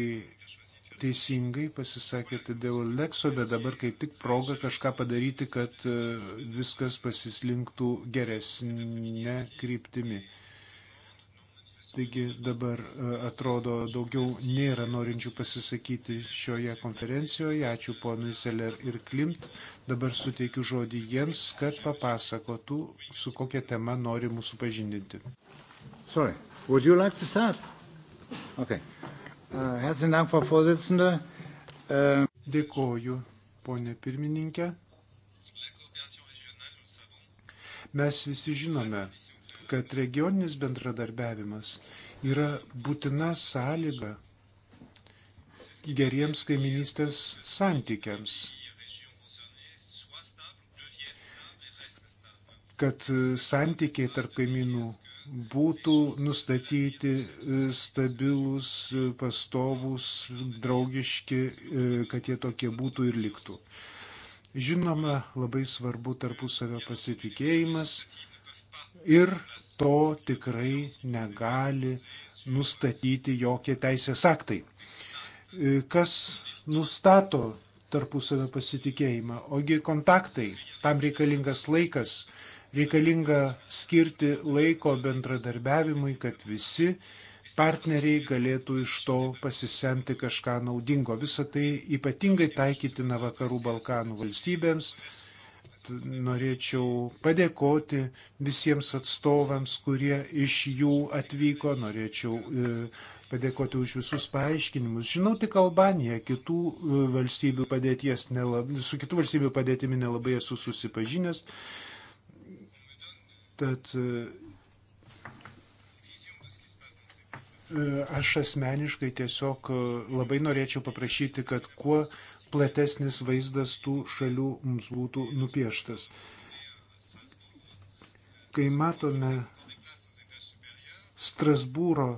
teisingai pasisakėte dėl lekso, bet dabar kaip tik proga kažką padaryti, kad e, viskas pasislinktų geresnė kryptimi. Taigi dabar e, atrodo daugiau nėra norinčių pasisakyti šioje konferencijoje. Ačiū ponui Seller ir Klimt. Dabar suteikiu žodį jiems, kad papasakotų, su kokia tema nori mūsų pažindinti. Sorry. Would you like to start? Okay. Uh, Herzlichen Dank, Frau Vorsitzende. Uh... Dėkoju, ponė pirmininkė. Mes visi žinome, kad regioninis bendradarbiavimas yra būtina sąlyga geriems kaiminystės santykiams. Kad santykiai tarp kaiminų būtų nustatyti e, stabilus, e, pastovus, draugiški, e, kad jie tokie būtų ir liktų. Žinoma, labai svarbu tarpusavio pasitikėjimas ir to tikrai negali nustatyti jokie teisės aktai. Kas nustato tarpusavio pasitikėjimą? Ogi kontaktai, tam reikalingas laikas, Reikalinga skirti laiko bendradarbiavimui, kad visi partneriai galėtų iš to pasisemti kažką naudingo. Visą tai ypatingai taikytina vakarų Balkanų valstybėms. Norėčiau padėkoti visiems atstovams, kurie iš jų atvyko. Norėčiau e, padėkoti už visus paaiškinimus. Žinau tik Albaniją, kitų e, valstybių padėties, nelab, su kitų valstybių padėtimi nelabai esu susipažinęs. Tad e, e, aš asmeniškai tiesiog e, labai norėčiau paprašyti, kad kuo platesnis vaizdas tų šalių mums būtų nupieštas. Kai matome Strasbūro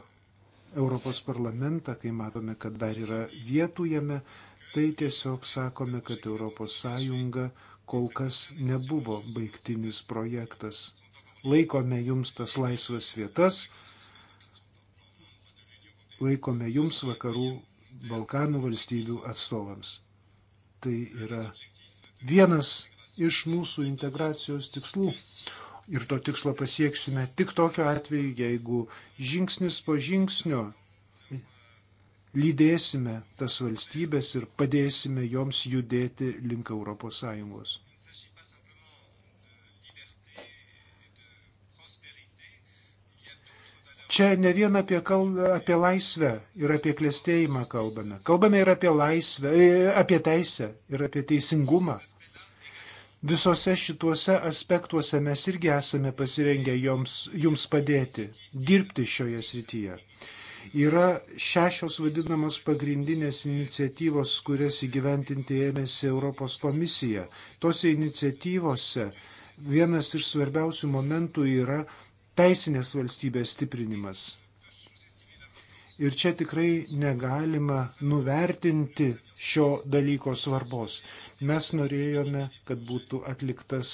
Europos parlamentą, kai matome, kad dar yra vietų jame, tai tiesiog sakome, kad ES kol kas nebuvo baigtinis projektas laikome jums tas laisvas vietas, laikome jums vakarų Balkanų valstybių atstovams. Tai yra vienas iš mūsų integracijos tikslų. Ir to tikslo pasieksime tik tokiu atveju, jeigu žingsnis po žingsnio lydėsime tas valstybės ir padėsime joms judėti link ES. Čia ne vien apie, kal... apie laisvę ir apie klėstėjimą kalbame. Kalbame ir apie laisvę, e, apie teisę ir apie teisingumą. Visose šituose aspektuose mes irgi esame pasirengę joms, jums padėti, dirbti šioje srityje yra šešios vadinamos pagrindinės iniciatyvos, kurias įgyventinti ėmėsi Europos komisija. Tose iniciatyvose vienas iš svarbiausių momentų yra teisinės valstybės stiprinimas. Ir čia tikrai negalima nuvertinti šio dalyko svarbos. Mes norėjome, kad būtų atliktas,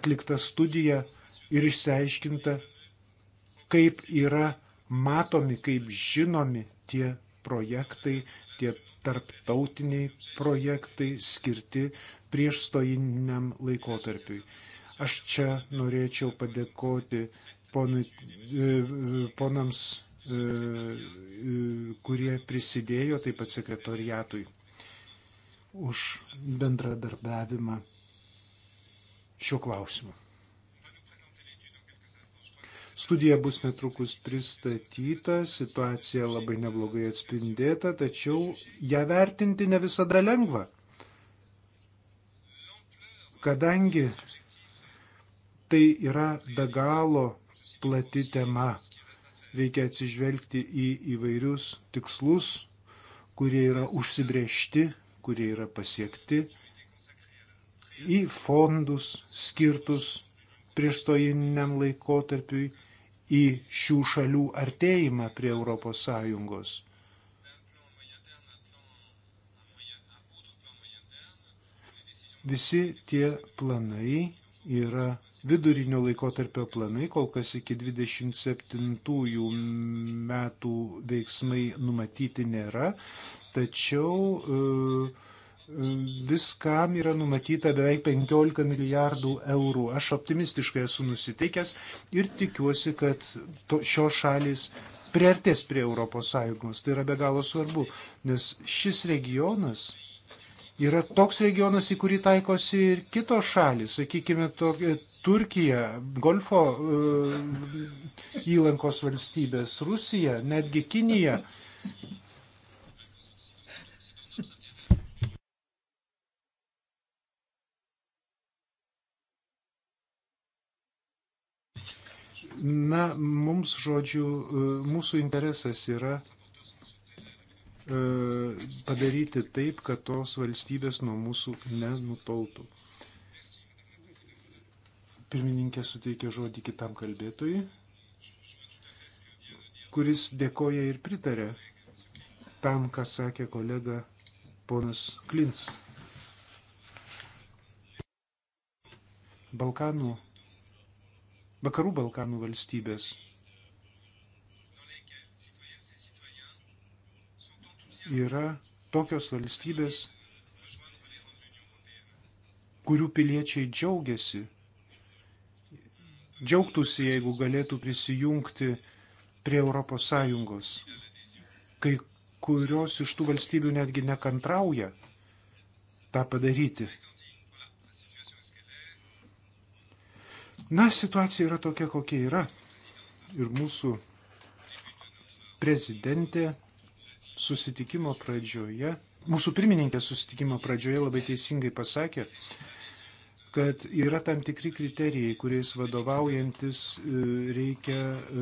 atlikta studija ir išsiaiškinta, kaip yra matomi, kaip žinomi tie projektai, tie tarptautiniai projektai skirti priešstojiniam laikotarpiui. Aš čia norėčiau padėkoti ponui, e, e, ponams, e, kurie prisidėjo, taip pat sekretoriatui, už bendradarbiavimą šiuo klausimu. Studija bus netrukus pristatyta, situacija labai neblogai atspindėta, tačiau ją vertinti ne visada lengva. Kadangi Tai yra be galo plati tema. Reikia atsižvelgti į įvairius tikslus, kurie yra užsibriežti, kurie yra pasiekti, į fondus skirtus priešstojiniam laikotarpiui, į šių šalių artėjimą prie ES. Visi tie planai yra Vidurinio laikotarpio planai kol kas iki 27 metų veiksmai numatyti nėra, tačiau e, e, viskam yra numatyta beveik 15 milijardų eurų. Aš optimistiškai esu nusiteikęs ir tikiuosi, kad to, šios šalis priartės prie ES. Tai yra be galo svarbu, nes šis regionas yra toks regionas, į kurį taikosi ir kitos šalis, sakykime, to, Turkija, Golfo e, įlankos valstybės, Rusija, netgi Kinija. Na, mums žodžiu, e, mūsų interesas yra E, padaryti taip, kad tos valstybės nuo mūsų nenutoltų. Pirmininkė suteikė žodį kitam kalbėtojui, kuris dėkoja ir pritarė tam, ką sakė kolega ponas Klins. Balkanų, vakarų Balkanų valstybės yra tokios valstybės, kurių piliečiai džiaugiasi, džiaugtųsi, jeigu galėtų prisijungti prie Europos Sąjungos. Kai kurios iš tų valstybių netgi nekantrauja tą padaryti. Na, situacija yra tokia, kokia yra. Ir mūsų prezidentė susitikimo pradžioje, mūsų pirmininkė susitikimo pradžioje labai teisingai pasakė, kad yra tam tikri kriterijai, kuriais vadovaujantis e, reikia e,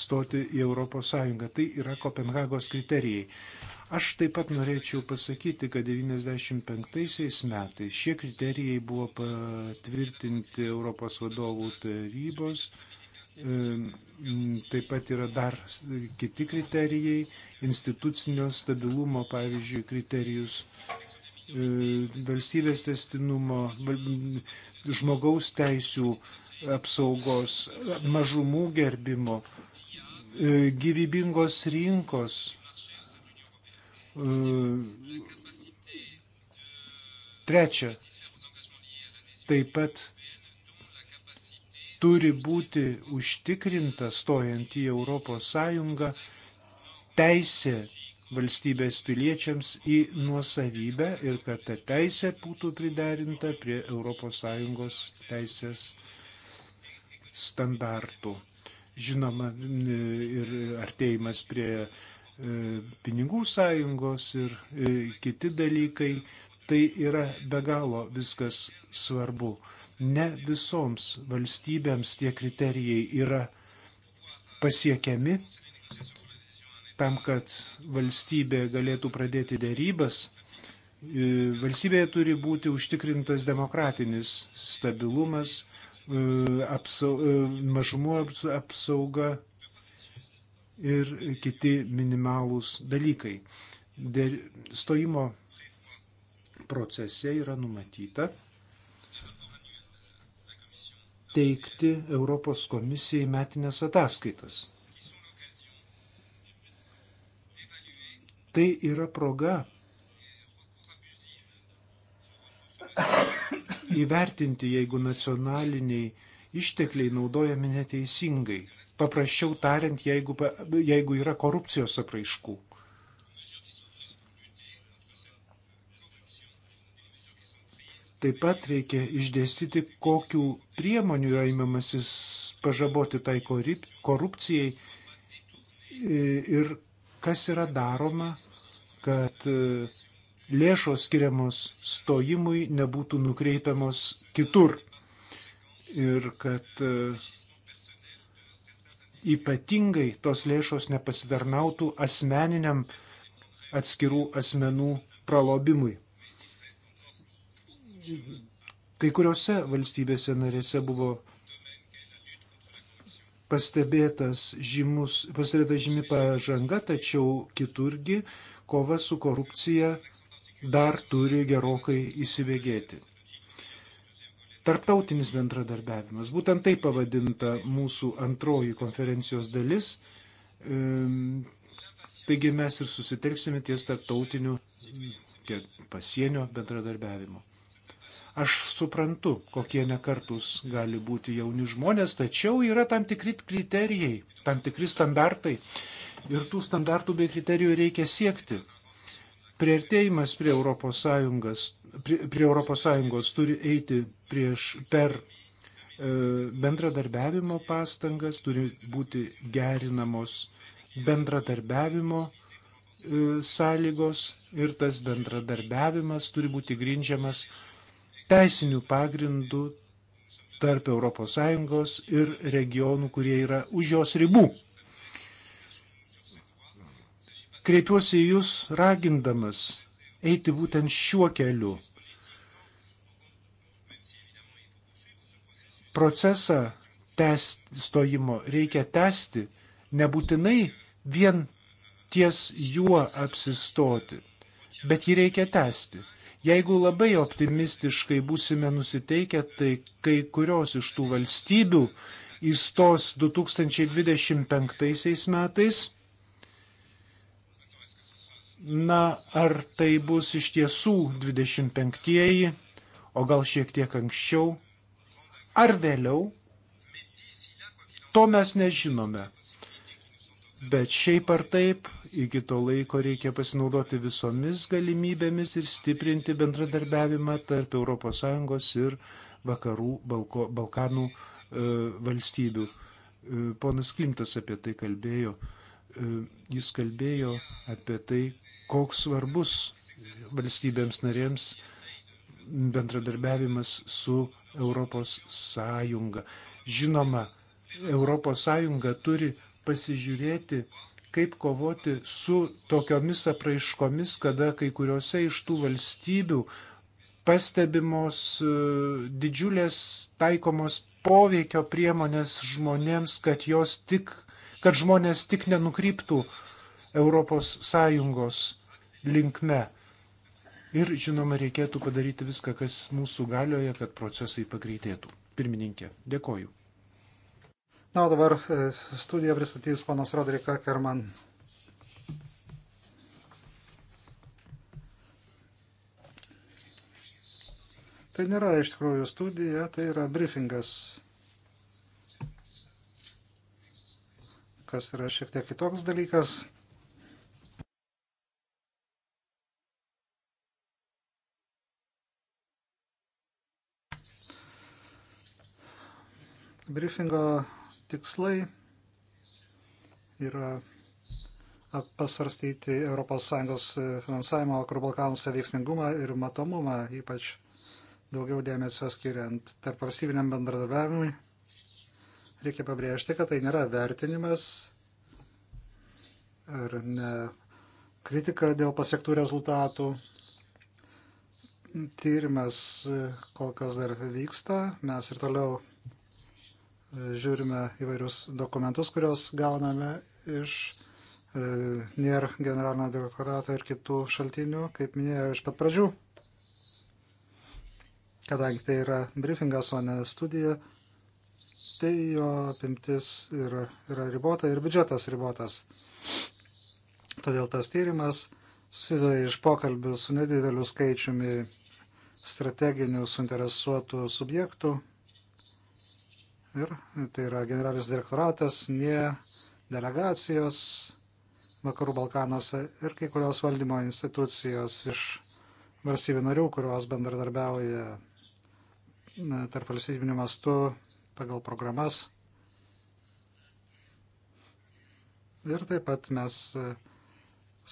stoti į ES. Tai yra Kopenhagos kriterijai. Aš taip pat norėčiau pasakyti, kad 1995 metais šie kriterijai buvo patvirtinti Europos vadovų tarybos E, taip pat yra dar kiti kriterijai, institucinio stabilumo, pavyzdžiui, kriterijus, e, valstybės testinumo, žmogaus teisų apsaugos, mažumų gerbimo, e, gyvybingos rinkos, Trečia, taip pat turi būti užtikrinta stojant į Europos Sąjungą teisė valstybės piliečiams į nuosavybę ir kad ta teisė būtų priderinta prie ES teisės standartų. Žinoma, ir artėjimas prie e, pinigų sąjungos ir e, kiti dalykai, tai yra be galo viskas svarbu. Ne visoms valstybėms tie kriterijai yra pasiekiami tam, kad valstybė galėtų pradėti dėrybas. E, valstybėje turi būti užtikrintas demokratinis stabilumas, e, apsau, e, mažumų apsauga ir kiti minimalūs dalykai. Dėl stojimo procese yra numatyta teikti Europos komisijai metinės ataskaitas. Tai yra proga įvertinti, jeigu nacionaliniai ištekliai naudojami neteisingai. Paprasčiau tariant, jeigu, jeigu yra korupcijos apraiškų. Taip pat reikia išdėstyti, kokių priemonių yra įmamasis pažaboti tai korupcijai ir kas yra daroma, kad e, lėšos skiriamos stojimui nebūtų nukreipiamos kitur. Ir kad e, ypatingai tos lėšos nepasidarnautų asmeniniam atskirų asmenų pralobimui kai kuriuose valstybėse narėse buvo pastebėtas žymus, pastebėta žymi pažanga, tačiau kiturgi kova su korupcija dar turi gerokai įsibėgėti. Tarptautinis bendradarbiavimas. Būtent taip pavadinta mūsų antroji konferencijos dalis. Taigi mes ir susitelksime ties tarptautiniu pasienio bendradarbiavimu. Aš suprantu, kokie nekartus gali būti jauni žmonės, tačiau yra tam tikri kriterijai, tam tikri standartai ir tų standartų bei kriterijų reikia siekti. Prieartėjimas prie Europos Sąjungos, prie, prie Europos Sąjungos turi eiti prieš, per e, bendradarbiavimo pastangas, turi būti gerinamos bendradarbiavimo e, sąlygos ir tas bendradarbiavimas turi būti grindžiamas teisinių pagrindų tarp ES ir regionų, kurie yra už jos ribų. Kreipiuosi į Jūs ragindamas eiti būtent šiuo keliu. Procesą test, stojimo reikia tęsti, nebūtinai vien ties juo apsistoti, bet jį reikia tęsti. Jeigu labai optimistiškai būsime nusiteikę, tai kai kurios iš tų valstybių įstos 2025 metais. Na, ar tai bus iš tiesų 25-ieji, o gal šiek tiek anksčiau, ar vėliau, to mes nežinome. Bet šiaip ar taip, iki to laiko reikia pasinaudoti visomis galimybėmis ir stiprinti bendradarbiavimą tarp ES ir vakarų Balko, Balkanų e, valstybių. E, ponas Klimtas apie tai kalbėjo. E, jis kalbėjo apie tai, koks svarbus valstybėms narėms bendradarbiavimas su ES. Žinoma, ES turi pasižiūrėti, kaip kovoti su tokiomis apraiškomis, kada kai kuriuose iš tų valstybių pastebimos e, didžiulės taikomos poveikio priemonės žmonėms, kad, tik, kad žmonės tik nenukryptų ES linkme. Ir, žinoma, reikėtų padaryti viską, kas mūsų galioje, kad procesai pagreitėtų. Pirmininkė, dėkoju. Na, o dabar e, studiją pristatys panas Rodrika Kerman. Tai nėra iš tikrųjų studija, tai yra briefingas, kas yra šiek tiek kitoks dalykas. Briefingo tikslai yra pasvarstyti ES finansavimo vakarų Balkanose veiksmingumą ir matomumą, ypač daugiau dėmesio skiriant tarp valstybiniam bendradarbiavimui. Reikia pabrėžti, kad tai nėra vertinimas ar ne kritika dėl pasiektų rezultatų. Tyrimas kol kas dar vyksta, mes ir toliau žiūrime įvairius dokumentus, kuriuos gauname iš e, NIR generalinio direktorato ir kitų šaltinių, kaip minėjau iš pat pradžių. Kadangi tai yra briefingas, o ne studija, tai jo apimtis yra, yra ribota ir biudžetas ribotas. Todėl tas tyrimas susideda iš pokalbių su nedideliu skaičiumi strateginių suinteresuotų subjektų Ir tai yra generalinis direktoratas, ne delegacijos Vakarų Balkanuose ir kai kurios valdymo institucijos iš valstybių narių, kurios bendradarbiauja tarp valstybinių mastų pagal programas. Ir taip pat mes e,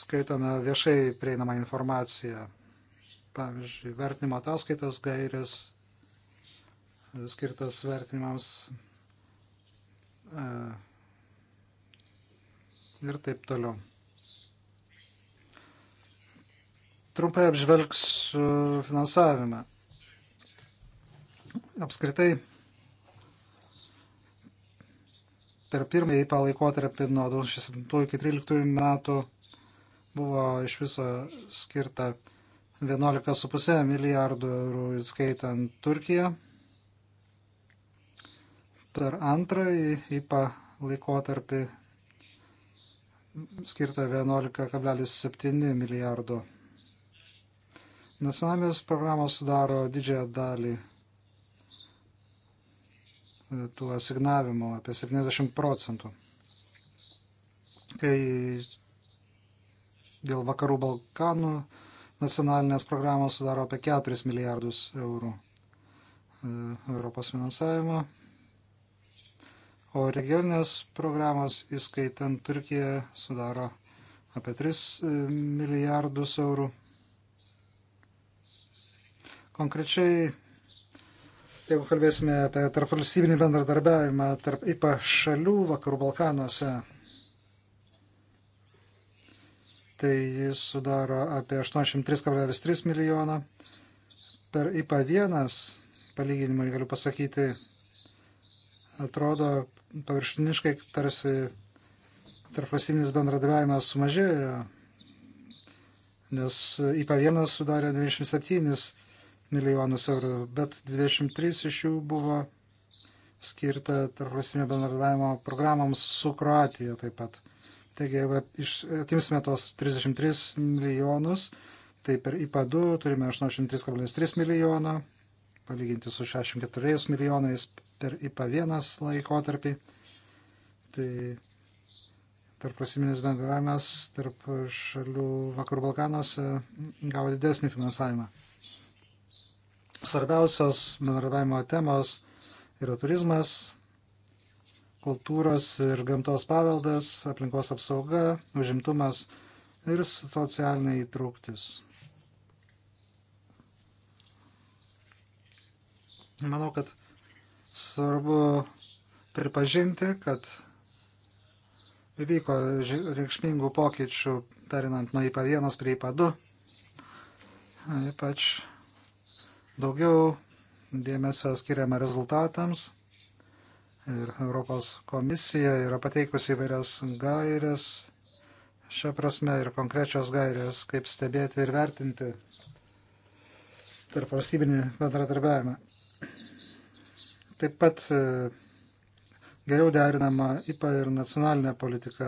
skaitome viešai prieinamą informaciją, pavyzdžiui, vertinimo ataskaitas, gairės skirtas vertinimams e, ir taip toliau. Trumpai apžvelgsiu finansavimą. Apskritai, per pirmąjį palaikotarpį nuo 2007 iki 2013 metų buvo iš viso skirta 11,5 milijardų eurų, skaitant Turkiją Per antrąjį IPA laikotarpį skirta 11,7 milijardo. Nacionalinės programos sudaro didžiąją dalį e, tų asignavimų, apie 70 procentų. Kai dėl vakarų Balkanų nacionalinės programos sudaro apie 4 milijardus eurų e, Europos finansavimo o regioninės programos, įskaitant Turkiją, sudaro apie 3 e, milijardus eurų. Konkrečiai, jeigu kalbėsime apie tarpvalstybinį bendradarbiavimą tarp IPA šalių Vakarų Balkanuose, tai jis sudaro apie 83,3 milijoną. Per IPA 1 palyginimui galiu pasakyti, atrodo paviršiniškai tarsi tarpvalstybinis bendradarbiavimas sumažėjo, nes IPA 1 sudarė 27 milijonus eurų, bet 23 iš jų buvo skirta tarpvalstybinio bendradarbiavimo programams su Kroatija taip pat. Taigi, jeigu atimsime tos 33 milijonus, tai per IPA 2 turime 83,3 milijoną, palyginti su 64 milijonais per IPA1 laikotarpį. Tai tarp prasiminis bendravimas tarp šalių Vakarų Balkanuose gavo didesnį finansavimą. Svarbiausios bendravimo temos yra turizmas, kultūros ir gamtos paveldas, aplinkos apsauga, užimtumas ir socialinė įtrauktis. Manau, kad Svarbu pripažinti, kad įvyko reikšmingų pokyčių perinant nuo IPA 1 prie IPA 2. Ypač daugiau dėmesio skiriama rezultatams. Ir Europos komisija yra pateikusi įvairias gairias šią prasme ir konkrečios gairės, kaip stebėti ir vertinti tarp valstybinį bendradarbiavimą. Taip pat e, geriau derinama IPA ir nacionalinė politika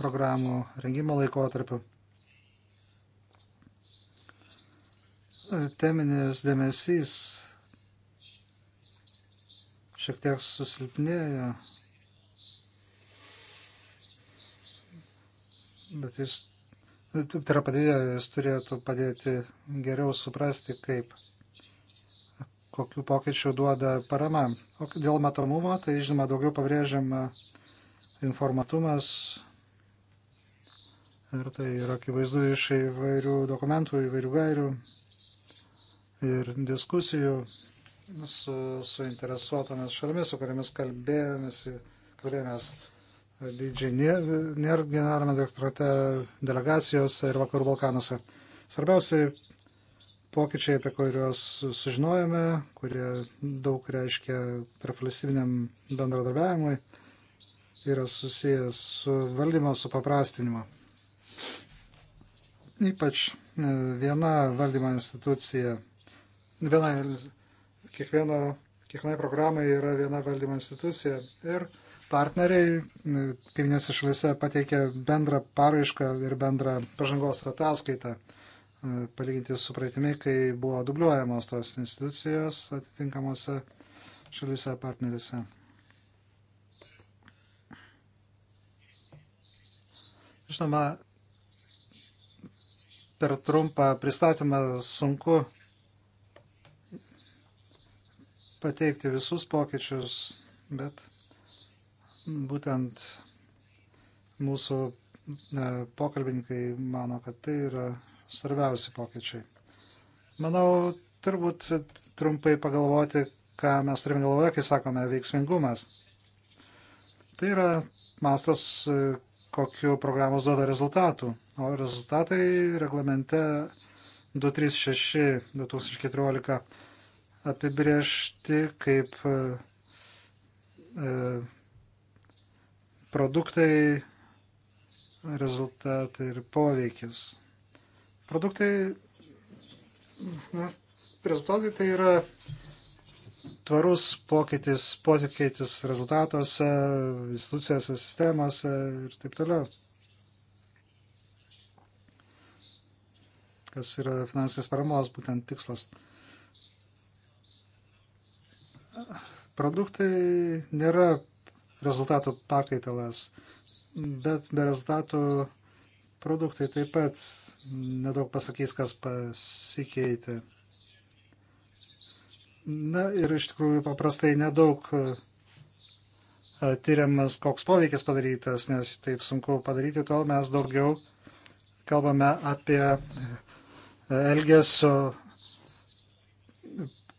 programų rengimo laikotarpiu. E, teminės dėmesys šiek tiek susilpnėjo, bet jis, tai yra padėjo, jis turėtų padėti geriau suprasti, kaip kokių pokyčių duoda parama. O dėl matomumo, tai žinoma, daugiau pabrėžiama informatumas ir tai yra akivaizdu iš įvairių dokumentų, įvairių gairių ir diskusijų su, su interesuotomis šalimis, su kuriamis kalbėjomės, kalbėjomės didžiai nėra generalinėme direktorate delegacijose ir vakarų Balkanuose. Svarbiausiai pokyčiai, apie kuriuos sužinojome, kurie daug reiškia tarpvalstybiniam bendradarbiavimui, yra susijęs su valdymo supaprastinimu. Ypač e, viena valdymo institucija, viena, kiekvieno, kiekvienai programai yra viena valdymo institucija ir partneriai e, kaiminėse šalise pateikia bendrą paraišką ir bendrą pažangos ataskaitą palyginti su praeitimi, kai buvo dubliuojamos tos institucijos atitinkamuose šalyse partneriuose. Žinoma, per trumpą pristatymą sunku pateikti visus pokyčius, bet būtent mūsų e, pokalbininkai mano, kad tai yra svarbiausi pokyčiai. Manau, turbūt trumpai pagalvoti, ką mes turime galvoje, kai sakome veiksmingumas. Tai yra mastas, kokiu programos duoda rezultatų. O rezultatai reglamente 236-2014 apibriežti kaip e, produktai, rezultatai ir poveikis. Produktai, na, rezultatai tai yra tvarus pokytis, pokytis rezultatuose, institucijose, sistemose ir taip toliau. Kas yra finansinės paramos būtent tikslas. Produktai nėra rezultatų pakaitalas, bet be rezultatų Produktai taip pat nedaug pasakys, kas pasikeitė. Na ir iš tikrųjų paprastai nedaug e, tyriamas, koks poveikis padarytas, nes taip sunku padaryti, tol mes daugiau kalbame apie e, elgesio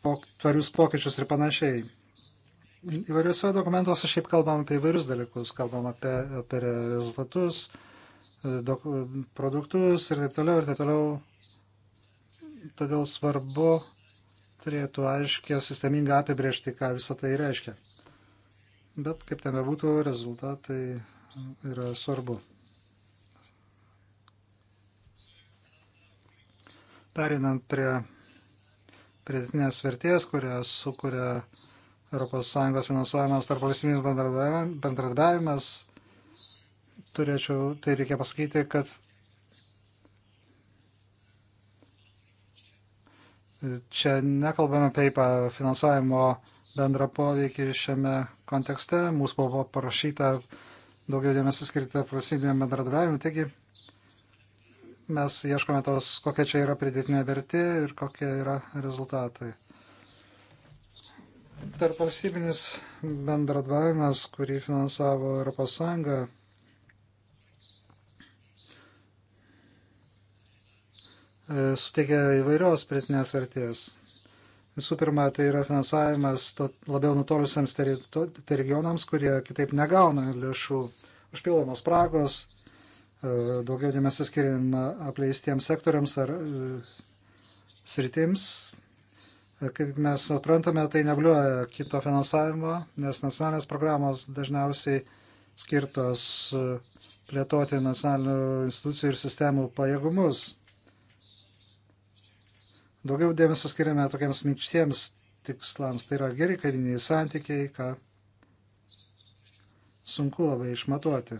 tvarius pokyčius ir panašiai. Įvairiuose dokumentuose šiaip kalbam apie įvairius dalykus, kalbam apie, apie rezultatus, produktus ir taip toliau ir taip toliau. Todėl svarbu turėtų aiškę sistemingą apibriežti, ką visą tai reiškia. Bet kaip ten bebūtų, rezultatai yra svarbu. Perinant prie pridėtinės vertės, kurią sukuria ES finansuojamas tarp valstybinis bendradarbiavimas, turėčiau, tai reikia pasakyti, kad e, čia nekalbame apie finansavimo bendrą poveikį šiame kontekste. Mūsų buvo parašyta daugiau dėmesio skirti prasybiniam bendradarbiavimui, taigi mes ieškome tos, kokia čia yra pridėtinė vertė ir kokie yra rezultatai. Tarp valstybinis bendradarbiavimas, kurį finansavo ES, E, suteikia įvairios pritinės vertės. Visų pirma, tai yra finansavimas labiau nutolusiems regionams, kurie kitaip negauna lėšų. Užpildomos spragos, e, daugiau dėmesio skiriama apleistiems sektoriams ar e, sritims. Kaip mes suprantame, tai nebliuoja kito finansavimo, nes nacionalinės programos dažniausiai skirtos plėtoti nacionalinių institucijų ir sistemų pajėgumus Daugiau dėmesio skiriame tokiems minkštiems tikslams. Tai yra geri kariniai santykiai, ką sunku labai išmatuoti.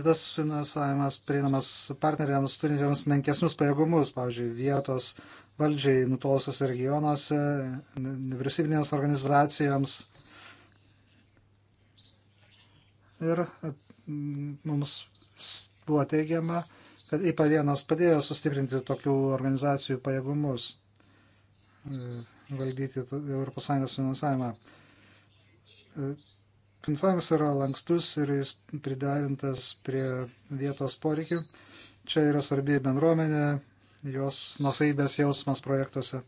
Ir tas finansavimas prieinamas partneriams turintiems menkesnius pajėgumus, pavyzdžiui, vietos valdžiai nutolusios regionuose, nevyriausybinėms organizacijoms. Ir mm, mums buvo teigiama, kad IPA 1 padėjo sustiprinti tokių organizacijų pajėgumus e, valdyti ES finansavimą. E, finansavimas yra lankstus ir jis pridarintas prie vietos poreikių. Čia yra svarbi bendruomenė, jos nusaibės jausmas projektuose.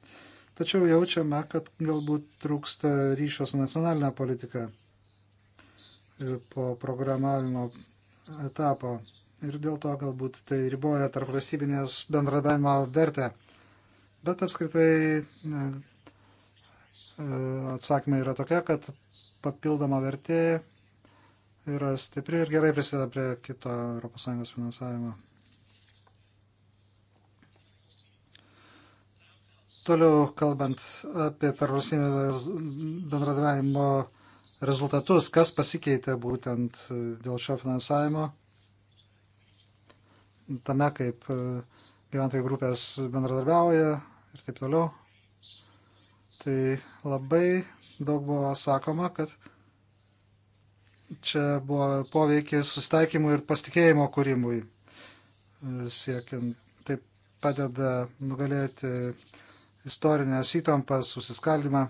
Tačiau jaučiame, kad galbūt trūksta ryšio su nacionalinė politika e, po programavimo etapo ir dėl to galbūt tai riboja tarp valstybinės bendradavimo vertę. Bet apskritai e, atsakymai yra tokia, kad papildoma vertė yra stipri ir gerai prisideda prie kito ES finansavimo. Toliau kalbant apie tarpvalstybinės bendradavimo rezultatus, kas pasikeitė būtent e, dėl šio finansavimo tame, kaip e, gyventojų grupės bendradarbiauja ir taip toliau. Tai labai daug buvo sakoma, kad čia buvo poveikiai sustaikymui ir pasitikėjimo kūrimui e, siekiant. Taip padeda nugalėti istorinės įtampas, susiskaldimą.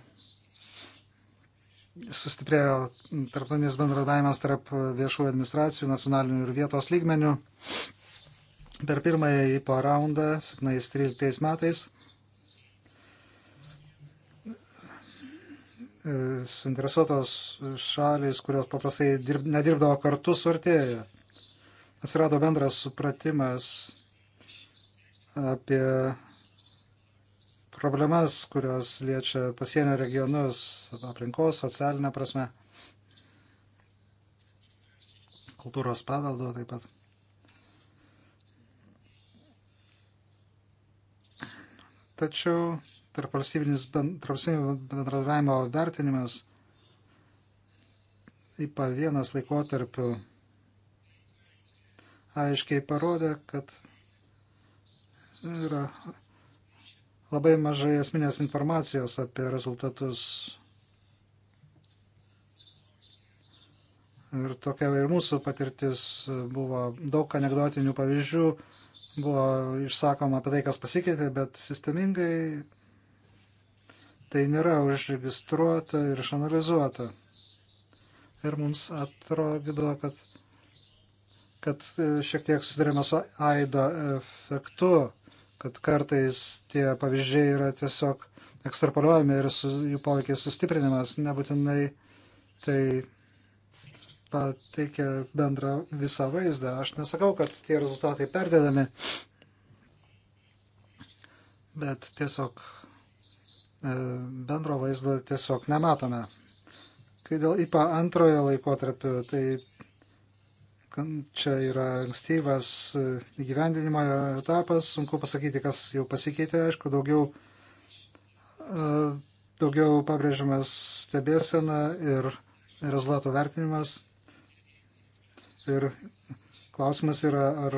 Sustiprėjo tarptautinis bendradavimas tarp viešųjų administracijų, nacionalinių ir vietos lygmenių. Per pirmąjį po raundą 17-13 metais e, suinteresuotos šalis, kurios paprastai dirb, nedirbdavo kartu, suartėjo. Atsirado bendras supratimas apie problemas, kurios liečia pasienio regionus, aplinkos, socialinę prasme, kultūros paveldo taip pat. Tačiau tarp valstybinis bendradarbiavimo vertinimas IPA vienas laikotarpiu aiškiai parodė, kad yra labai mažai esminės informacijos apie rezultatus. Ir tokia ir mūsų patirtis buvo daug anegdotinių pavyzdžių, buvo išsakoma apie tai, kas pasikeitė, bet sistemingai tai nėra užregistruota ir išanalizuota. Ir mums atrodo, kad, kad e, šiek tiek susidurėme su aido efektu, kad kartais tie pavyzdžiai yra tiesiog ekstrapoliuojami ir su, jų poveikiai sustiprinimas, nebūtinai tai pateikia bendrą visą vaizdą. Aš nesakau, kad tie rezultatai perdedami, bet tiesiog e, bendro vaizdo tiesiog nematome. Kai dėl IPA antrojo laikotarpio, tai čia yra ankstyvas e, įgyvendinimo etapas, sunku pasakyti, kas jau pasikeitė, aišku, daugiau, e, daugiau pabrėžiamas stebėsena ir rezultatų vertinimas. Ir klausimas yra, ar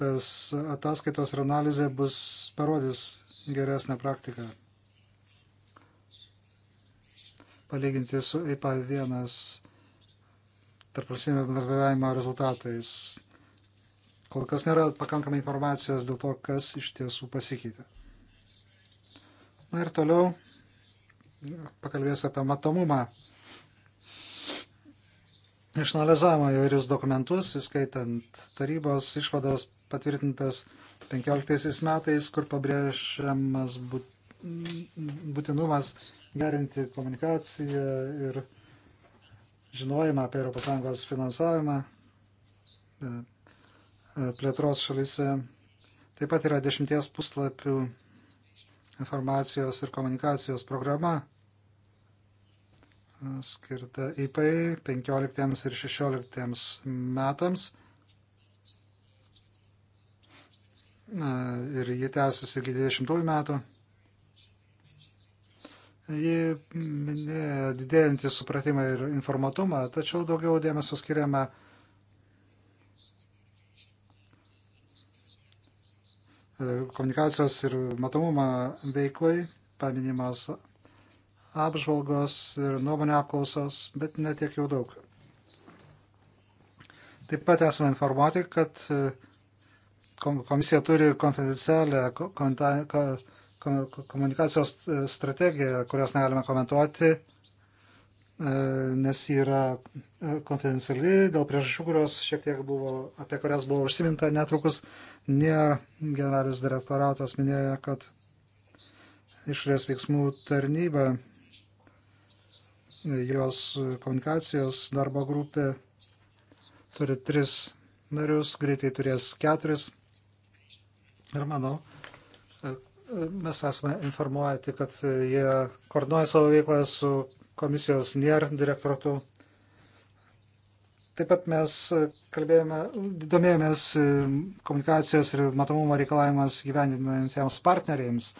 tas ataskaitos ir analizė bus parodys geresnę praktiką. Palyginti su EIPA 1 tarpvalstybinio bendradarbiavimo rezultatais. Kol kas nėra pakankamai informacijos dėl to, kas iš tiesų pasikeitė. Na ir toliau pakalbėsiu apie matomumą. Išanalizavome įvairius dokumentus, įskaitant tarybos išvadas patvirtintas 15 metais, kur pabrėžiamas būtinumas gerinti komunikaciją ir žinojimą apie ES finansavimą e, e, plėtros šalise. Taip pat yra dešimties puslapių informacijos ir komunikacijos programa skirta IPA 15 ir 16 metams. Ir ji tęsiasi iki 20 metų. Ji minėjo didėjantį supratimą ir informatumą, tačiau daugiau dėmesio skiriama komunikacijos ir matomumą veiklai, paminimas apžvalgos ir nuomonė apklausos, bet netiek jau daug. Taip pat esame informuoti, kad e, komisija turi konfidencialią komunikacijos e, strategiją, kurios negalime komentuoti, e, nes ji yra konfidenciali dėl priežasčių, kurios šiek tiek buvo, apie kurias buvo užsiminta netrukus. Nėra generalinis direktoratas minėjo, kad išorės veiksmų tarnyba jos komunikacijos darbo grupė turi tris narius, greitai turės keturis. Ir manau, e, e, mes esame informuoti, kad jie koordinuoja savo veiklą su komisijos NIR direktoratu. Taip pat mes kalbėjome, domėjomės e, komunikacijos ir matomumo reikalavimas gyvendinantiems partneriams,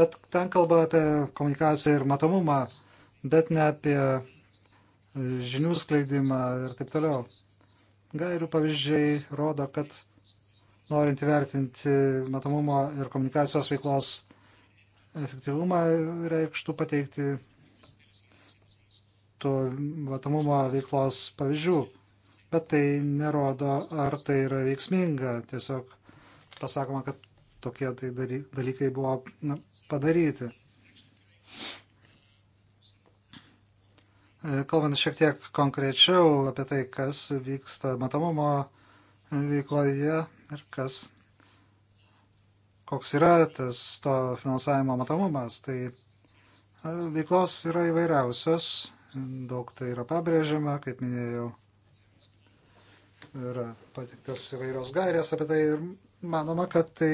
bet ten kalba apie komunikaciją ir matomumą bet ne apie žinių skleidimą ir taip toliau. Gairių pavyzdžiai rodo, kad norint įvertinti matomumo ir komunikacijos veiklos efektyvumą, reikštų pateikti to matomumo veiklos pavyzdžių. Bet tai nerodo, ar tai yra veiksminga. Tiesiog pasakoma, kad tokie tai dalykai buvo na, padaryti. E, kalbant šiek tiek konkrečiau apie tai, kas vyksta matomumo veikloje ir kas, koks yra tas to finansavimo matomumas, tai e, veiklos yra įvairiausios, daug tai yra pabrėžiama, kaip minėjau, yra patiktas įvairios gairės apie tai ir manoma, kad tai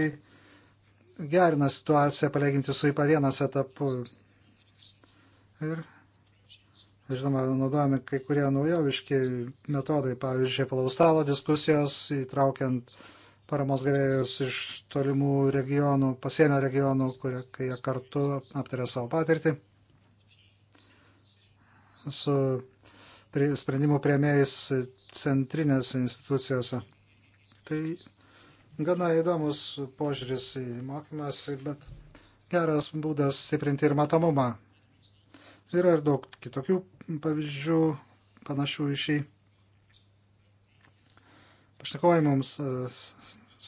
gerina situaciją palyginti su IPA vienas etapu. Ir Žinoma, naudojami kai kurie naujoviški metodai, pavyzdžiui, palaustalo diskusijos, įtraukiant paramos gavėjus iš tolimų regionų, pasienio regionų, kurie, kai jie kartu aptarė savo patirtį su prie, sprendimų prieimėjais centrinėse institucijose. Tai gana įdomus požiūris į mokymas, bet geras būdas stiprinti ir matomumą. Tai yra ir daug kitokių pavyzdžių panašių į šį. Pašnekovai mums e,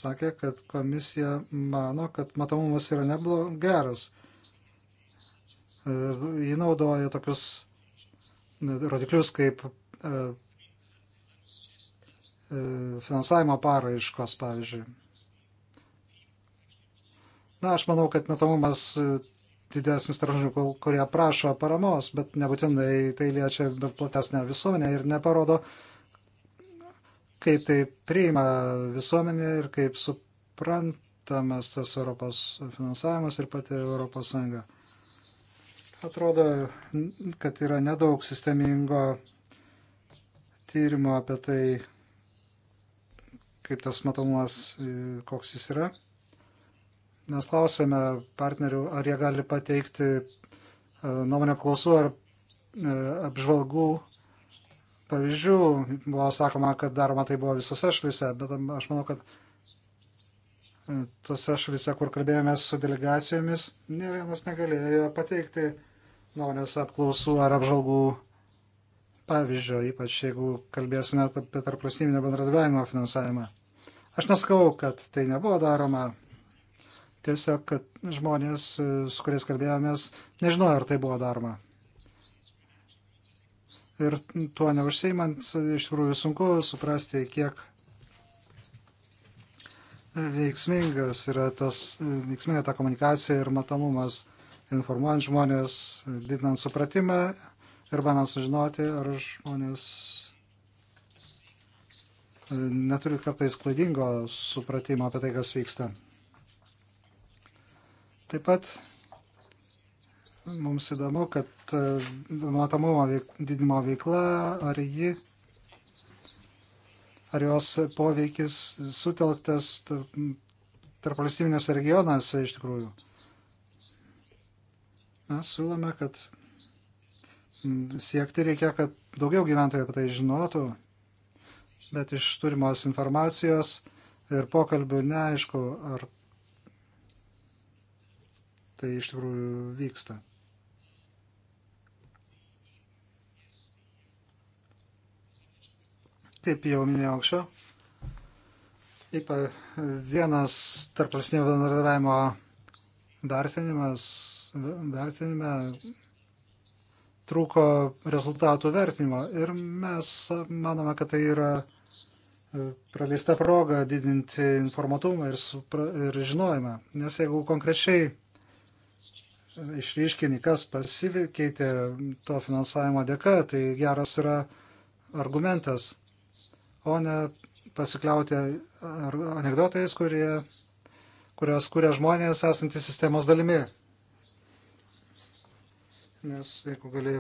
sakė, kad komisija mano, kad matomumas yra neblogas. E, ji naudoja tokius e, rodiklius kaip finansavimo paraiškos, pavyzdžiui. Na, aš manau, kad matomumas didesnis tarp žmonių, kurie prašo paramos, bet nebūtinai tai liečia platesnę visuomenę ir neparodo, kaip tai priima visuomenė ir kaip suprantamas tas Europos finansavimas ir pati Europos Sąjunga. Atrodo, kad yra nedaug sistemingo tyrimo apie tai, kaip tas matomumas, koks jis yra. Mes klausėme partnerių, ar jie gali pateikti e, nuomonę klausų ar e, apžvalgų pavyzdžių. Buvo sakoma, kad daroma tai buvo visose šalyse, bet aš manau, kad e, tose šalyse, kur kalbėjomės su delegacijomis, ne vienas negalėjo pateikti nuomonės apklausų ar apžalgų pavyzdžio, ypač jeigu kalbėsime apie tarpvalstybinio bendradarbiavimo finansavimą. Aš neskau, kad tai nebuvo daroma, Tiesiog, kad žmonės, e, su kuriais kalbėjomės, nežinojo, ar tai buvo daroma. Ir tuo neužseimant, iš tikrųjų sunku suprasti, kiek veiksmingas yra tas, e, veiksminga ta komunikacija ir matomumas, informuojant žmonės, didinant supratimą ir bandant sužinoti, ar žmonės e, neturi kartais klaidingo supratimo apie tai, kas vyksta. Taip pat mums įdomu, kad e, matomumo veik, didinimo veikla, ar ji, ar jos poveikis sutelktas tarp valstybinės regionuose iš tikrųjų. Mes siūlome, kad mm, siekti reikia, kad daugiau gyventojų apie tai žinotų, bet iš turimos informacijos ir pokalbių neaišku, ar tai iš tikrųjų vyksta. Kaip jau minėjau anksčiau, IPA vienas tarpvalstybinio bendradarbiavimo vertinimas, vertinime trūko rezultatų vertinimo ir mes manome, kad tai yra e, praleista proga didinti informatumą ir, supra, ir žinojimą. Nes jeigu konkrečiai išryškinį, kas pasikeitė to finansavimo dėka, tai geras yra argumentas, o ne pasikliauti anegdotais, kurie, kurios kuria žmonės esantys sistemos dalimi. Nes jeigu gali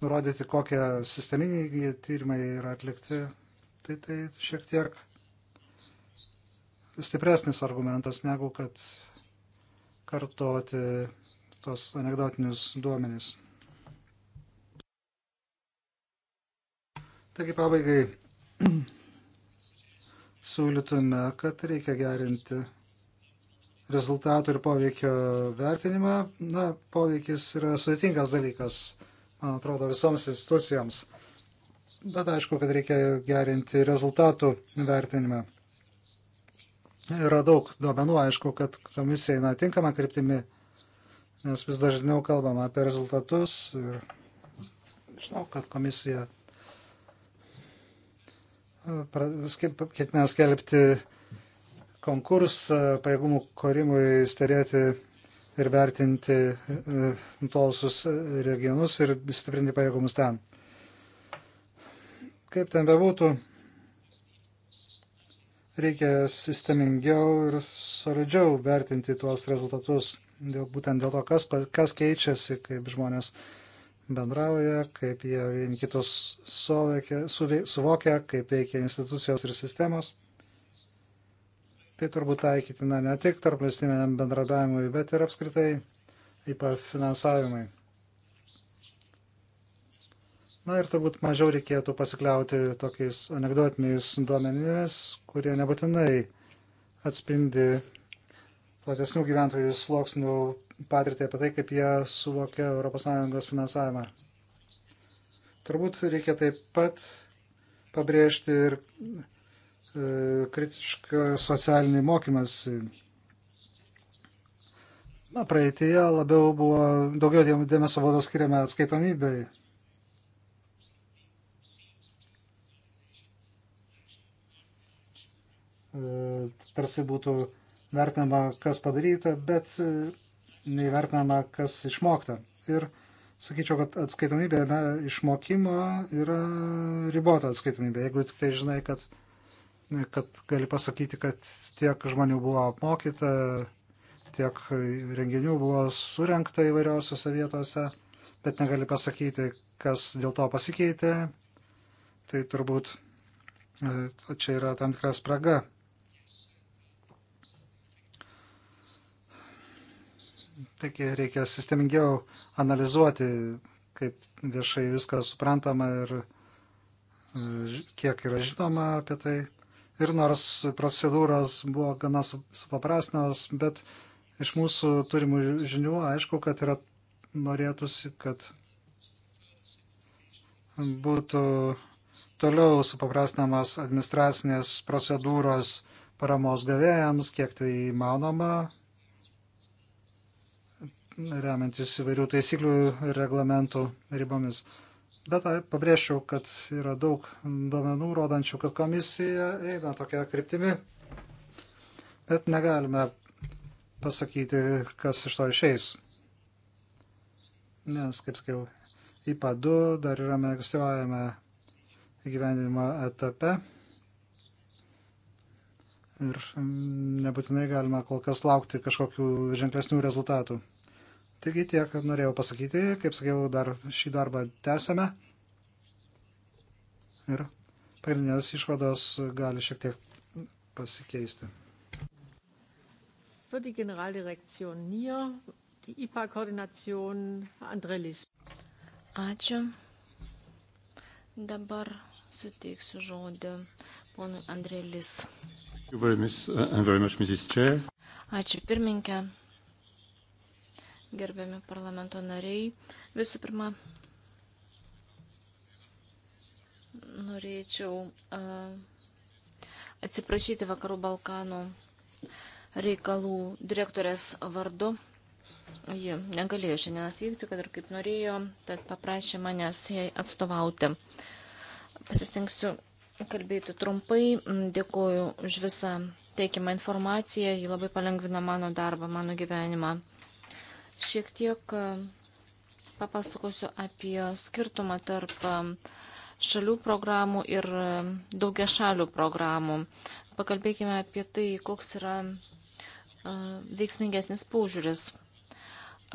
nurodyti, kokie sisteminiai tyrimai yra atlikti, tai tai šiek tiek stipresnis argumentas negu kad kartoti tos anegdotinius duomenys. Taigi pabaigai siūlytume, kad reikia gerinti rezultatų ir poveikio vertinimą. Na, poveikis yra sudėtingas dalykas, man atrodo, visoms institucijoms. Bet aišku, kad reikia gerinti rezultatų vertinimą. Yra daug duomenų, aišku, kad komisija eina tinkama kryptimi nes vis dažniau kalbama apie rezultatus ir žinau, kad komisija e, ketina skelbti konkursą pajėgumų korimui stebėti ir vertinti e, nutolusius regionus ir stiprinti pajėgumus ten. Kaip ten bebūtų, reikia sistemingiau ir solidžiau vertinti tuos rezultatus dėl, būtent dėl to, kas, kas keičiasi, kaip žmonės bendrauja, kaip jie vieni kitus suvokia, suvokia, kaip veikia institucijos ir sistemos. Tai turbūt taikytina ne tik tarp valstybiniam bendradarbiavimui, bet ir apskritai ypač finansavimai. Na ir turbūt mažiau reikėtų pasikliauti tokiais anegdotiniais duomenimis, kurie nebūtinai atspindi platesnių gyventojų sluoksnių patirtį apie tai, kaip jie suvokia ES finansavimą. Turbūt reikia taip pat pabrėžti ir e, kritišką socialinį mokymąsi. Na, praeitėje labiau buvo daugiau dėmesio buvo skiriama atskaitomybei. E, tarsi būtų e, vertinama, kas padaryta, bet e, neįvertinama, kas išmokta. Ir sakyčiau, kad atskaitomybė be išmokimo yra ribota atskaitomybė. Jeigu tik tai žinai, kad, kad gali pasakyti, kad tiek žmonių buvo apmokyta, tiek renginių buvo surenkta įvairiausiose vietose, bet negali pasakyti, kas dėl to pasikeitė, tai turbūt e, čia yra tam tikra spraga taigi reikia sistemingiau analizuoti, kaip viešai viskas suprantama ir e, kiek yra žinoma apie tai. Ir nors procedūros buvo gana supaprasnos, bet iš mūsų turimų žinių aišku, kad yra norėtųsi, kad būtų toliau supaprastinamos administracinės procedūros paramos gavėjams, kiek tai įmanoma, remiantis įvairių taisyklių ir reglamentų ribomis. Bet tai pabrėžčiau, kad yra daug duomenų rodančių, kad komisija eina tokia kryptimi. Bet negalime pasakyti, kas iš to išeis. Nes, kaip sakiau, IPA 2 dar yra ankstyvajame įgyvendinimo etape. Ir nebūtinai galima kol kas laukti kažkokių ženklesnių rezultatų. Taigi tiek norėjau pasakyti, kaip sakiau, dar šį darbą tęsame. Ir pagrindinės išvados gali šiek tiek pasikeisti. Für die Generaldirektion NIR, die IPA-Koordination Andrelis. Ačiū. Dabar suteiksiu žodį ponui Andrelis. Uh, Ačiū pirmininkė gerbiami parlamento nariai. Visų pirma, norėčiau atsiprašyti Vakarų Balkanų reikalų direktorės vardu. Ji negalėjo šiandien atvykti, kad ir kaip norėjo, tad paprašė manęs jai atstovauti. Pasistengsiu kalbėti trumpai. Dėkuoju už visą teikiamą informaciją. Ji labai palengvina mano darbą, mano gyvenimą. Šiek tiek e, papasakosiu apie skirtumą tarp e, šalių programų ir e, daugia šalių programų. Pakalbėkime apie tai, koks yra veiksmingesnis paužiūris.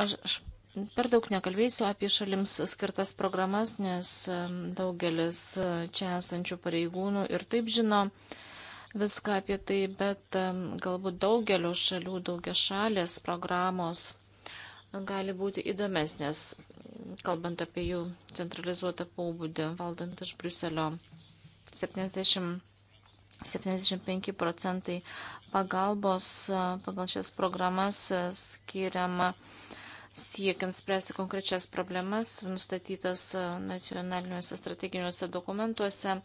Aš, aš per daug nekalbėsiu apie šalims skirtas programas, nes daugelis čia esančių pareigūnų ir taip žino viską apie tai, bet galbūt daugelio šalių daugia šalės programos gali būti įdomesnės, kalbant apie jų centralizuotą pobūdį, valdant iš Bruselio 70. 75 procentai pagalbos pagal šias programas skiriama siekiant spręsti konkrečias problemas nustatytas nacionaliniuose strateginiuose dokumentuose.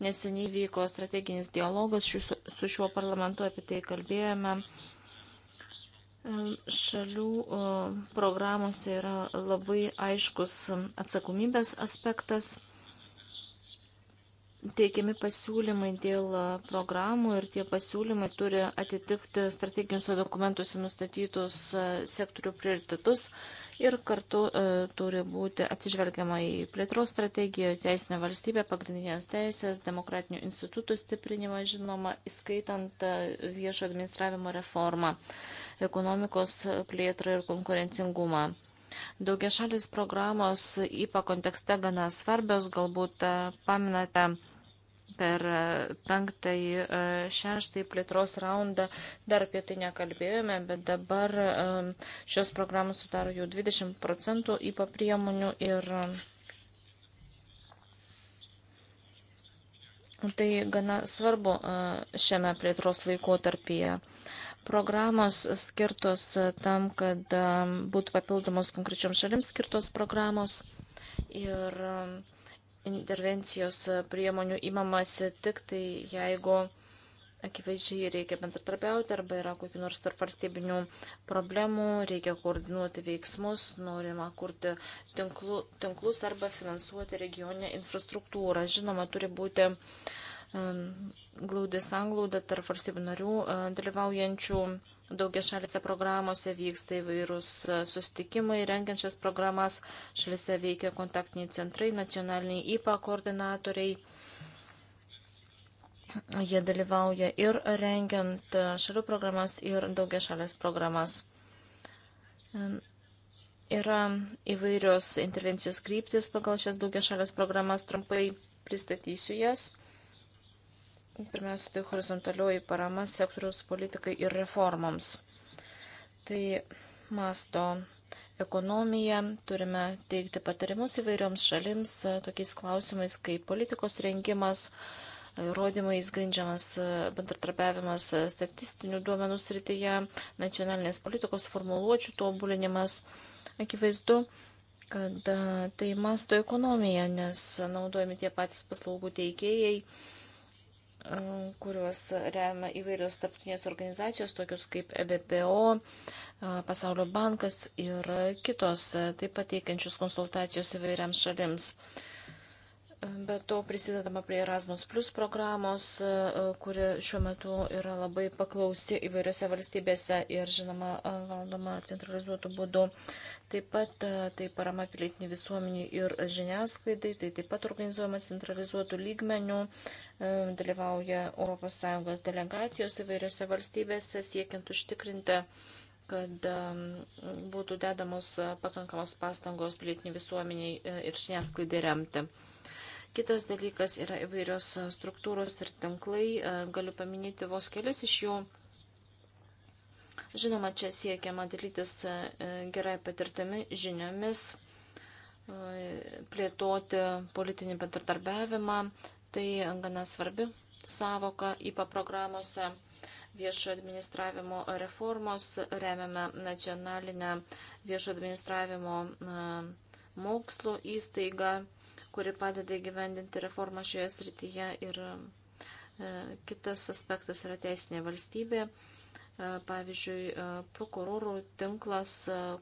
Neseniai vyko strateginis dialogas su šiuo parlamentu, apie tai kalbėjome šalių programuose yra labai aiškus atsakomybės aspektas. Teikiami pasiūlymai dėl programų ir tie pasiūlymai turi atitikti strateginiuose dokumentuose nustatytus sektorių prioritetus ir kartu e, turi būti atsižvelgiama į plėtros strategiją, teisinę valstybę, pagrindinės teisės, demokratinių institutų stiprinimą, žinoma, įskaitant e, viešo administravimo reformą, ekonomikos plėtrą ir konkurencingumą. Daugia šalis programos įpa kontekste gana svarbios, galbūt e, paminate per e, penktąjį, e, šeštąjį plėtros raundą dar apie tai nekalbėjome, bet dabar e, šios programos sudaro jau 20 procentų IPA priemonių ir tai gana svarbu šiame plėtros laikotarpyje programos skirtos tam, kad būtų papildomos konkrečioms šalims skirtos programos. Ir uh, intervencijos priemonių įmamasi tik tai, jeigu akivaizdžiai reikia bendratarpiauti arba yra kokiu nors tarp valstybinių problemų, reikia koordinuoti veiksmus, norima kurti tinklu, tinklus arba finansuoti regioninę infrastruktūrą. Žinoma, turi būti um, glaudis anglauda tarp valstybių narių, uh, dalyvaujančių uh, Daugia šalise programuose vyksta įvairūs e, sustikimai, renkiančias programas, šalise veikia kontaktiniai centrai, nacionaliniai IPA koordinatoriai. Jie dalyvauja ir rengiant e, šalių programas, ir daugia šalės programas. Yra įvairios intervencijos kryptis pagal šias daugia šalės programas, trumpai pristatysiu jas. Pirmiausia, tai horizontalioji parama sektoriaus politikai ir reformams. Tai masto ekonomiją, turime teikti patarimus įvairioms šalims e, tokiais klausimais kaip politikos rengimas, e, įrodymais grindžiamas e, bendratarpiavimas statistinių duomenų srityje, nacionalinės politikos formuluočių tobulinimas. Akivaizdu, kad tai masto ekonomija, nes naudojami tie patys paslaugų teikėjai Mm, kuriuos remia įvairios tarptautinės organizacijos, tokios kaip EBPO, Pasaulio bankas ir kitos, taip pat teikiančios konsultacijos įvairiams šalims. Be to prisidedama prie Erasmus Plus programos, e, kuri šiuo metu yra labai paklausi įvairiose valstybėse ir, žinoma, e, valdoma centralizuotų būdų. Taip pat e, tai parama pilietinį visuomenį ir žiniasklaidai, tai taip pat organizuojama centralizuotų lygmenių, dalyvauja ES delegacijos įvairiose valstybėse siekiant užtikrinti kad būtų dedamos pakankamos pastangos pilietinį visuomeniai ir žiniasklaidai remti. Kitas dalykas yra įvairios struktūros ir tinklai, galiu paminėti vos kelias iš jų. Žinoma, čia siekiama dalytis e, gerai patirtami žiniomis, plėtoti politinį bendradarbiavimą. Tai gana svarbi savoka IPA programuose viešo administravimo reformos, remiame nacionalinę viešo administravimo mokslo įstaigą kuri padeda įgyvendinti reformą šioje srityje. Ir e, kitas aspektas yra teisinė valstybė. E, pavyzdžiui, e, prokurorų tinklas,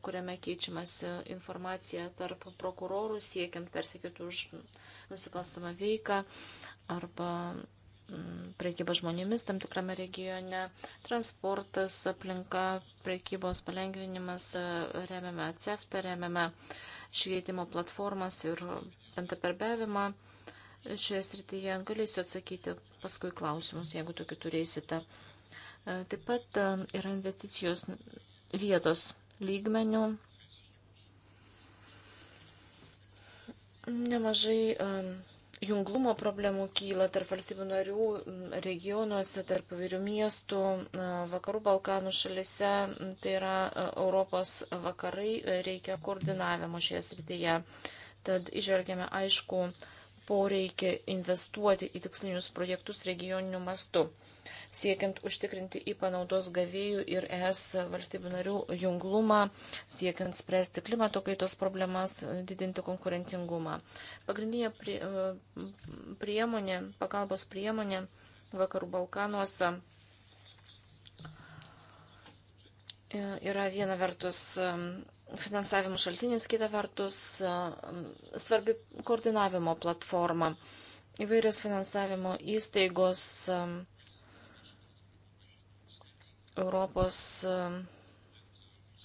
kuriame keičiamas informacija tarp prokurorų siekiant persikėti už nusikalstamą veiką arba mm, prekyba žmonėmis tam tikrame regione, transportas, aplinka, prekybos palengvinimas, remiame CEFTA, remiame švietimo platformas ir bendradarbiavimą šioje srityje. Galėsiu atsakyti paskui klausimus, jeigu tokių turėsite. E, taip pat e, yra investicijos vietos lygmenių. Nemažai e, junglumo problemų kyla tarp valstybių narių, regionuose, tarp vairių miestų, vakarų Balkanų šalise, tai yra Europos vakarai, reikia koordinavimo šioje srityje. Tad išvelgiame aišku poreikį investuoti į tikslinius projektus regioniniu mastu, siekiant užtikrinti į panaudos gavėjų ir ES valstybių narių junglumą, siekiant spręsti klimato kaitos problemas, didinti konkurencingumą. Pagrindinė prie, priemonė, pagalbos priemonė Vakarų Balkanuose e, yra viena vertus finansavimo šaltinis, kita vertus svarbi koordinavimo platforma. Įvairios finansavimo įstaigos Europos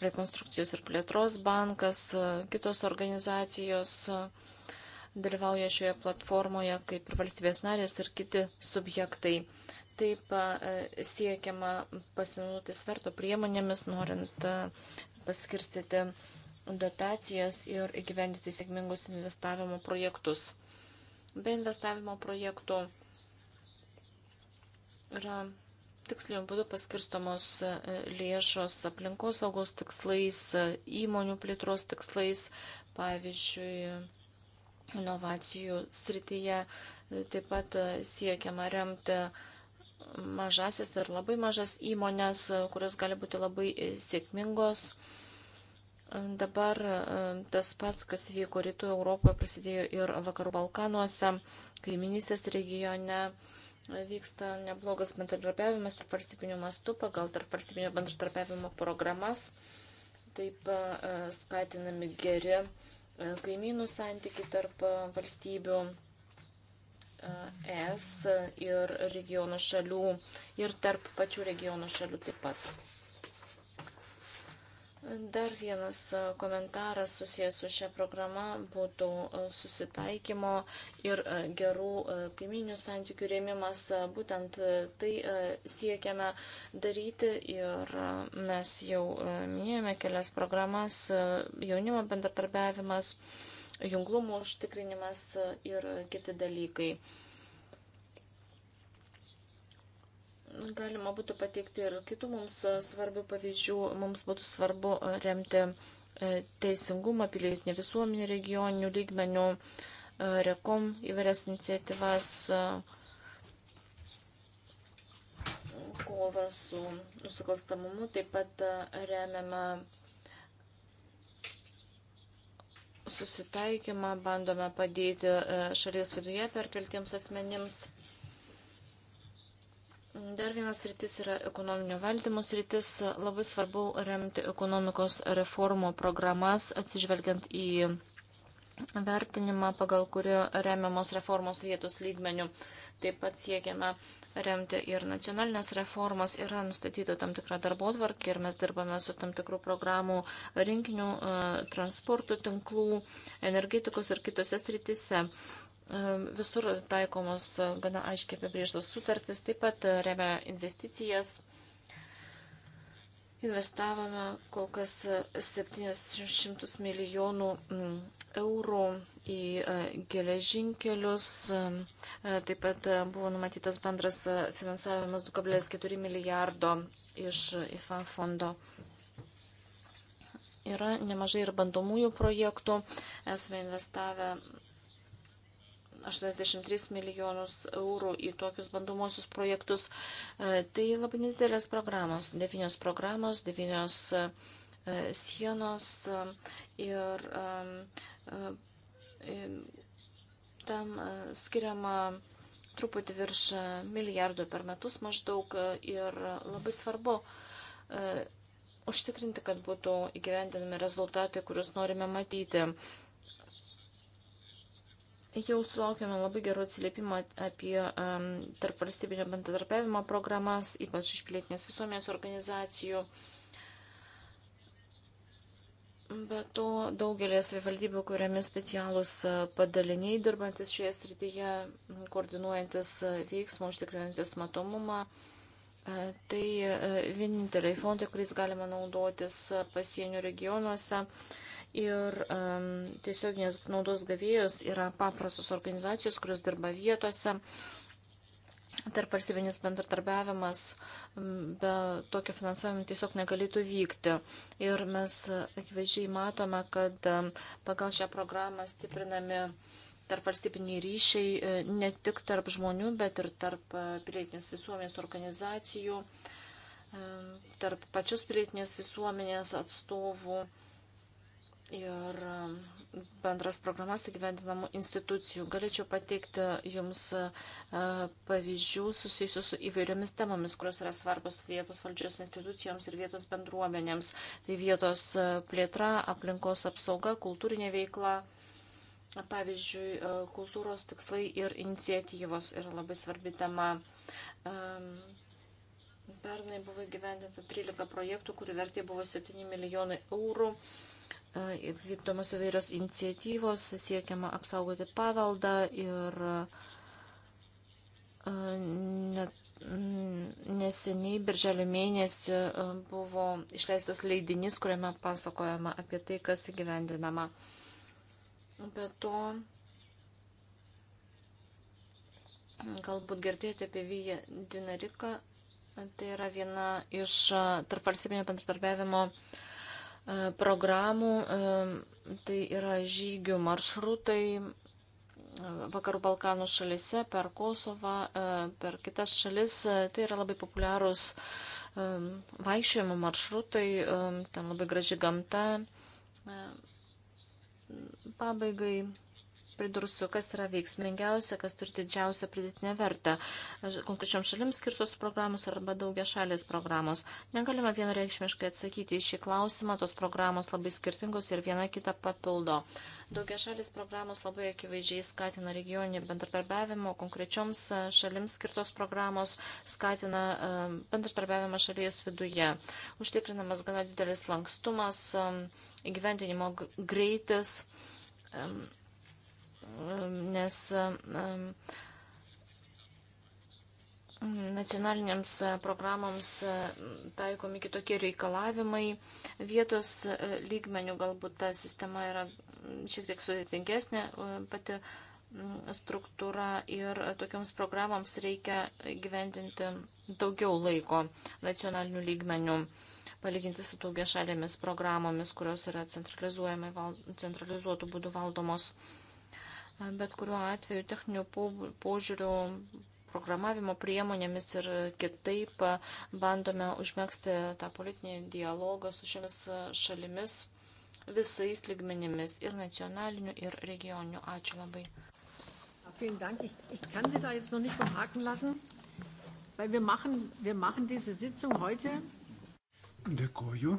rekonstrukcijos ir plėtros bankas, kitos organizacijos dalyvauja šioje platformoje, kaip ir valstybės narės ir kiti subjektai. Taip siekiama pasinaudoti sverto priemonėmis, norint paskirstyti dotacijas ir įgyvendyti sėkmingus investavimo projektus. Be investavimo projektų yra tiksliau būdu paskirstomos e, lėšos aplinkosaugos tikslais, e, įmonių plėtros tikslais, pavyzdžiui, inovacijų srityje. E, taip pat siekiama remti mažasis ir labai mažas įmonės, kurios gali būti labai sėkmingos. Dabar e, tas pats, kas vyko rytų Europoje, prasidėjo ir vakarų Balkanuose, kaiminysės regione vyksta neblogas bendradarbiavimas tarp valstybinių mastų pagal tarp valstybinio bendradarbiavimo programas. Taip e, skatinami geri e, kaimynų santykiai tarp valstybių ES ir regiono šalių ir tarp pačių regiono šalių taip pat. Dar vienas komentaras susijęs su šia programa būtų e, susitaikymo ir e, gerų e, kaiminių santykių rėmimas. Būtent tai siekiame daryti ir mes jau minėjome kelias programas, jaunimo bendratarbiavimas junglumo užtikrinimas ir kiti dalykai. Galima būtų pateikti ir kitų mums svarbių pavyzdžių. Mums būtų svarbu remti e, teisingumą, pilietinį visuomenį regioninių lygmenių, e, rekom įvairias iniciatyvas, e, kovą su nusikalstamumu, taip pat remiame susitaikymą, bandome padėti e, šalies viduje perkeltiems asmenims. Dar vienas rytis yra ekonominio valdymo rytis. Labai svarbu remti ekonomikos reformų programas, atsižvelgiant į vertinimą, pagal kurį remiamos reformos vietos lygmenių. Taip pat siekiame remti ir nacionalinės reformas. Yra nustatyta tam tikra darbo tvarkė ir mes dirbame su tam tikrų programų rinkinių, e, transporto tinklų, energetikos ir kitose sritise. E, visur taikomos gana aiškiai apibrieštos sutartys, taip pat remia investicijas Investavome kol kas 700 e, milijonų mm, eurų į e, geležinkelius. E, taip pat buvo numatytas bendras finansavimas 2,4 milijardo iš IFA fondo. Yra nemažai ir bandomųjų projektų. Esame investavę 83 milijonus eurų į tokius bandomosius projektus. E, tai labai nedidelės programos, devynios programos, devynios e, sienos e, ir tam skiriama truputį virš milijardo per metus maždaug ir labai svarbu užtikrinti, kad būtų įgyvendinami rezultatai, kuriuos norime matyti. Jau sulaukėme labai gerų atsiliepimų apie um, tarp valstybinio bendradarbiavimo programas, ypač iš pilietinės visuomenės organizacijų. Be to, daugelės savivaldybių, kuriamis specialūs e, padaliniai dirbantis šioje srityje, koordinuojantis e, veiksmą, užtikrinantis matomumą, e, tai vieninteliai fondai, kuriais galima naudotis pasienio regionuose. Uh, ir um, tiesioginės naudos gavėjos yra paprastos organizacijos, kurios dirba vietose. Tarp valstybinis bendradarbiavimas be tokio finansavimo tiesiog negalėtų vykti. Ir mes akivaizdžiai matome, kad pagal šią programą stiprinami tarp valstybiniai ryšiai e, ne tik tarp žmonių, bet ir tarp e, pilietinės visuomenės organizacijų, e, tarp pačios pilietinės visuomenės atstovų ir e, bendras programas įgyvendinamų institucijų. Galėčiau pateikti Jums e, pavyzdžių susijusių su įvairiomis temomis, kurios yra svarbos vietos valdžios institucijoms ir vietos bendruomenėms. Tai vietos e, plėtra, aplinkos apsauga, kultūrinė veikla. Pavyzdžiui, kultūros tikslai ir iniciatyvos yra labai svarbi tema. Pernai buvo gyvendinta 13 projektų, kurių vertė buvo 7 milijonai eurų vykdomos įvairios iniciatyvos, siekiama apsaugoti paveldą ir net mm, neseniai, birželio mėnesį, buvo išleistas leidinys, kuriame pasakojama apie tai, kas įgyvendinama. Be to, galbūt girdėjote apie Vyje Dinariką, tai yra viena iš tarpvalstybinio bendradarbiavimo uh, E, programų, e, tai yra žygių maršrutai e, Vakarų Balkanų šalise, per Kosovą, per kitas šalis. Tai yra labai populiarūs vaikščiojimo maršrutai, ten labai graži gamta. Pabaigai pridursiu, kas yra veiksmingiausia, kas turi didžiausią pridėtinę vertę. Konkrečiom šalims skirtos programos arba daugia šalės programos. Negalima vienareikšmiškai atsakyti į šį klausimą, tos programos labai skirtingos ir viena kita papildo. Daugia šalės programos labai akivaizdžiai skatina regioninį bendradarbiavimą, konkrečioms e, šalims skirtos programos skatina e, bendradarbiavimą šalies viduje. Užtikrinamas gana didelis lankstumas, e, įgyvendinimo greitis nes nacionalinėms programoms e, taikomi kitokie reikalavimai. Vietos e, lygmenių galbūt ta sistema yra šiek tiek sudėtingesnė e, pati struktūra ir tokioms programoms reikia gyventinti daugiau laiko nacionalinių lygmenių, palyginti su daugia šalėmis programomis, kurios yra centralizuotų būdų valdomos. Bet kuriuo atveju techninio požiūrio programavimo priemonėmis ir kitaip bandome užmėgsti tą politinį dialogą su šiomis šalimis visais ligmenimis ir nacionaliniu, ir regioniniu. Ačiū labai. Vielen Dank. Ich, ich kann Sie da jetzt noch nicht vom Haken lassen, weil wir machen, wir machen diese Sitzung heute. Dėkoju.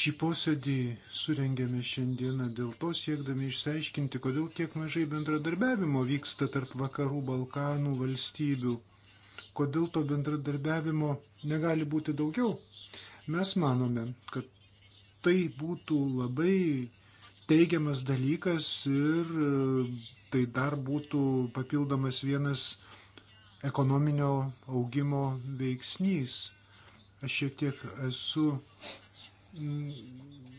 Šį posėdį surengėme šiandieną dėl to siekdami išsiaiškinti, kodėl tiek mažai bendradarbiavimo vyksta tarp vakarų Balkanų valstybių, kodėl to bendradarbiavimo negali būti daugiau. Mes manome, kad tai būtų labai teigiamas dalykas ir e, tai dar būtų papildomas vienas ekonominio augimo veiksnys. Aš šiek tiek esu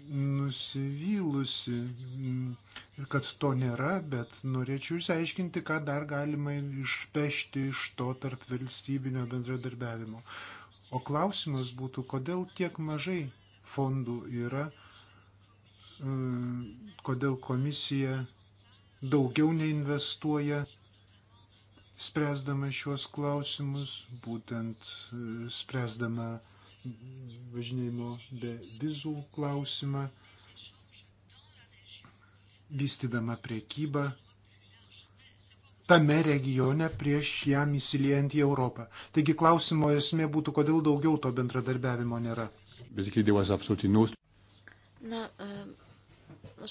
nusivylusi, mm, kad to nėra, bet norėčiau išsiaiškinti, ką dar galima išpešti iš to tarp valstybinio bendradarbiavimo. O klausimas būtų, kodėl tiek mažai fondų yra, mm, kodėl komisija daugiau neinvestuoja, spręsdama šiuos klausimus, būtent mm, spręsdama uh, važinėjimo be vizų klausimą, vystydama priekybą tame regione prieš jam įsiliejant į Europą. Taigi klausimo esmė būtų, kodėl daugiau to bendradarbiavimo nėra. Na, e,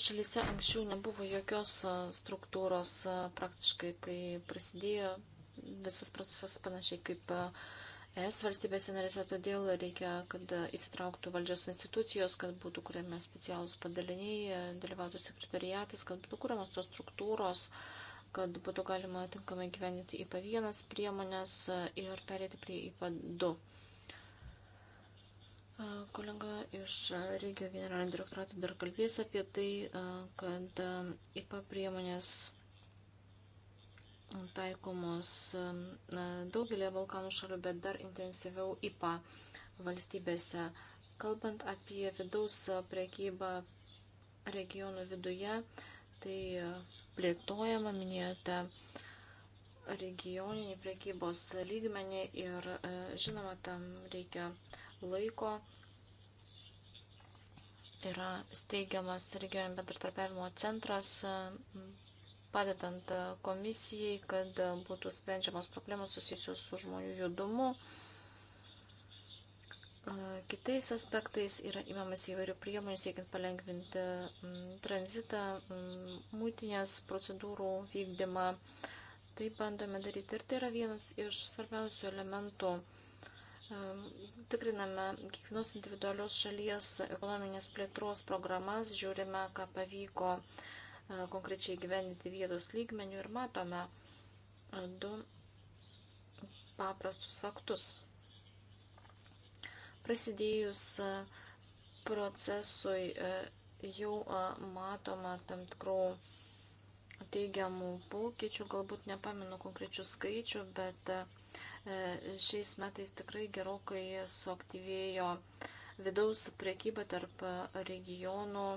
šalyse anksčiau nebuvo jokios e, struktūros e, praktiškai, kai prasidėjo visas procesas panašiai kaip uh, es valstybėse narėse, todėl reikia, kad įsitrauktų valdžios institucijos, kad būtų kuriami specialūs padaliniai, dalyvautų sekretariatas, kad būtų kuriamos tos struktūros, kad būtų galima tinkamai gyveninti į pavienas priemonės ir perėti prie į du. Kolega iš Regio generalinio direktorato dar kalbės apie tai, kad IPA priemonės taikomos daugelėje Balkanų šalių, bet dar intensyviau IPA valstybėse. Kalbant apie vidaus priekybą regionų viduje, tai plėtojama, minėjote, regioninį priekybos lygmenį ir e, žinoma, tam reikia laiko. Yra steigiamas regioninio bendratarpiavimo centras padedant e, komisijai, kad e, būtų sprendžiamos problemos susijusios su žmonių judumu. E, kitais aspektais yra imamas įvairių priemonių siekiant palengvinti tranzitą, mūtinės procedūrų vykdymą. Tai bandome daryti ir tai yra vienas iš svarbiausių elementų. Tikriname kiekvienos individualios šalies ekonominės plėtros programas, žiūrime, ką pavyko uh, konkrečiai gyveninti vietos lygmenių ir matome du paprastus faktus. Prasidėjus procesui jau matoma tam tikrų teigiamų pokyčių, galbūt nepaminu konkrečių skaičių, bet šiais metais tikrai gerokai suaktyvėjo vidaus priekyba tarp regionų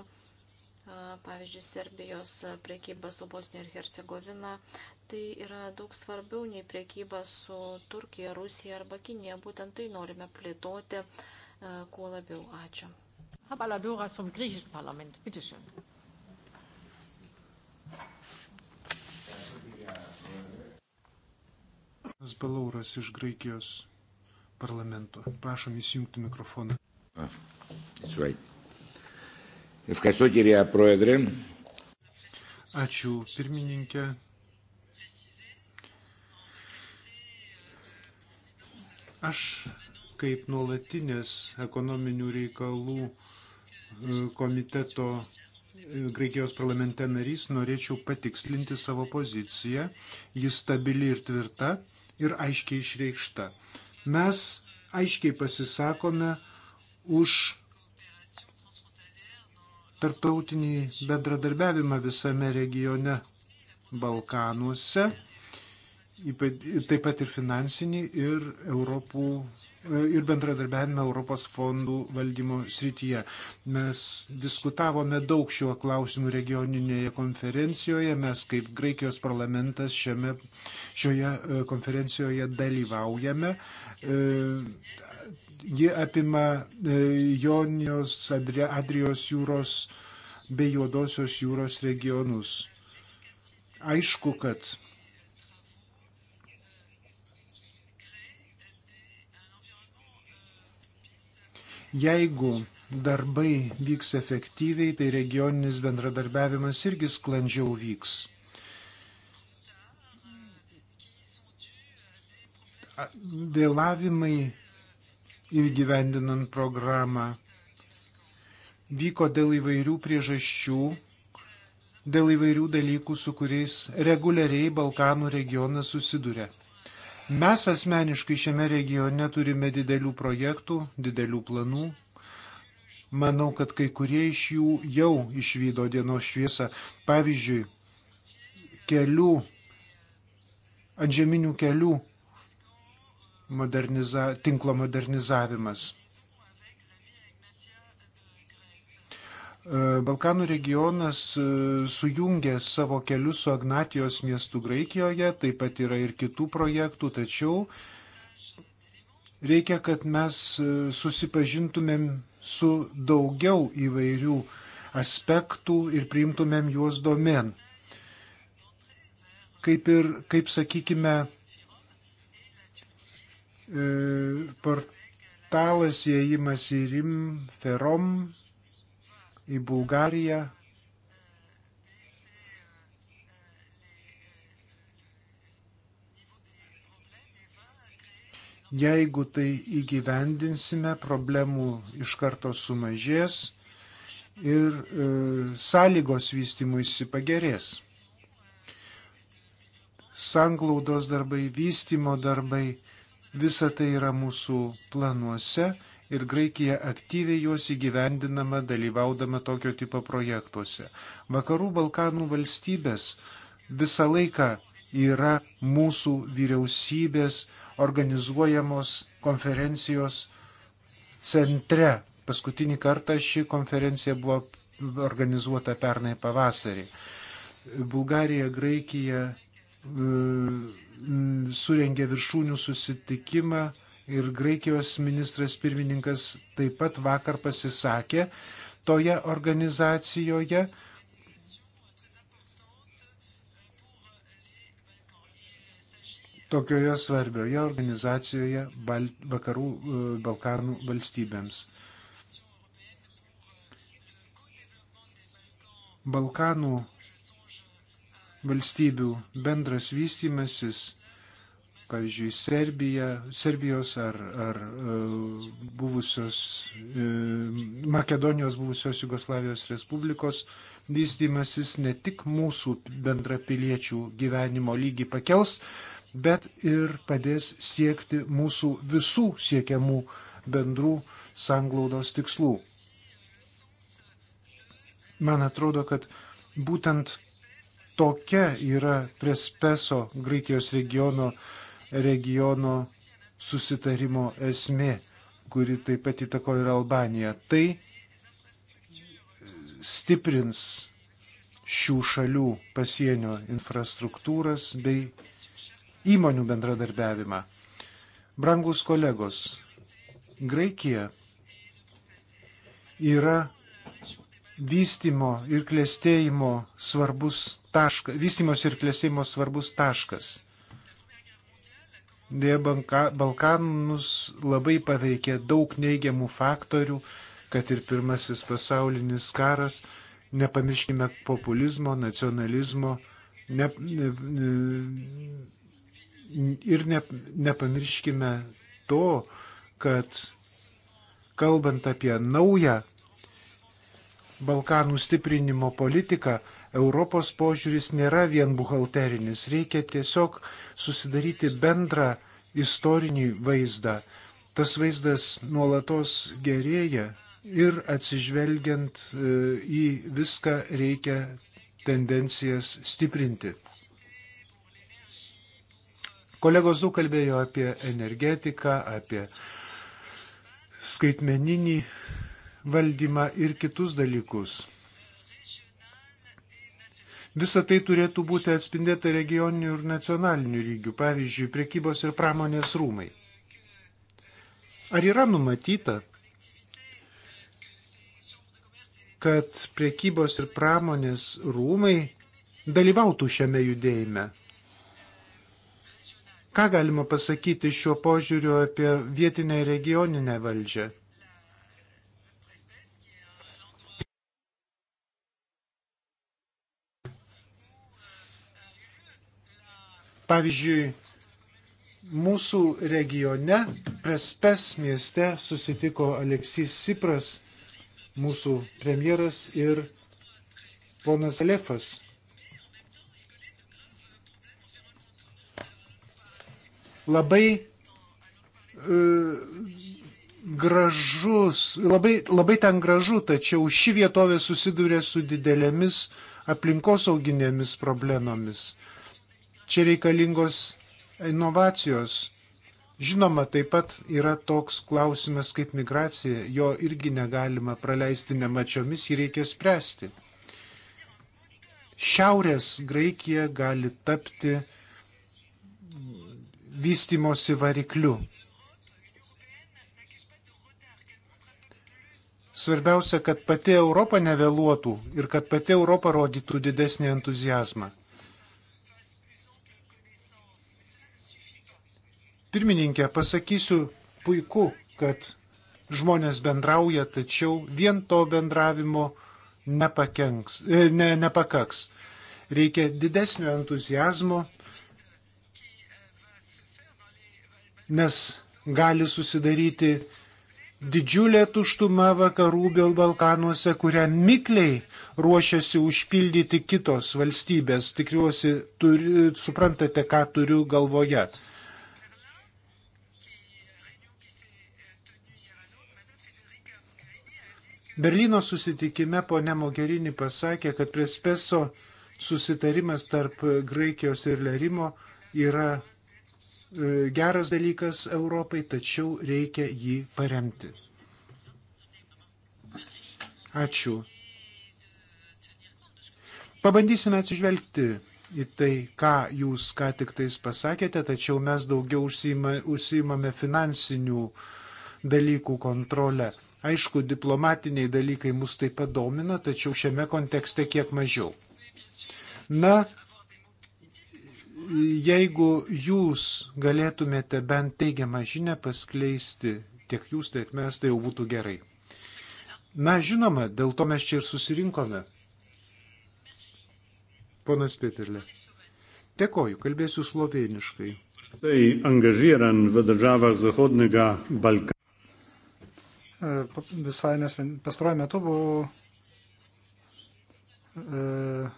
pavyzdžiui, Serbijos priekyba su Bosnija ir Hercegovina, tai yra daug svarbiau nei priekyba su Turkija, Rusija arba Kinija. Būtent tai norime plėtoti kuo labiau. Ačiū. Habaladoras vom griechischen Parlament, bitteschön. Balauras iš Graikijos parlamento. Prašom įsijungti mikrofoną. Ah, it's right. Ευχαριστώ κυρία Πρόεδρε. Ačiū pirmininkė. Aš kaip nuolatinės ekonominių reikalų e, komiteto e, Graikijos parlamente narys norėčiau patikslinti savo poziciją. Jis stabili ir tvirta ir aiškiai išreikšta. Mes aiškiai pasisakome už tarptautinį bendradarbiavimą visame regione Balkanuose, taip pat ir finansinį, ir, Europų, ir bendradarbiavimą Europos fondų valdymo srityje. Mes diskutavome daug šiuo klausimu regioninėje konferencijoje, mes kaip Graikijos parlamentas šiame, šioje e, konferencijoje dalyvaujame. E, ji apima e, Jonijos, Adrijos jūros bei Juodosios jūros regionus. Aišku, kad jeigu darbai vyks efektyviai, tai regioninis bendradarbiavimas irgi sklandžiau vyks. Vėlavimai įgyvendinant programą. Vyko dėl įvairių priežasčių, dėl įvairių dalykų, su kuriais reguliariai Balkanų regionas susiduria. Mes asmeniškai šiame regione turime didelių projektų, didelių planų. Manau, kad kai kurie iš jų jau išvydo dienos šviesą. Pavyzdžiui, kelių, antžeminių kelių moderniza, tinklo modernizavimas. E, Balkanų regionas e, sujungė savo kelius su Agnatijos miestu Graikijoje, taip pat yra ir kitų projektų, tačiau reikia, kad mes e, susipažintumėm su daugiau įvairių aspektų ir priimtumėm juos domen. Kaip ir, kaip sakykime, E, portalas įėjimas į Rim, Ferom, į Bulgariją. Jeigu tai įgyvendinsime, problemų iš karto sumažės ir e, sąlygos vystimuisi pagerės. Sanglaudos darbai, vystimo darbai, Visa tai yra mūsų planuose ir Graikija aktyviai juos įgyvendinama dalyvaudama tokio tipo projektuose. Vakarų Balkanų valstybės visą laiką yra mūsų vyriausybės organizuojamos konferencijos centre. Paskutinį kartą ši konferencija buvo organizuota pernai pavasarį. Bulgarija, Graikija, e, Mm, surengė viršūnių susitikimą ir Graikijos ministras pirmininkas taip pat vakar pasisakė toje organizacijoje. Tokioje svarbioje organizacijoje Bal vakarų e, Balkanų valstybėms. Balkanų valstybių bendras vystimasis, pavyzdžiui, Serbija, Serbijos ar, ar e, buvusios, e, Makedonijos buvusios Jugoslavijos Respublikos vystimasis ne tik mūsų bendrapiliečių gyvenimo lygį pakels, bet ir padės siekti mūsų visų siekiamų bendrų sanglaudos tikslų. Man atrodo, kad būtent tokia yra Prespeso Graikijos regiono, regiono susitarimo esmė, kuri taip pat įtako ir Albaniją. Tai stiprins šių šalių pasienio infrastruktūras bei įmonių bendradarbiavimą. Brangus kolegos, Graikija yra vystimo ir klėstėjimo svarbus taškas. Vystimos ir klėstėjimo svarbus taškas. Dėja, Balkanus labai paveikė daug neigiamų faktorių, kad ir pirmasis pasaulinis karas, nepamirškime populizmo, nacionalizmo ne, ne, ne, ir ne, nepamirškime to, kad kalbant apie naują Balkanų stiprinimo politiką, Europos požiūris nėra vien buhalterinis. Reikia tiesiog susidaryti bendrą istorinį vaizdą. Tas vaizdas nuolatos gerėja ir atsižvelgiant e, į viską reikia tendencijas stiprinti. Kolegos daug kalbėjo apie energetiką, apie skaitmeninį valdymą ir kitus dalykus. Visa tai turėtų būti atspindėta regioninių ir nacionalinių lygių, pavyzdžiui, priekybos ir pramonės rūmai. Ar yra numatyta, kad priekybos ir pramonės rūmai dalyvautų šiame judėjime? Ką galima pasakyti šiuo požiūriu apie vietinę regioninę valdžią? Pavyzdžiui, mūsų regione, Prespes mieste, susitiko Aleksys Sipras, mūsų premjeras ir ponas Alefas. Labai e, gražus, labai, labai ten gražu, tačiau ši vietovė susiduria su didelėmis aplinkosauginėmis problemomis. Čia reikalingos inovacijos. Žinoma, taip pat yra toks klausimas kaip migracija, jo irgi negalima praleisti nemačiomis, jį reikia spręsti. Šiaurės Graikija gali tapti vystimosi varikliu. Svarbiausia, kad pati Europa nevėluotų ir kad pati Europa rodytų didesnį entuzijazmą. Pirmininkė, pasakysiu puiku, kad žmonės bendrauja, tačiau vien to bendravimo nepakenks, e, ne, nepakaks. Reikia didesnio entuzijazmo, nes gali susidaryti didžiulė tuštuma vakarų Balkanuose, kurią mikliai ruošiasi užpildyti kitos valstybės. Tikriuosi, turi, suprantate, ką turiu galvoje. Berlyno susitikime ponė Mogerini pasakė, kad Prespeso susitarimas tarp Graikijos ir Lerimo yra e, geras dalykas Europai, tačiau reikia jį paremti. Ačiū. Pabandysime atsižvelgti į tai, ką jūs ką tik tais pasakėte, tačiau mes daugiau užsima, užsimame finansinių dalykų kontrolę. Aišku, diplomatiniai dalykai mus taip pat domina, tačiau šiame kontekste kiek mažiau. Na, jeigu jūs galėtumėte bent teigiamą žinę paskleisti, tiek jūs, tiek mes, tai jau būtų gerai. Na, žinoma, dėl to mes čia ir susirinkome. Ponas Peterle. Dėkoju, kalbėsiu sloveniškai. Tai angažiran v državah Zahodnega Balkana. E, visai nesen, pastaruoju metu buvau e,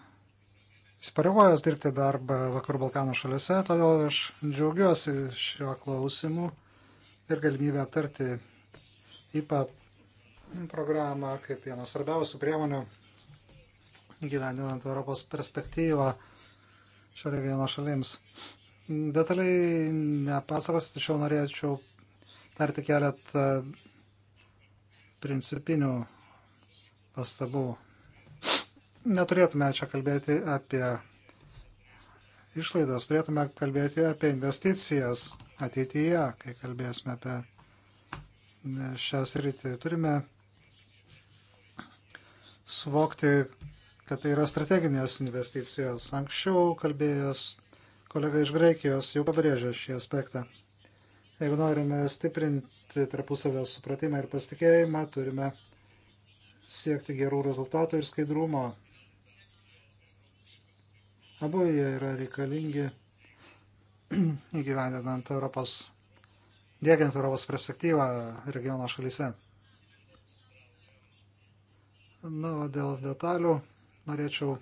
įsipareigojęs dirbti darbą Vakarų Balkanų šalise, todėl aš džiaugiuosi šiuo klausimu ir galimybę aptarti IPA programą kaip vieną svarbiausių priemonių gyvendinant Europos perspektyvą šio regiono šalims. Detaliai nepasakosiu, tačiau norėčiau tarti keletą principinių pastabų. Neturėtume čia kalbėti apie išlaidas, turėtume kalbėti apie investicijas ateityje, kai kalbėsime apie šią sritį. Turime suvokti, kad tai yra strateginės investicijos. Anksčiau kalbėjęs kolega iš Graikijos jau pabrėžė šį aspektą. Jeigu norime stiprinti tarpusavio supratimą ir pasitikėjimą, turime siekti gerų rezultatų ir skaidrumo. Abu jie yra reikalingi įgyvendinant Europos, dėgiant Europos perspektyvą regiono šalyse. Na, o dėl detalių norėčiau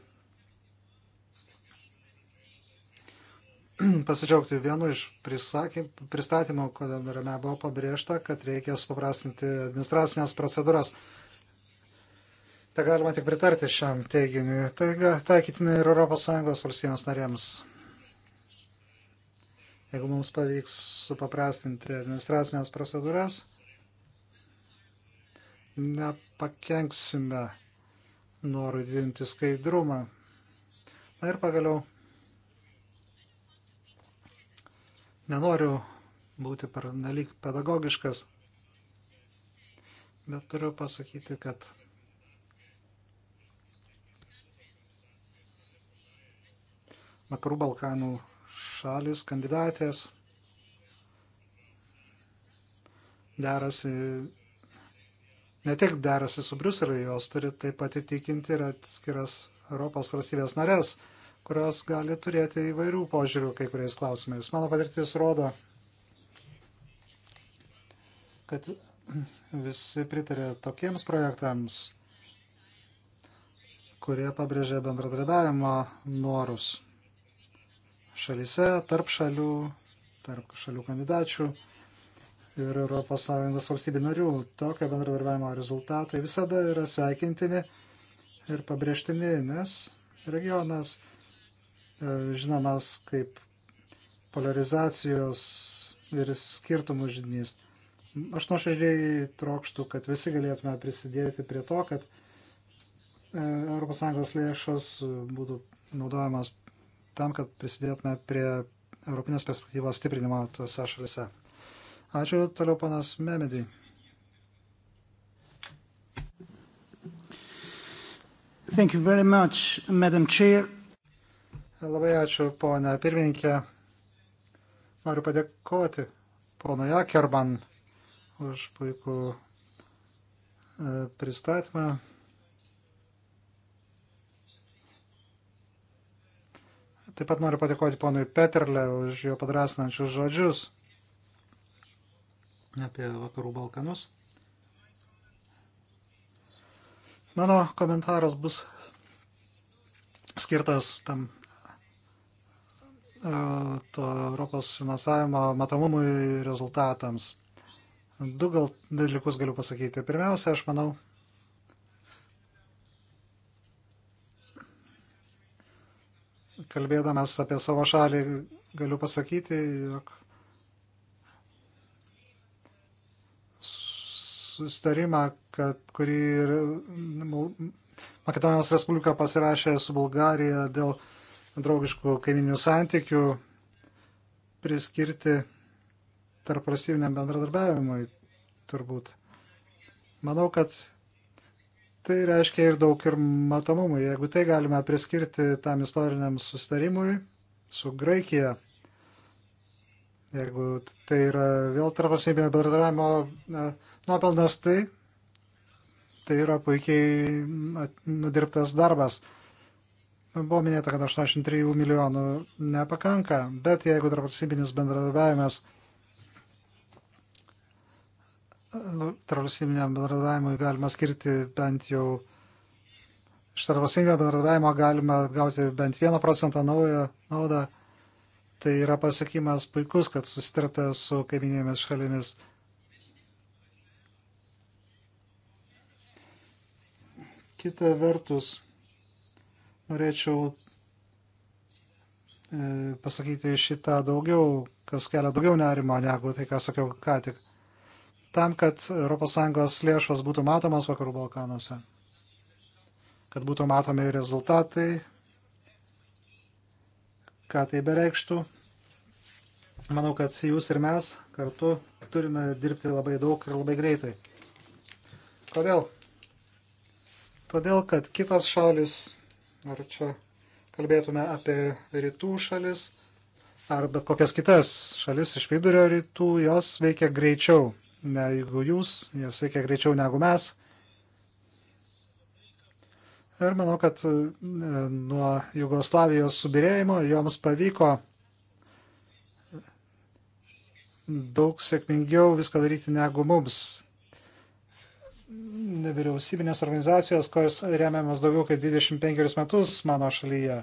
pasidžiaugti vienu iš pristatymų, kuriame buvo pabrėžta, kad reikia suprastinti administracinės procedūras. Tai galima tik pritarti šiam teiginiui. Tai taikytina ir ES valstybėms narėms. Jeigu mums pavyks supaprastinti administracinės procedūras, nepakenksime norų didinti skaidrumą. Na ir pagaliau Nenoriu būti pernelyg pedagogiškas, bet turiu pasakyti, kad Vakarų Balkanų šalis, kandidatės derasi, ne tik derasi su Briuseliu, jos turi taip pat įtikinti ir atskiras Europos valstybės narės kurios gali turėti įvairių požiūrių kai kuriais klausimais. Mano patirtis rodo, kad visi pritarė tokiems projektams, kurie pabrėžė bendradarbiavimo norus šalyse, tarp šalių, tarp šalių kandidačių ir ES valstybių narių. Tokio bendradarbiavimo rezultatai visada yra sveikintini ir pabrėžtini, nes regionas E, žinomas kaip polarizacijos ir skirtumų žydinys. Aš nuoširdžiai trokštų, kad visi galėtume prisidėti prie to, kad ES lėšos būtų naudojamas tam, kad prisidėtume prie Europinės perspektyvos stiprinimo tose šalise. Ačiū toliau panas Memedį. Thank you very much, Madam Chair. Labai ačiū, ponia pirmininkė. Noriu padėkoti ponui Akerman už puikų e, pristatymą. Taip pat noriu padėkoti ponui Peterle už jo padrasnančius žodžius apie Vakarų Balkanus. Mano komentaras bus skirtas tam E, to Europos finansavimo matomumui rezultatams. Du gal dalykus galiu pasakyti. Pirmiausia, aš manau, kalbėdamas apie savo šalį, galiu pasakyti, jog sustarimą, kurį Makedonijos Respublika pasirašė su Bulgarija dėl draugiškų kaiminių santykių priskirti tarp valstybiniam bendradarbiavimui, turbūt. Manau, kad tai reiškia ir daug ir matomumų. Jeigu tai galime priskirti tam istoriniam sustarimui su Graikija, jeigu tai yra vėl tarp valstybinio bendradarbiavimo nuopelnas, tai tai yra puikiai nudirbtas darbas. Buvo minėta, kad 83 milijonų nepakanka, bet jeigu tarpvalstybinis bendradarbiavimas, tarpvalstybiniam bendradarbiavimui galima skirti bent jau, iš tarpvalstybinio bendradarbiavimo galima gauti bent 1 procentą naują naudą, tai yra pasiekimas puikus, kad susitarta su kaiminėmis šalimis. Kita vertus, norėčiau e, pasakyti šitą daugiau, kas kelia daugiau nerimo negu tai, ką sakiau ką tik. Tam, kad ES lėšos būtų matomas vakarų Balkanuose, kad būtų matomi rezultatai, ką tai bereikštų. Manau, kad jūs ir mes kartu turime dirbti labai daug ir labai greitai. Kodėl? Todėl, kad kitos šalis Ar čia kalbėtume apie rytų šalis ar bet kokias kitas šalis iš vidurio rytų, jos veikia greičiau negu jūs, jos veikia greičiau negu mes. Ir manau, kad e, nuo Jugoslavijos subirėjimo joms pavyko daug sėkmingiau viską daryti negu mums nevyriausybinės organizacijos, kurios remiamas daugiau kaip 25 metus mano šalyje,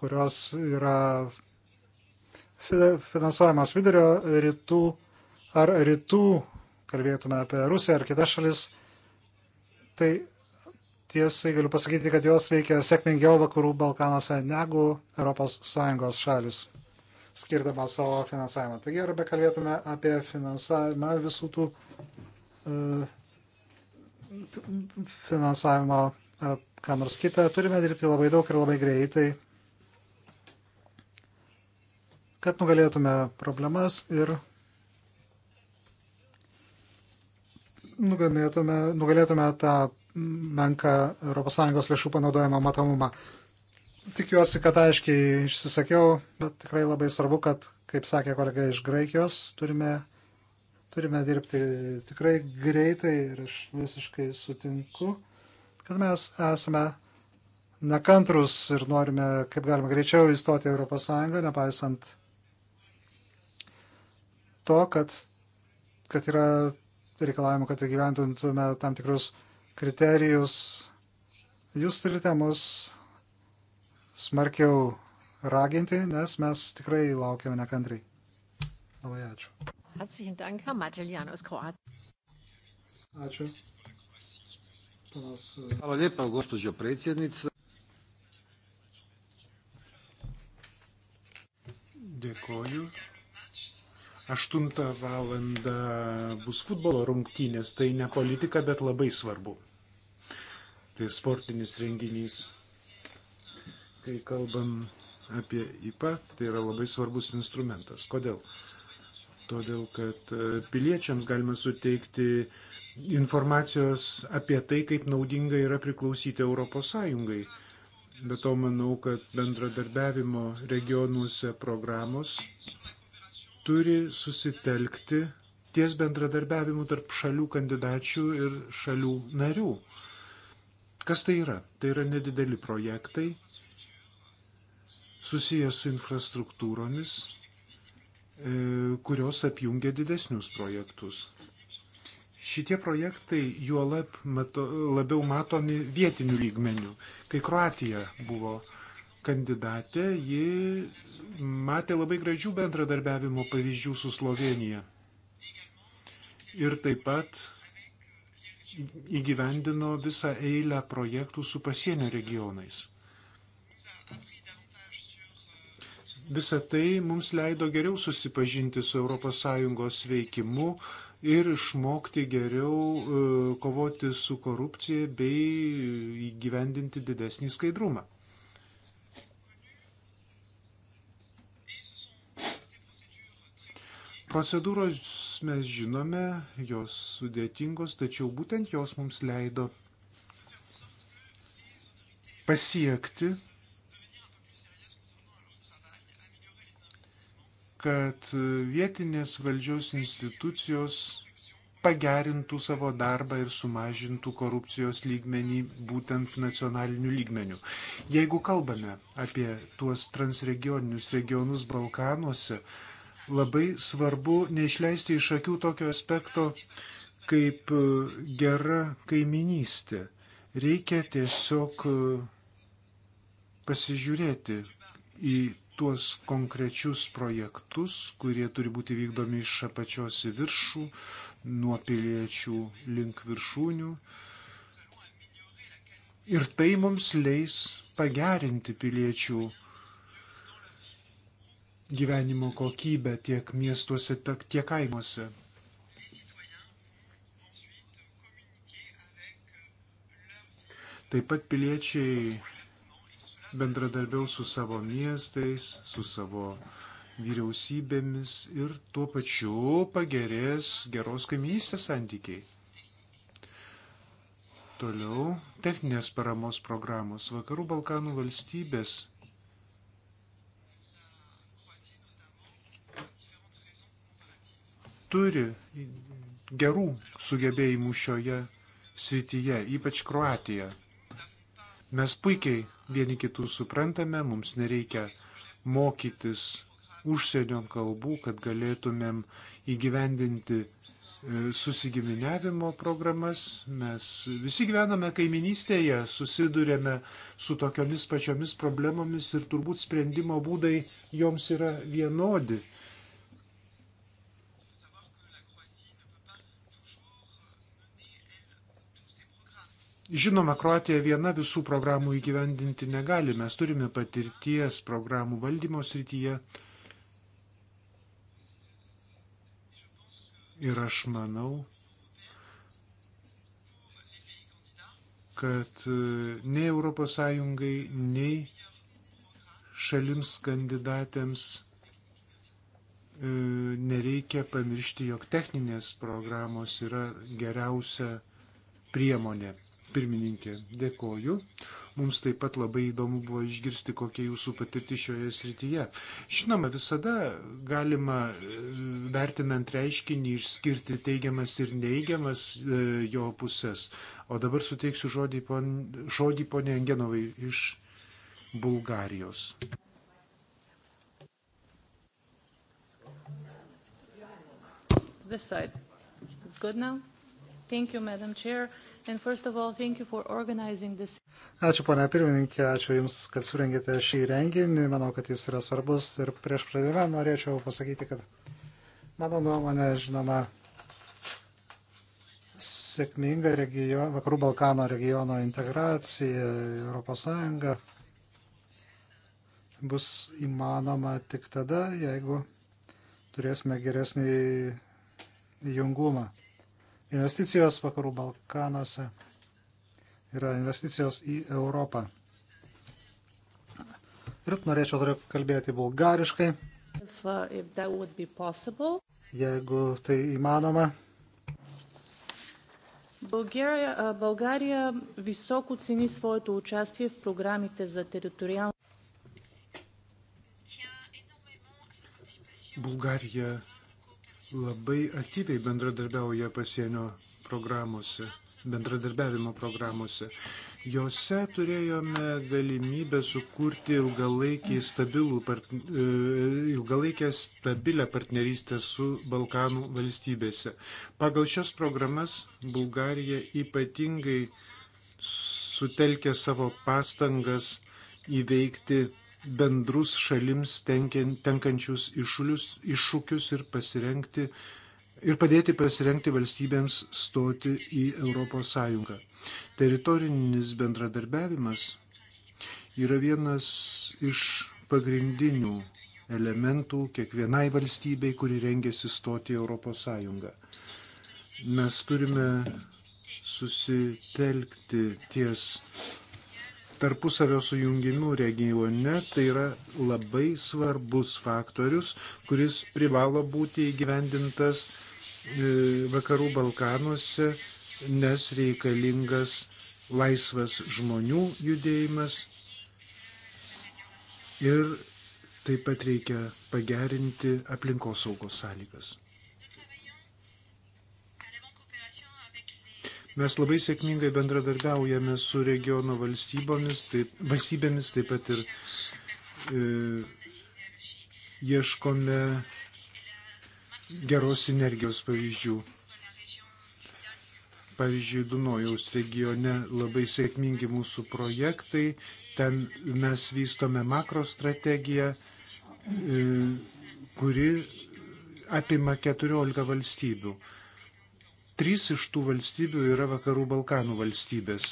kurios yra finansuojamas vidurio rytų ar rytų, kalbėtume apie Rusiją ar kitas šalis, tai tiesai galiu pasakyti, kad jos veikia sėkmingiau vakarų Balkanuose negu ES šalis skirdama savo finansavimą. Taigi, ar bekalbėtume apie finansavimą visų tų e, finansavimo ar e, ką nors kitą, turime dirbti labai daug ir labai greitai, kad nugalėtume problemas ir nugalėtume, nugalėtume tą menką ES lėšų panaudojimą matomumą. Tikiuosi, kad aiškiai išsisakiau, bet tikrai labai svarbu, kad, kaip sakė kolega iš Graikijos, turime, turime dirbti tikrai greitai ir aš visiškai sutinku, kad mes esame nekantrus ir norime, kaip galima greičiau įstoti į Europos Sąjungą, nepaisant to, kad, kad yra reikalavimų, kad įgyventintume tam tikrus kriterijus. Jūs turite mus smarkiau raginti, nes mes tikrai laukiame nekantriai. Labai ačiū. Ačiū. E, Hvala lijepa, gospođo predsjednica. Dėkoju. 8 valandą bus futbolo rungtynės, tai ne politika, bet labai svarbu. Tai sportinis renginys kai kalbam apie IPA, tai yra labai svarbus instrumentas. Kodėl? Todėl, kad e, piliečiams galima suteikti informacijos apie tai, kaip naudinga yra priklausyti ES. Bet to manau, kad bendradarbiavimo regionuose programos turi susitelkti ties bendradarbiavimu tarp šalių kandidačių ir šalių narių. Kas tai yra? Tai yra nedideli projektai, susijęs su infrastruktūromis, e, kurios apjungia didesnius projektus. Šitie projektai juo lab, mato, labiau matomi vietinių lygmenių. Kai Kroatija buvo kandidatė, ji matė labai gražių bendradarbiavimo pavyzdžių su Slovenija. Ir taip pat įgyvendino visą eilę projektų su pasienio regionais. Visą tai mums leido geriau susipažinti su ES veikimu ir išmokti geriau e, kovoti su korupcija bei įgyvendinti didesnį skaidrumą. Procedūros mes žinome, jos sudėtingos, tačiau būtent jos mums leido pasiekti, kad vietinės valdžios institucijos pagerintų savo darbą ir sumažintų korupcijos lygmenį būtent nacionaliniu lygmeniu. Jeigu kalbame apie tuos transregioninius regionus Balkanuose, labai svarbu neišleisti iš akių tokio aspekto kaip e, gera kaiminystė. Reikia tiesiog e, pasižiūrėti į tuos konkrečius projektus, kurie turi būti vykdomi iš apačios į viršų, nuo piliečių link viršūnių. Ir tai mums leis pagerinti piliečių gyvenimo kokybę tiek miestuose, tiek kaimuose. Taip pat piliečiai bendradarbiaus su savo miestais, su savo vyriausybėmis ir tuo pačiu pagerės geros kaimynystės santykiai. Toliau techninės paramos programos. Vakarų Balkanų valstybės turi gerų sugebėjimų šioje srityje, ypač Kroatija. Mes puikiai vieni kitus suprantame, mums nereikia mokytis užsienio kalbų, kad galėtumėm įgyvendinti e, susigiminiavimo programas. Mes visi gyvename kaiminystėje, susidurėme su tokiomis pačiomis problemomis ir turbūt sprendimo būdai joms yra vienodi. Žinoma, Kroatija viena visų programų įgyvendinti negali. Mes turime patirties programų valdymo srityje. Ir aš manau, kad e, nei ES, nei šalims kandidatėms e, nereikia pamiršti, jog techninės programos yra geriausia priemonė. Pirmininkė, dėkoju. Mums taip pat labai įdomu buvo išgirsti, kokia jūsų patirti šioje srityje. Žinoma, visada galima e, vertinant reiškinį išskirti teigiamas ir neigiamas e, jo pusės. O dabar suteiksiu žodį, pon, žodį ponė Angenovai iš Bulgarijos. This side. It's good now? Thank you, Madam Chair. Uh, All, ačiū, ponia pirmininkė, ačiū Jums, kad surengėte šį renginį. Manau, kad jis yra svarbus. Ir prieš pradėdama norėčiau pasakyti, kad mano nuomonė, žinoma, sėkminga region, Vakarų Balkano regiono integracija į Europos Sąjungą bus įmanoma tik tada, jeigu turėsime geresnį junglumą. Investicijos vakarų Balkanuose yra investicijos į Europą. Ir norėčiau turiu kalbėti bulgariškai. If, uh, if possible, jeigu tai įmanoma. Bulgaria, uh, Bulgaria високо цени своето участие в програмите за териториално. Bulgarija labai aktyviai bendradarbiauja pasienio programuose, bendradarbiavimo programuose. Jose turėjome galimybę sukurti part, e, ilgalaikę stabilę partnerystę su Balkanų valstybėse. Pagal šias programas Bulgarija ypatingai sutelkė savo pastangas įveikti bendrus šalims tenkančius iššūlius, iššūkius ir, ir padėti pasirengti valstybėms stoti į ES. Teritorinis bendradarbiavimas yra vienas iš pagrindinių elementų kiekvienai valstybei, kuri rengėsi stoti į ES. Mes turime susitelkti ties tarpusavio sujungimu regione tai yra labai svarbus faktorius, kuris privalo būti įgyvendintas e, vakarų Balkanuose, nes reikalingas laisvas žmonių judėjimas ir taip pat reikia pagerinti aplinkosaugos sąlygas. Mes labai sėkmingai bendradarbiaujame su regiono valstybėmis, taip, valstybėmis, taip pat ir e, ieškome geros sinergijos pavyzdžių. Pavyzdžiui, Dunojaus regione labai sėkmingi mūsų projektai, ten mes vystome makrostrategiją, e, kuri apima 14 valstybių. Trys iš tų valstybių yra Vakarų Balkanų valstybės.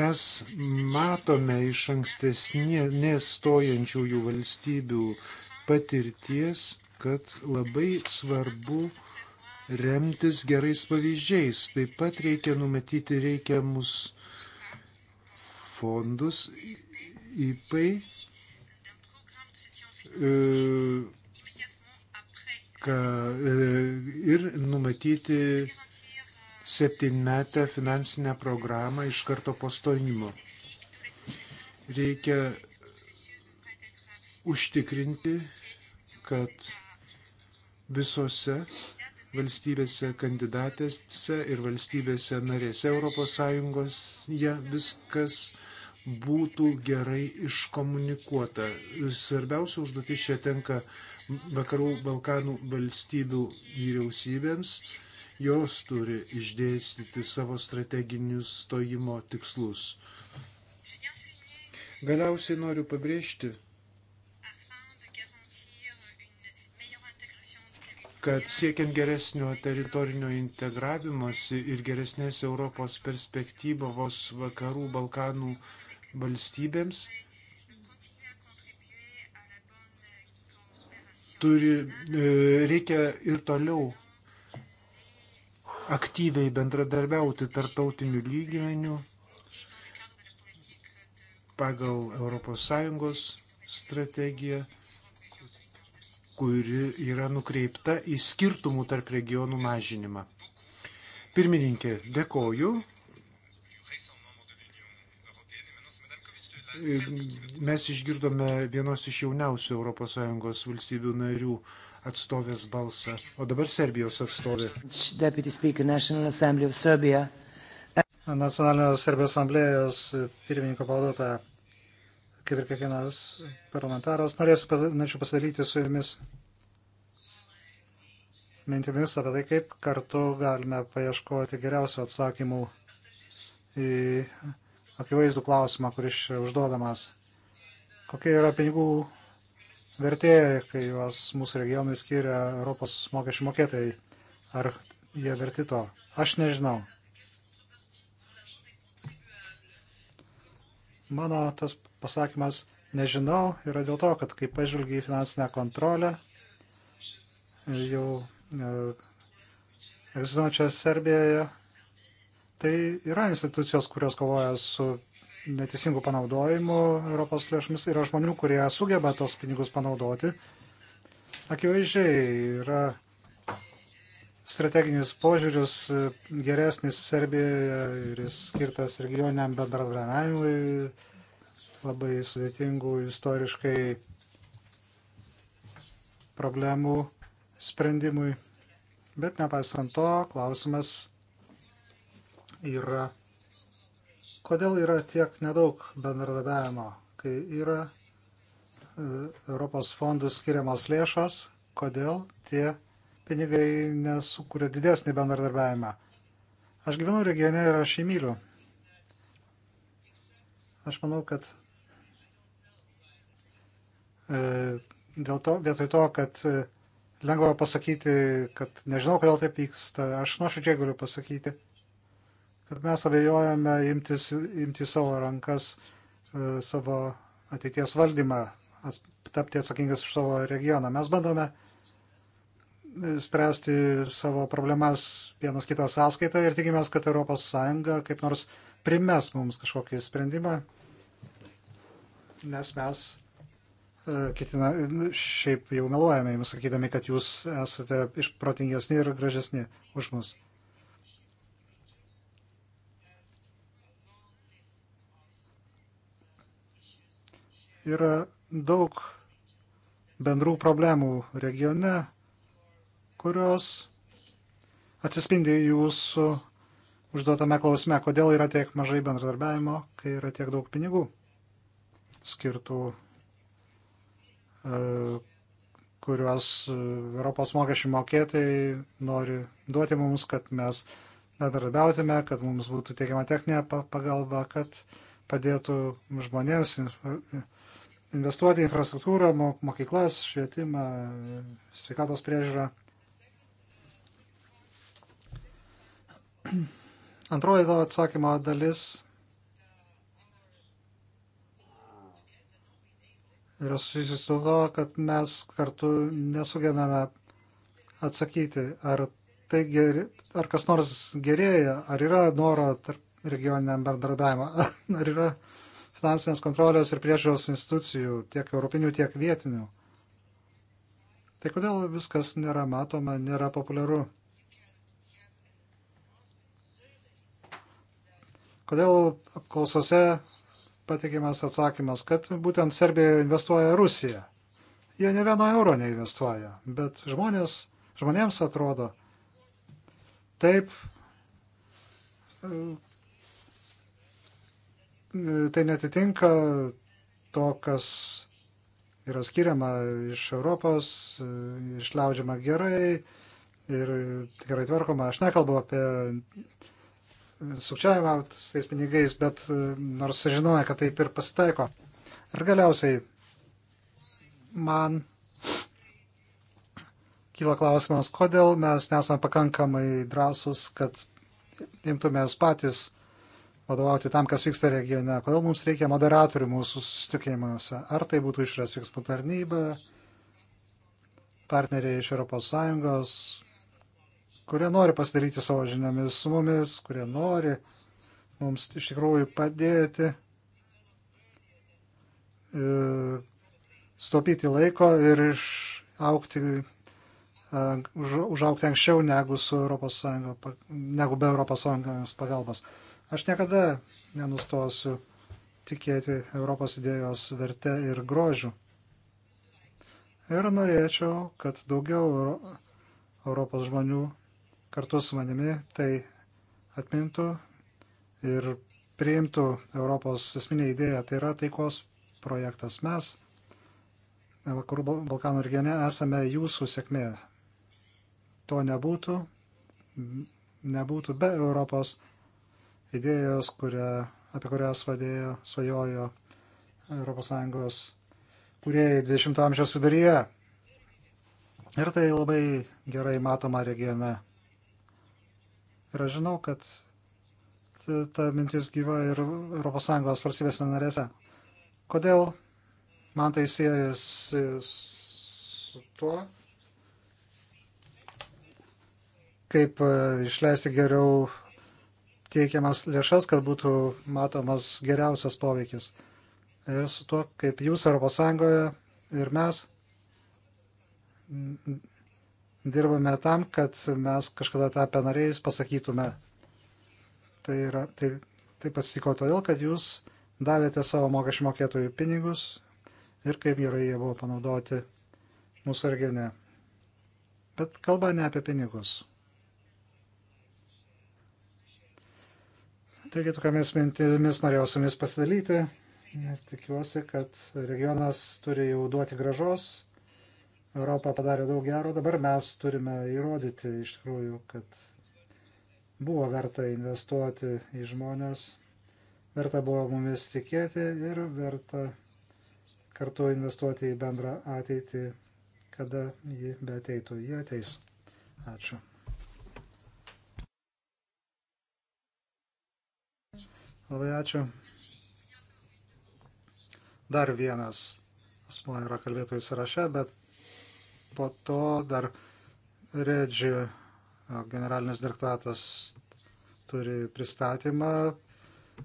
Mes matome iš ankstesnės stojančiųjų valstybių patirties, kad labai svarbu remtis gerais pavyzdžiais. Taip pat reikia numatyti reikiamus fondus IPAI, e, ka, e, ir numatyti septynmetę finansinę programą iš karto po stojimo. Reikia užtikrinti, kad visose valstybėse kandidatėse ir valstybėse narėse ES ja, viskas būtų gerai iškomunikuota. Svarbiausia užduotis čia tenka vakarų Balkanų valstybių vyriausybėms. Jos turi išdėstyti savo strateginius stojimo tikslus. Galiausiai noriu pabrėžti, kad siekiant geresnio teritorinio integravimosi ir geresnės Europos perspektyvos vakarų Balkanų valstybėms turi, e, reikia ir toliau aktyviai bendradarbiauti tarptautiniu lygmeniu pagal ES strategiją kuri yra nukreipta į skirtumų tarp regionų mažinimą. Pirmininkė, dėkoju. Mes išgirdome vienos iš jauniausių ES valstybių narių atstovės balsą, o dabar Serbijos atstovė. Nacionalinio Serbijos asamblėjos pirmininko pavaduotoja kaip ir kiekvienas parlamentaras, norėsiu, norėčiau pasidalyti su jumis mintimis apie tai, kaip kartu galime paieškoti geriausių atsakymų į akivaizdų klausimą, kuris čia užduodamas. Kokia yra pinigų vertė, kai juos mūsų regionai skiria Europos mokesčių mokėtojai? Ar jie verti to? Aš nežinau. Mano tas pasakymas nežinau yra dėl to, kad kai pažvelgiai į finansinę kontrolę, jau e, egzistuojančią Serbijoje, tai yra institucijos, kurios kovoja su neteisingu panaudojimu Europos lėšomis, yra žmonių, kurie sugeba tos pinigus panaudoti. Akivaizdžiai yra strateginis požiūris geresnis Serbijoje ir jis skirtas regioniniam bendradarbiavimui labai sudėtingų istoriškai problemų sprendimui. Bet nepaisant to, klausimas yra, kodėl yra tiek nedaug bendradarbiavimo, kai yra e, Europos fondų skiriamas lėšos, kodėl tie pinigai nesukuria didesnį bendradarbiavimą. Aš gyvenu regione ir aš jį myliu. Aš manau, kad E, dėl to, vietoj to, kad e, lengva pasakyti, kad nežinau, kodėl taip vyksta, aš nuoširdžiai galiu pasakyti, kad mes abejojame imtis, imti savo rankas e, savo ateities valdymą, tapti atsakingas už savo regioną. Mes bandome spręsti savo problemas vienas kito sąskaitą ir tikimės, kad ES kaip nors primes mums kažkokį sprendimą, nes mes E, ketina, nu, šiaip jau meluojame jums sakydami, kad jūs esate išprotingesni ir gražesni už mus. Yra daug bendrų problemų regione, kurios atsispindi jūsų užduotame klausime, kodėl yra tiek mažai bendradarbiavimo, kai yra tiek daug pinigų skirtų E, kuriuos e, Europos mokesčių mokėtojai nori duoti mums, kad mes bendradarbiautume, kad mums būtų teikiama techninė pagalba, kad padėtų žmonėms investuoti į infrastruktūrą, mokyklas, švietimą, sveikatos priežiūrą. Antroji to atsakymo dalis yra susijusi su to, kad mes kartu nesugebame atsakyti, ar, tai geri, ar kas nors gerėja, ar yra noro tarp regioniniam bendradarbiavimą, ar yra finansinės kontrolės ir priežiūros institucijų, tiek europinių, tiek vietinių. Tai kodėl viskas nėra matoma, nėra populiaru? Kodėl apklausose pateikiamas atsakymas, kad būtent Serbijoje investuoja Rusija. Jie ne vieno euro neinvestuoja, bet žmonės, žmonėms atrodo, taip, tai netitinka to, kas yra skiriama iš Europos, išleidžiama gerai ir tikrai tvarkoma. Aš nekalbu apie sukčiavimą su tais pinigais, bet e, nors žinoja, kad taip ir pasitaiko. Ir galiausiai man kyla klausimas, kodėl mes nesame pakankamai drąsus, kad imtumės patys vadovauti tam, kas vyksta regione. Kodėl mums reikia moderatorių mūsų susitikimuose? Ar tai būtų išras veiksmų tarnyba, partneriai iš ES, kurie nori pasidaryti savo žiniomis su mumis, kurie nori mums iš tikrųjų padėti e, stopyti laiko ir išaukti, e, užaukti anksčiau negu, su Europos Sąjunga, negu be ES pagalbos. Aš niekada nenustosiu tikėti Europos idėjos verte ir grožiu. Ir norėčiau, kad daugiau Europos žmonių kartu su manimi tai atmintų ir priimtų Europos esminę idėją. Tai yra taikos projektas. Mes, Vakarų Balkanų regione, esame jūsų sėkmė. To nebūtų, nebūtų be Europos idėjos, kurią, apie kurią svadėjo, svajojo ES kuriejai 20 amžiaus viduryje. Ir tai labai gerai matoma regione. Ir aš žinau, kad ta mintis gyva ir ES valstybės narėse. Kodėl man tai siejasi su tuo, kaip e, išleisti geriau teikiamas lėšas, kad būtų matomas geriausias poveikis. Ir su tuo, kaip jūs ES ir mes dirbame tam, kad mes kažkada tapę nariais pasakytume. Tai, yra, tai, tai pasitiko todėl, kad jūs davėte savo mokesčių mokėtojų pinigus ir kaip gerai jie buvo panaudoti mūsų regione. Bet kalba ne apie pinigus. Taigi, tokiamis mintimis norėjau su jumis pasidalyti ir tikiuosi, kad regionas turi jau duoti gražos Europa padarė daug gero, dabar mes turime įrodyti iš tikrųjų, kad buvo verta investuoti į žmonės, verta buvo mumis tikėti ir verta kartu investuoti į bendrą ateitį, kada ji beteitų, jie ateis. Ačiū. Labai ačiū. Dar vienas asmuo yra kalbėtojų sąraše, bet po to dar Redžio generalinis direktoratas turi pristatymą.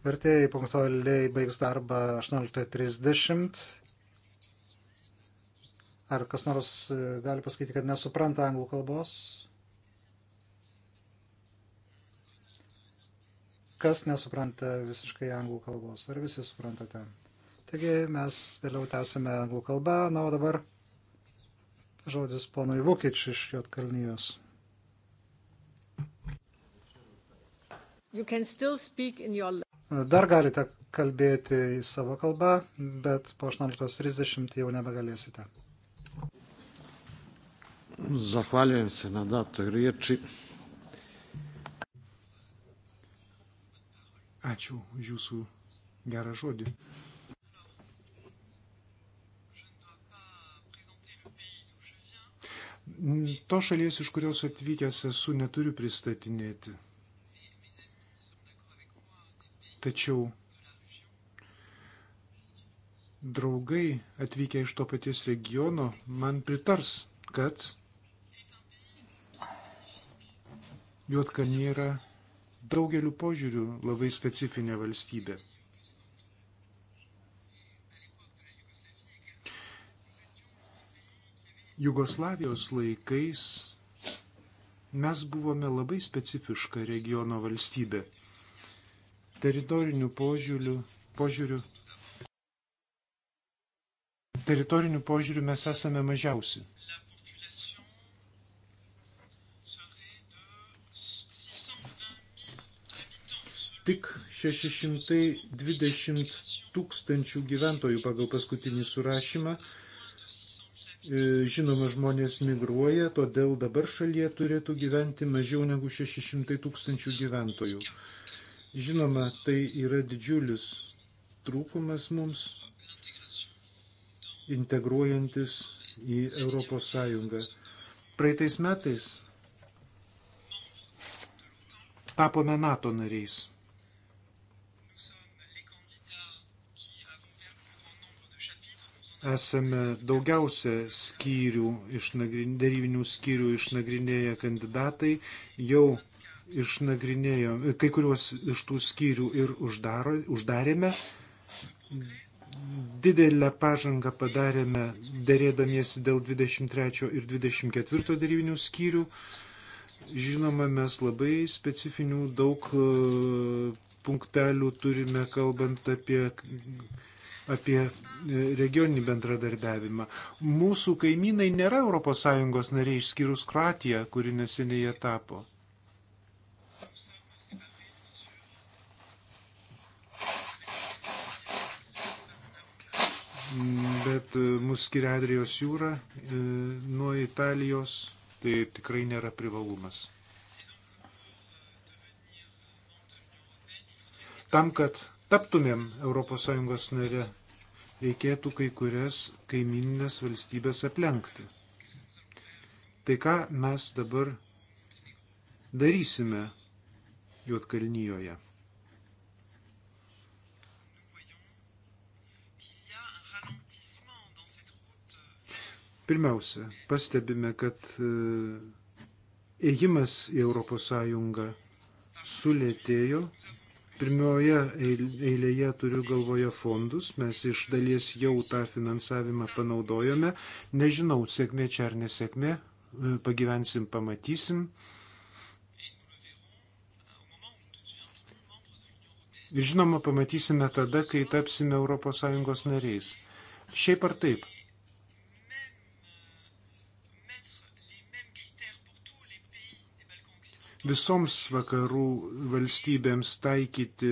Vertėjai punktualiai baigs darbą 18.30. Ar kas nors e, gali pasakyti, kad nesupranta anglų kalbos? Kas nesupranta visiškai anglų kalbos? Ar visi suprantate? Taigi mes vėliau tęsime anglų kalbą. Na, o dabar Žodis ponui Vukič iš Jotkalnyjos. Your... Dar galite kalbėti į savo kalbą, bet po 18.30 jau nebegalėsite. Zahvaljujem se na datoj riječi. Ačiū už jūsų gerą žodį. To šalies, iš kurios atvykęs esu, neturiu pristatinėti. Tačiau draugai atvykę iš to paties regiono man pritars, kad Juotkalnė yra daugeliu požiūrių labai specifinė valstybė. Jugoslavijos laikais mes buvome labai specifiška regiono valstybė. Teritorinių požiūrių, požiūrių, teritorinių požiūrių mes esame mažiausi. tik 620 tūkstančių gyventojų pagal paskutinį surašymą E, žinoma, žmonės migruoja, todėl dabar šalyje turėtų gyventi mažiau negu 600 tūkstančių gyventojų. Žinoma, tai yra didžiulis trūkumas mums integruojantis į Europos Sąjungą. Praeitais metais tapome NATO nariais. esame daugiausia skyrių, darybinių skyrių išnagrinėję kandidatai, jau išnagrinėjom, kai kuriuos iš tų skyrių ir uždaro, uždarėme. Didelę pažangą padarėme dėrėdamiesi dėl 23 ir 24 darybinių skyrių. Žinoma, mes labai specifinių daug e, punktelių turime, kalbant apie apie e, regioninį bendradarbiavimą. Mūsų kaimynai nėra ES nariai išskyrus Kroatiją, kuri neseniai jie tapo. Bet e, mus skiria Adrijos jūra e, nuo Italijos, tai tikrai nėra privalumas. Tam, kad taptumėm ES nare, reikėtų kai kurias kaimininės valstybės aplenkti. Tai ką mes dabar darysime Juotkalnyjoje? Pirmiausia, pastebime, kad e, ėjimas į ES sulėtėjo Pirmoje eilėje turiu galvoje fondus, mes iš dalies jau tą finansavimą panaudojome. Nežinau, sėkmė čia ar nesėkmė, e, pagyvensim, pamatysim. Ir žinoma, pamatysime tada, kai tapsime ES nariais. Šiaip ar taip, visoms vakarų valstybėms taikyti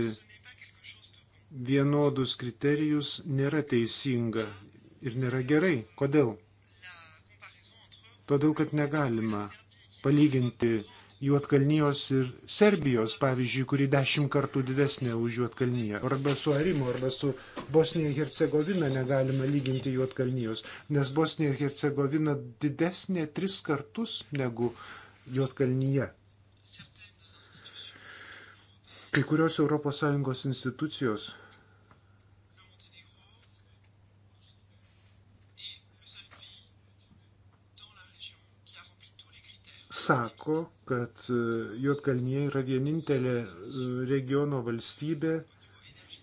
vienodus kriterijus nėra teisinga ir nėra gerai. Kodėl? Todėl, kad negalima palyginti Juotkalnyjos ir Serbijos, pavyzdžiui, kuri dešimt kartų didesnė už Juotkalnyje, arba su Arimu, arba su Bosnija ir Hercegovina negalima lyginti Juotkalnyjos, nes Bosnija ir Hercegovina didesnė tris kartus negu Juotkalnyje. Kai kurios ES institucijos sako, kad e, Juotkalnyje yra vienintelė e, regiono valstybė,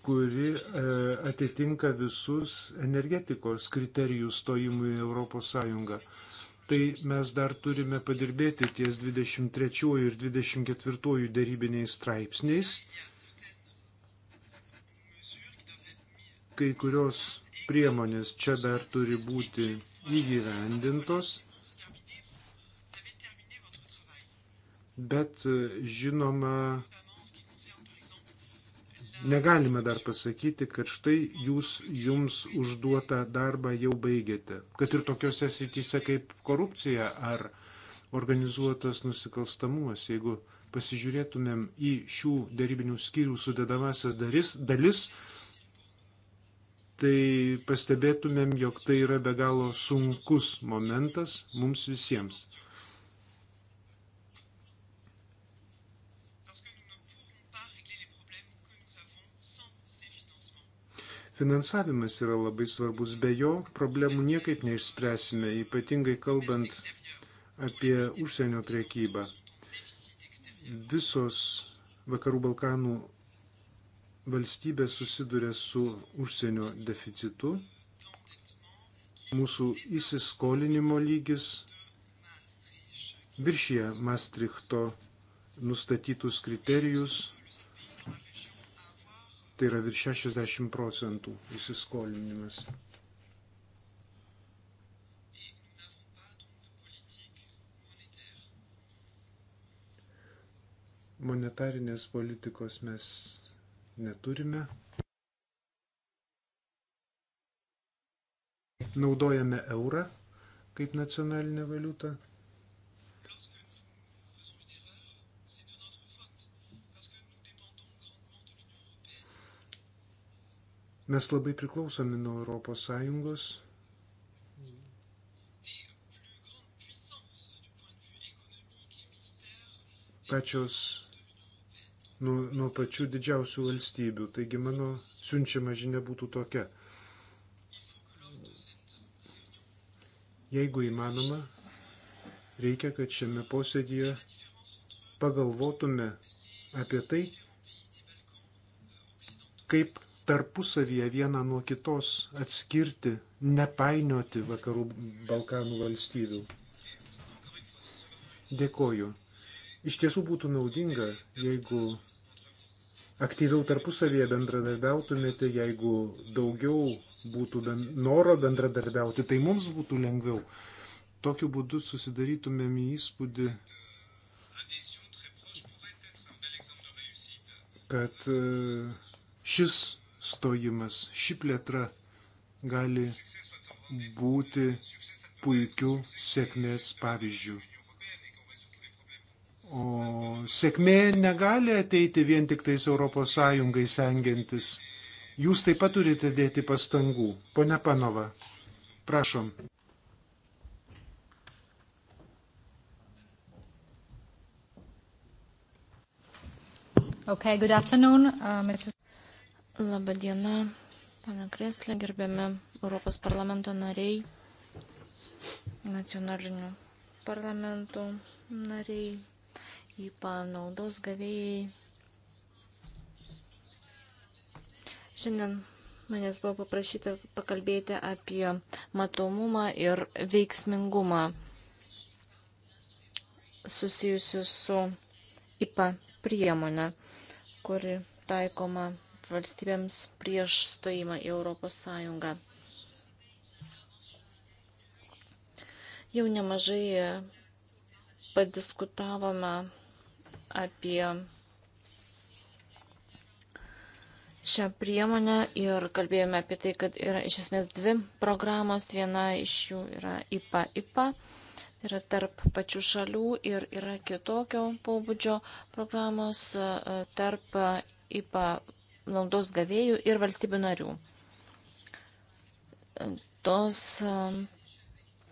kuri e, atitinka visus energetikos kriterijus stojimui į ES tai mes dar turime padirbėti ties 23 ir 24 dėrybiniais straipsniais. Kai kurios priemonės čia dar turi būti įgyvendintos, bet žinoma, Negalime dar pasakyti, kad štai jūs jums užduotą darbą jau baigėte. Kad ir tokiuose sityse kaip korupcija ar organizuotas nusikalstamumas, jeigu pasižiūrėtumėm į šių darybinių skyrių sudedamasias dalis, dalis, tai pastebėtumėm, jog tai yra be galo sunkus momentas mums visiems. Finansavimas yra labai svarbus, be jo problemų niekaip neišspręsime, ypatingai kalbant apie užsienio priekybą. Visos Vakarų Balkanų valstybės susiduria su užsienio deficitu, mūsų įsiskolinimo lygis viršyje Maastrichto nustatytus kriterijus Tai yra virš 60 procentų įsiskolinimas. Monetarinės politikos mes neturime. Naudojame eurą kaip nacionalinę valiutą. Mes labai priklausomi nuo Europos Sąjungos. Pačios nuo, nuo pačių didžiausių valstybių. Taigi mano siunčiama žinia būtų tokia. Jeigu įmanoma, reikia, kad šiame posėdėje pagalvotume apie tai, kaip tarpusavyje vieną nuo kitos atskirti, nepainioti vakarų Balkanų valstybių. Dėkoju. Iš tiesų būtų naudinga, jeigu aktyviau tarpusavyje bendradarbiautumėte, jeigu daugiau būtų ben, noro bendradarbiauti, tai mums būtų lengviau. Tokiu būdu susidarytumėm įspūdį, kad e, šis stojimas. Ši plėtra gali būti puikių sėkmės pavyzdžių. O sėkmė negali ateiti vien tik tais Europos Sąjungai sengiantis. Jūs taip pat turite dėti pastangų. Pone Panova, prašom. Okay, good afternoon, uh, Mrs. Labadiena, pana Kreslė, gerbiami Europos parlamento nariai, nacionalinių parlamentų nariai, į panaudos gavėjai. Šiandien manęs buvo paprašyta pakalbėti apie matomumą ir veiksmingumą susijusius su IPA priemonė, kuri taikoma valstybėms prieš stojimą į Europos Sąjungą. Jau nemažai padiskutavome apie šią priemonę ir kalbėjome apie tai, kad yra iš esmės dvi programos. Viena iš jų yra IPA-IPA tai yra tarp pačių šalių ir yra kitokio pobūdžio programos tarp IPA naudos gavėjų ir valstybių narių. Tos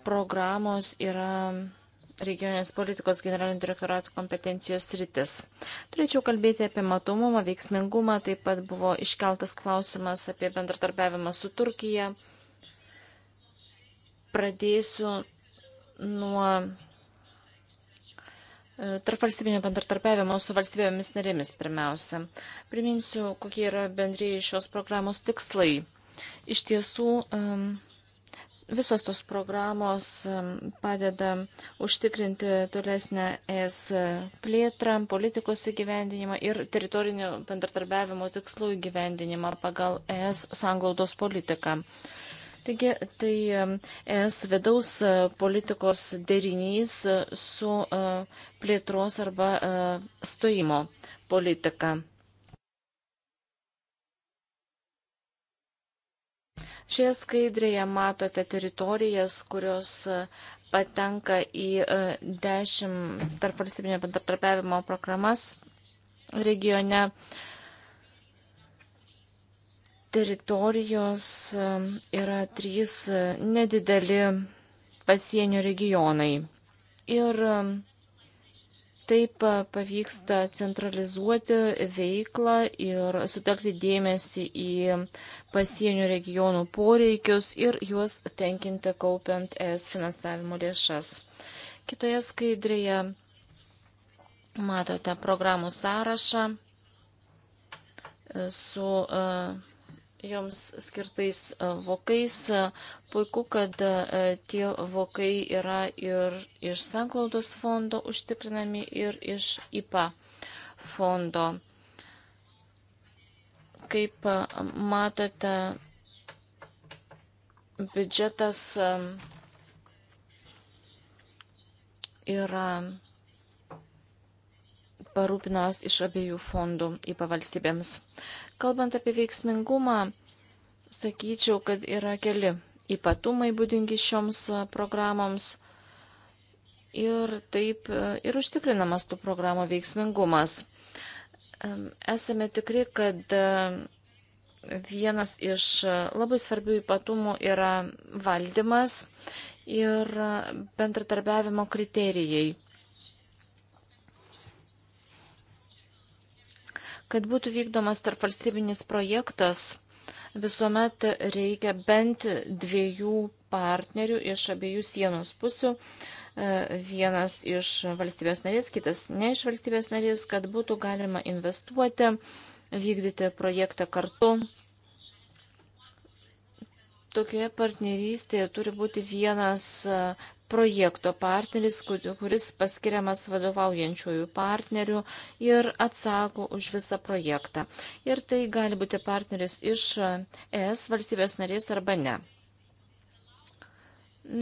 programos yra regioninės politikos generalinio direktorato kompetencijos rytis. Turėčiau kalbėti apie matomumą, veiksmingumą, taip pat buvo iškeltas klausimas apie bendratarbiavimą su Turkija. Pradėsiu nuo Tarp valstybinio bendratarpiavimo su valstybėmis narėmis pirmiausia. Priminsiu, kokie yra bendrėjai šios programos tikslai. Iš tiesų, visos tos programos padeda užtikrinti tolesnę ES plėtrą, politikos įgyvendinimą ir teritorinio bendratarpiavimo tikslų įgyvendinimą pagal ES sanglaudos politiką. Taigi tai e, es vidaus e, politikos derinys e, su plėtros arba stojimo politika. Šioje skaidrėje matote teritorijas, kurios patenka į 10 tarp valstybinio bendratarpiavimo programas regione. Uh, teritorijos yra trys nedideli pasienio regionai. Ir taip e, pavyksta centralizuoti veiklą ir sutelkti dėmesį į pasienio regionų poreikius ir juos tenkinti kaupiant ES finansavimo lėšas. Kitoje skaidrėje matote programų sąrašą su uh, joms skirtais e, vokais. E, puiku, kad e, tie vokai yra ir iš Sanklaudos fondo užtikrinami, ir iš IPA fondo. Kaip matote, biudžetas yra parūpinos iš abiejų fondų IPA valstybėms. Kalbant apie veiksmingumą, sakyčiau, kad yra keli ypatumai būdingi šioms programoms ir taip e, ir užtikrinamas tų programų veiksmingumas. Esame tikri, kad e, vienas iš e, labai svarbių ypatumų yra valdymas ir bendratarbiavimo kriterijai. Kad būtų vykdomas tarp valstybinis projektas, visuomet reikia bent dviejų partnerių iš abiejų sienos pusių e, vienas iš valstybės narės, kitas ne iš valstybės narės, kad būtų galima investuoti, vykdyti projektą kartu. Tokioje partnerystėje turi būti vienas projekto partneris, kuris paskiriamas vadovaujančiųjų partnerių ir atsako už visą projektą. Ir tai gali būti partneris iš ES valstybės narės arba ne.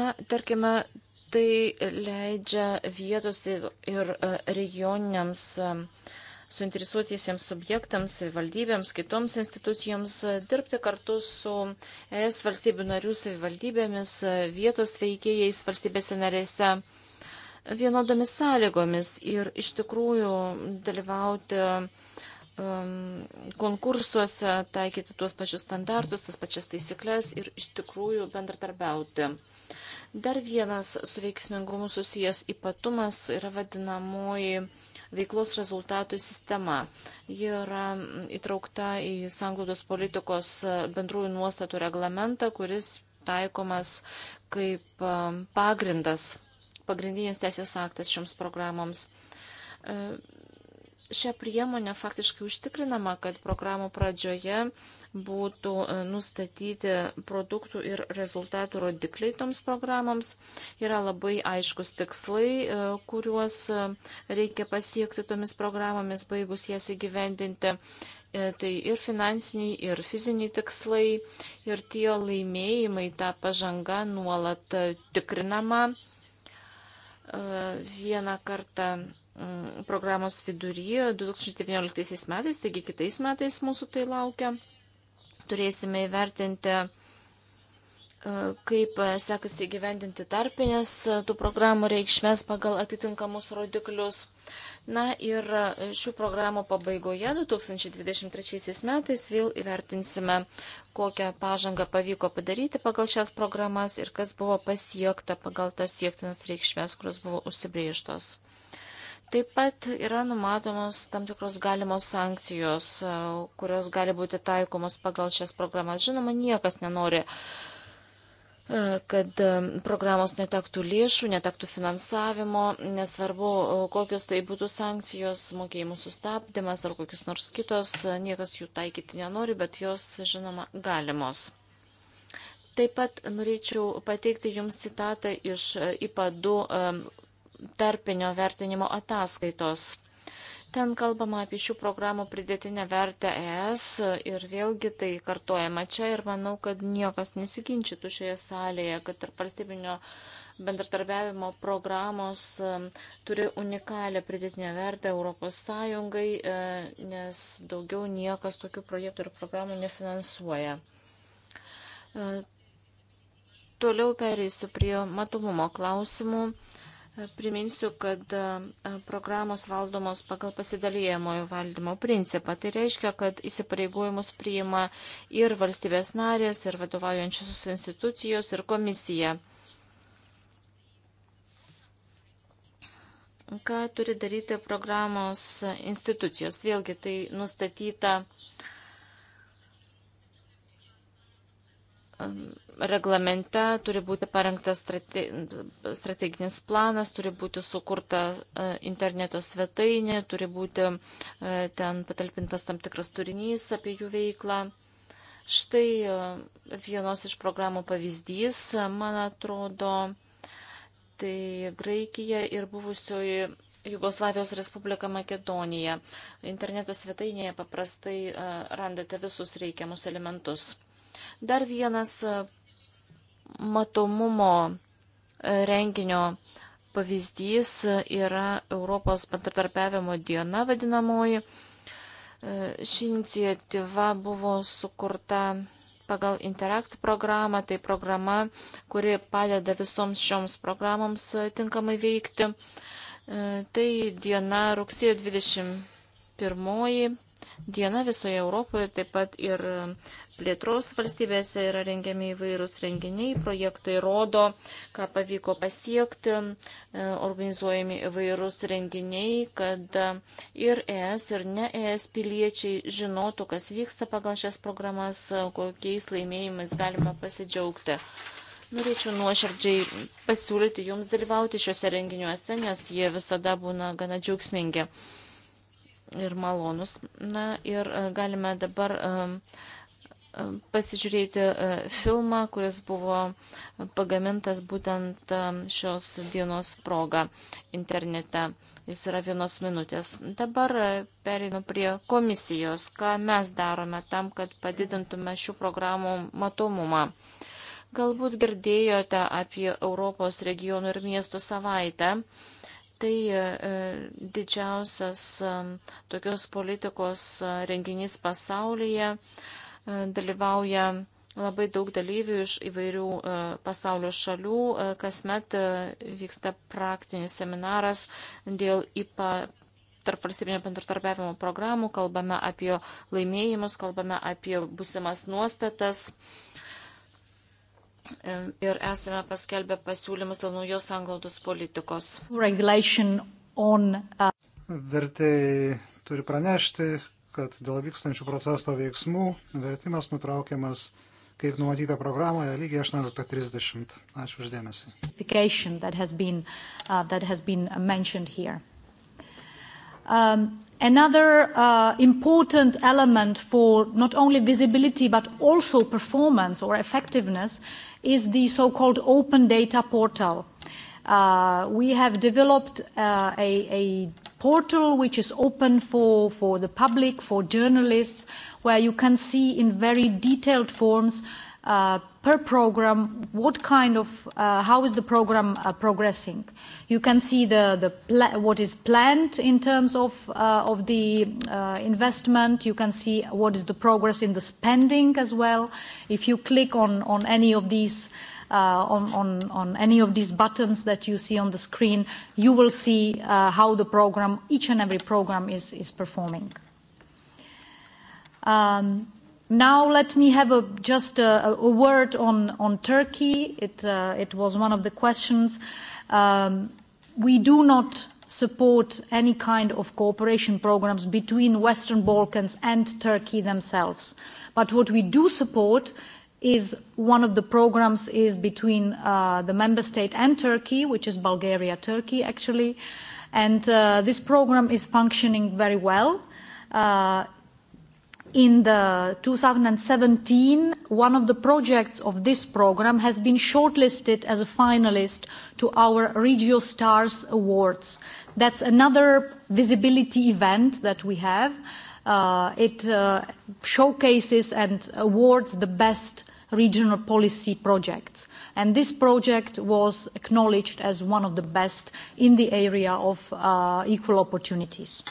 Na, tarkime, tai leidžia vietos ir e, regioniniams uh, suinteresuotiesiems subjektams, savivaldybėms, kitoms institucijoms e, dirbti kartu su ES valstybių narių savivaldybėmis, e, vietos veikėjais valstybėse narėse vienodomis sąlygomis ir iš tikrųjų dalyvauti konkursuose, taikyti tuos pačius standartus, tas pačias taisyklės ir iš tikrųjų bendradarbiauti. Dar vienas su veiksmingumu susijęs ypatumas yra vadinamoji veiklos rezultatų sistema. Ji yra įtraukta į sanglaudos politikos bendrųjų nuostatų reglamentą, kuris taikomas kaip pagrindas, pagrindinis teisės aktas šioms programoms. E, šią priemonę faktiškai užtikrinama, kad programų pradžioje būtų e, nustatyti produktų ir rezultatų rodikliai toms programoms. Yra labai aiškus tikslai, e, kuriuos e, reikia pasiekti tomis programomis, baigus jas įgyvendinti. Tai ir finansiniai, ir fiziniai tikslai, ir tie laimėjimai, ta pažanga nuolat tikrinama. Vieną kartą Mm, programos viduryje 2019 metais, taigi kitais metais mūsų tai laukia. Turėsime įvertinti, e, kaip e, sekasi gyvendinti tarpinės e, tų programų reikšmės pagal atitinkamus rodiklius. Na ir šių programų pabaigoje 2023 metais vėl įvertinsime, kokią pažangą pavyko padaryti pagal šias programas ir kas buvo pasiekta pagal tas siektinas reikšmės, kurios buvo užsibrėžtos. Taip pat yra numatomos tam tikros galimos sankcijos, e, kurios gali būti taikomos pagal šias programas. Žinoma, niekas nenori e, kad e, programos netektų lėšų, netektų finansavimo, nesvarbu, kokios tai būtų sankcijos, mokėjimų sustabdymas ar kokios nors kitos, niekas jų taikyti nenori, bet jos, žinoma, galimos. Taip pat norėčiau pateikti Jums citatą iš IPA 2 tarpinio vertinimo ataskaitos. Ten kalbama apie šių programų pridėtinę vertę ES ir vėlgi tai kartojama čia ir manau, kad niekas nesiginčytų šioje salėje, kad tarp valstybinio bendratarbiavimo programos um, turi unikalią pridėtinę vertę Europos Sąjungai, e, nes daugiau niekas tokių projektų ir programų nefinansuoja. E, toliau pereisiu prie matomumo klausimų. Priminsiu, kad programos valdomos pagal pasidalyjamojo valdymo principą. Tai reiškia, kad įsipareigojimus priima ir valstybės narės, ir vadovaujančios institucijos, ir komisija. Ką turi daryti programos institucijos? Vėlgi tai nustatyta reglamente turi būti parengtas strate, strateginis planas, turi būti sukurta e, interneto svetainė, turi būti e, ten patalpintas tam tikras turinys apie jų veiklą. Štai e, vienos iš programų pavyzdys, man atrodo, tai Graikija ir buvusioji Jugoslavijos Respublika Makedonija. Interneto svetainėje paprastai randate visus reikiamus elementus. Dar vienas matomumo e, renginio pavyzdys yra Europos bendradarbiavimo diena vadinamoji. E, ši iniciatyva buvo sukurta pagal Interact programą, tai programa, kuri padeda visoms šioms programoms e, tinkamai veikti. Tai diena rugsėjo 21 diena visoje Europoje, taip pat ir plėtros valstybėse yra rengiami įvairūs renginiai, projektai rodo, ką pavyko pasiekti, e, organizuojami įvairūs renginiai, kad ir ES, ir ne ES piliečiai žinotų, kas vyksta pagal šias programas, kokiais laimėjimais galima pasidžiaugti. Norėčiau nuoširdžiai pasiūlyti jums dalyvauti šiuose renginiuose, nes jie visada būna gana džiaugsmingi ir malonus. Na ir e, galime dabar e, pasižiūrėti e, filmą, kuris buvo pagamintas būtent e, šios dienos proga internete. Jis yra vienos minutės. Dabar e, perinu prie komisijos, ką mes darome tam, kad padidintume šių programų matomumą. Galbūt girdėjote apie Europos regionų ir miestų savaitę tai didžiausias tokios politikos renginys pasaulyje. E, dalyvauja labai daug dalyvių iš įvairių e, pasaulio šalių. E, kasmet vyksta praktinis seminaras dėl IPA tarp valstybinio bendratarpiavimo programų, kalbame apie laimėjimus, kalbame apie busimas nuostatas. Ir esame paskelbę pasiūlymus dėl naujos anglaudos politikos. Uh, Vertai turi pranešti, kad dėl vykstančių protesto veiksmų vertimas nutraukiamas, kaip numatyta programoje, lygiai 18.30. Ačiū uždėmesi. Uh, um, another uh, important element for not only visibility but also performance or effectiveness is the so-called open data portal. Uh, we have developed uh, a, a portal which is open for, for the public, for journalists, where you can see in very detailed forms uh, per program what kind of, uh, how is the program uh, progressing. You can see the, the pla- what is planned in terms of, uh, of the uh, investment. You can see what is the progress in the spending as well. If you click on, on any of these uh, uh, on, on, on any of these buttons that you see on the screen, you will see uh, how the program, each and every program is, is performing. Um, Now let me have a, just a, a word on, on Turkey. It, uh, it was one of the questions. Um, we do not support any kind of cooperation programs between Western Balkans and Turkey themselves. But what we do support is one of the programs is between uh, the member state and Turkey, which is Bulgaria, Turkey actually, and uh, this program is functioning very well. Uh, in the 2017, one of the projects of this program has been shortlisted as a finalist to our Regio Stars Awards. That's another visibility event that we have. Uh, it uh, showcases and awards the best regional policy projects. And this project was acknowledged as one of the best in the area of uh, equal opportunities.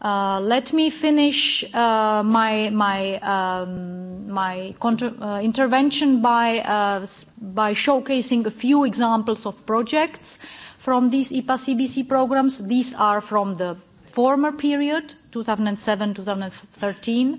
Uh, let me finish uh, my my um, my contra- uh, intervention by uh, by showcasing a few examples of projects from these IPA CBC programs. These are from the former period, 2007-2013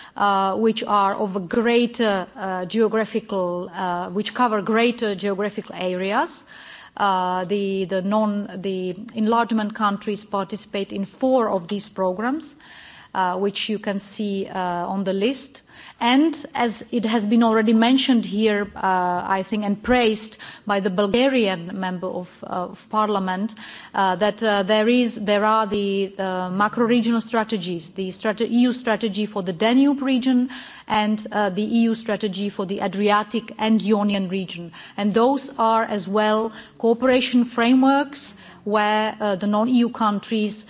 uh, which are of greater uh, geographical, uh, which cover greater geographical areas. Uh, the, the, non, the enlargement countries participate in four of these programs, uh, which you can see uh, on the list. Uh, And as it has been already mentioned here, uh, I think, and praised by the Bulgarian member of, uh, of parliament, uh, that uh, there, is, there are the uh, macro-regional strategies, the strate- EU strategy for the Danube region and uh, the EU strategy for the Adriatic and Ionian region. And those are as well cooperation frameworks where uh, the non-EU countries uh,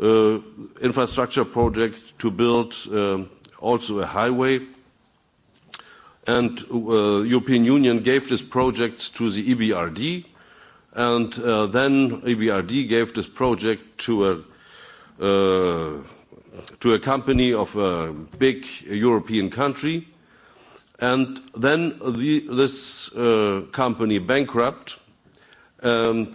uh, infrastructure project to build um, also a highway. And uh, European Union gave this project to the EBRD, and uh, then EBRD gave this project to a uh, to a company of a big European country, and then the, this uh, company bankrupt, and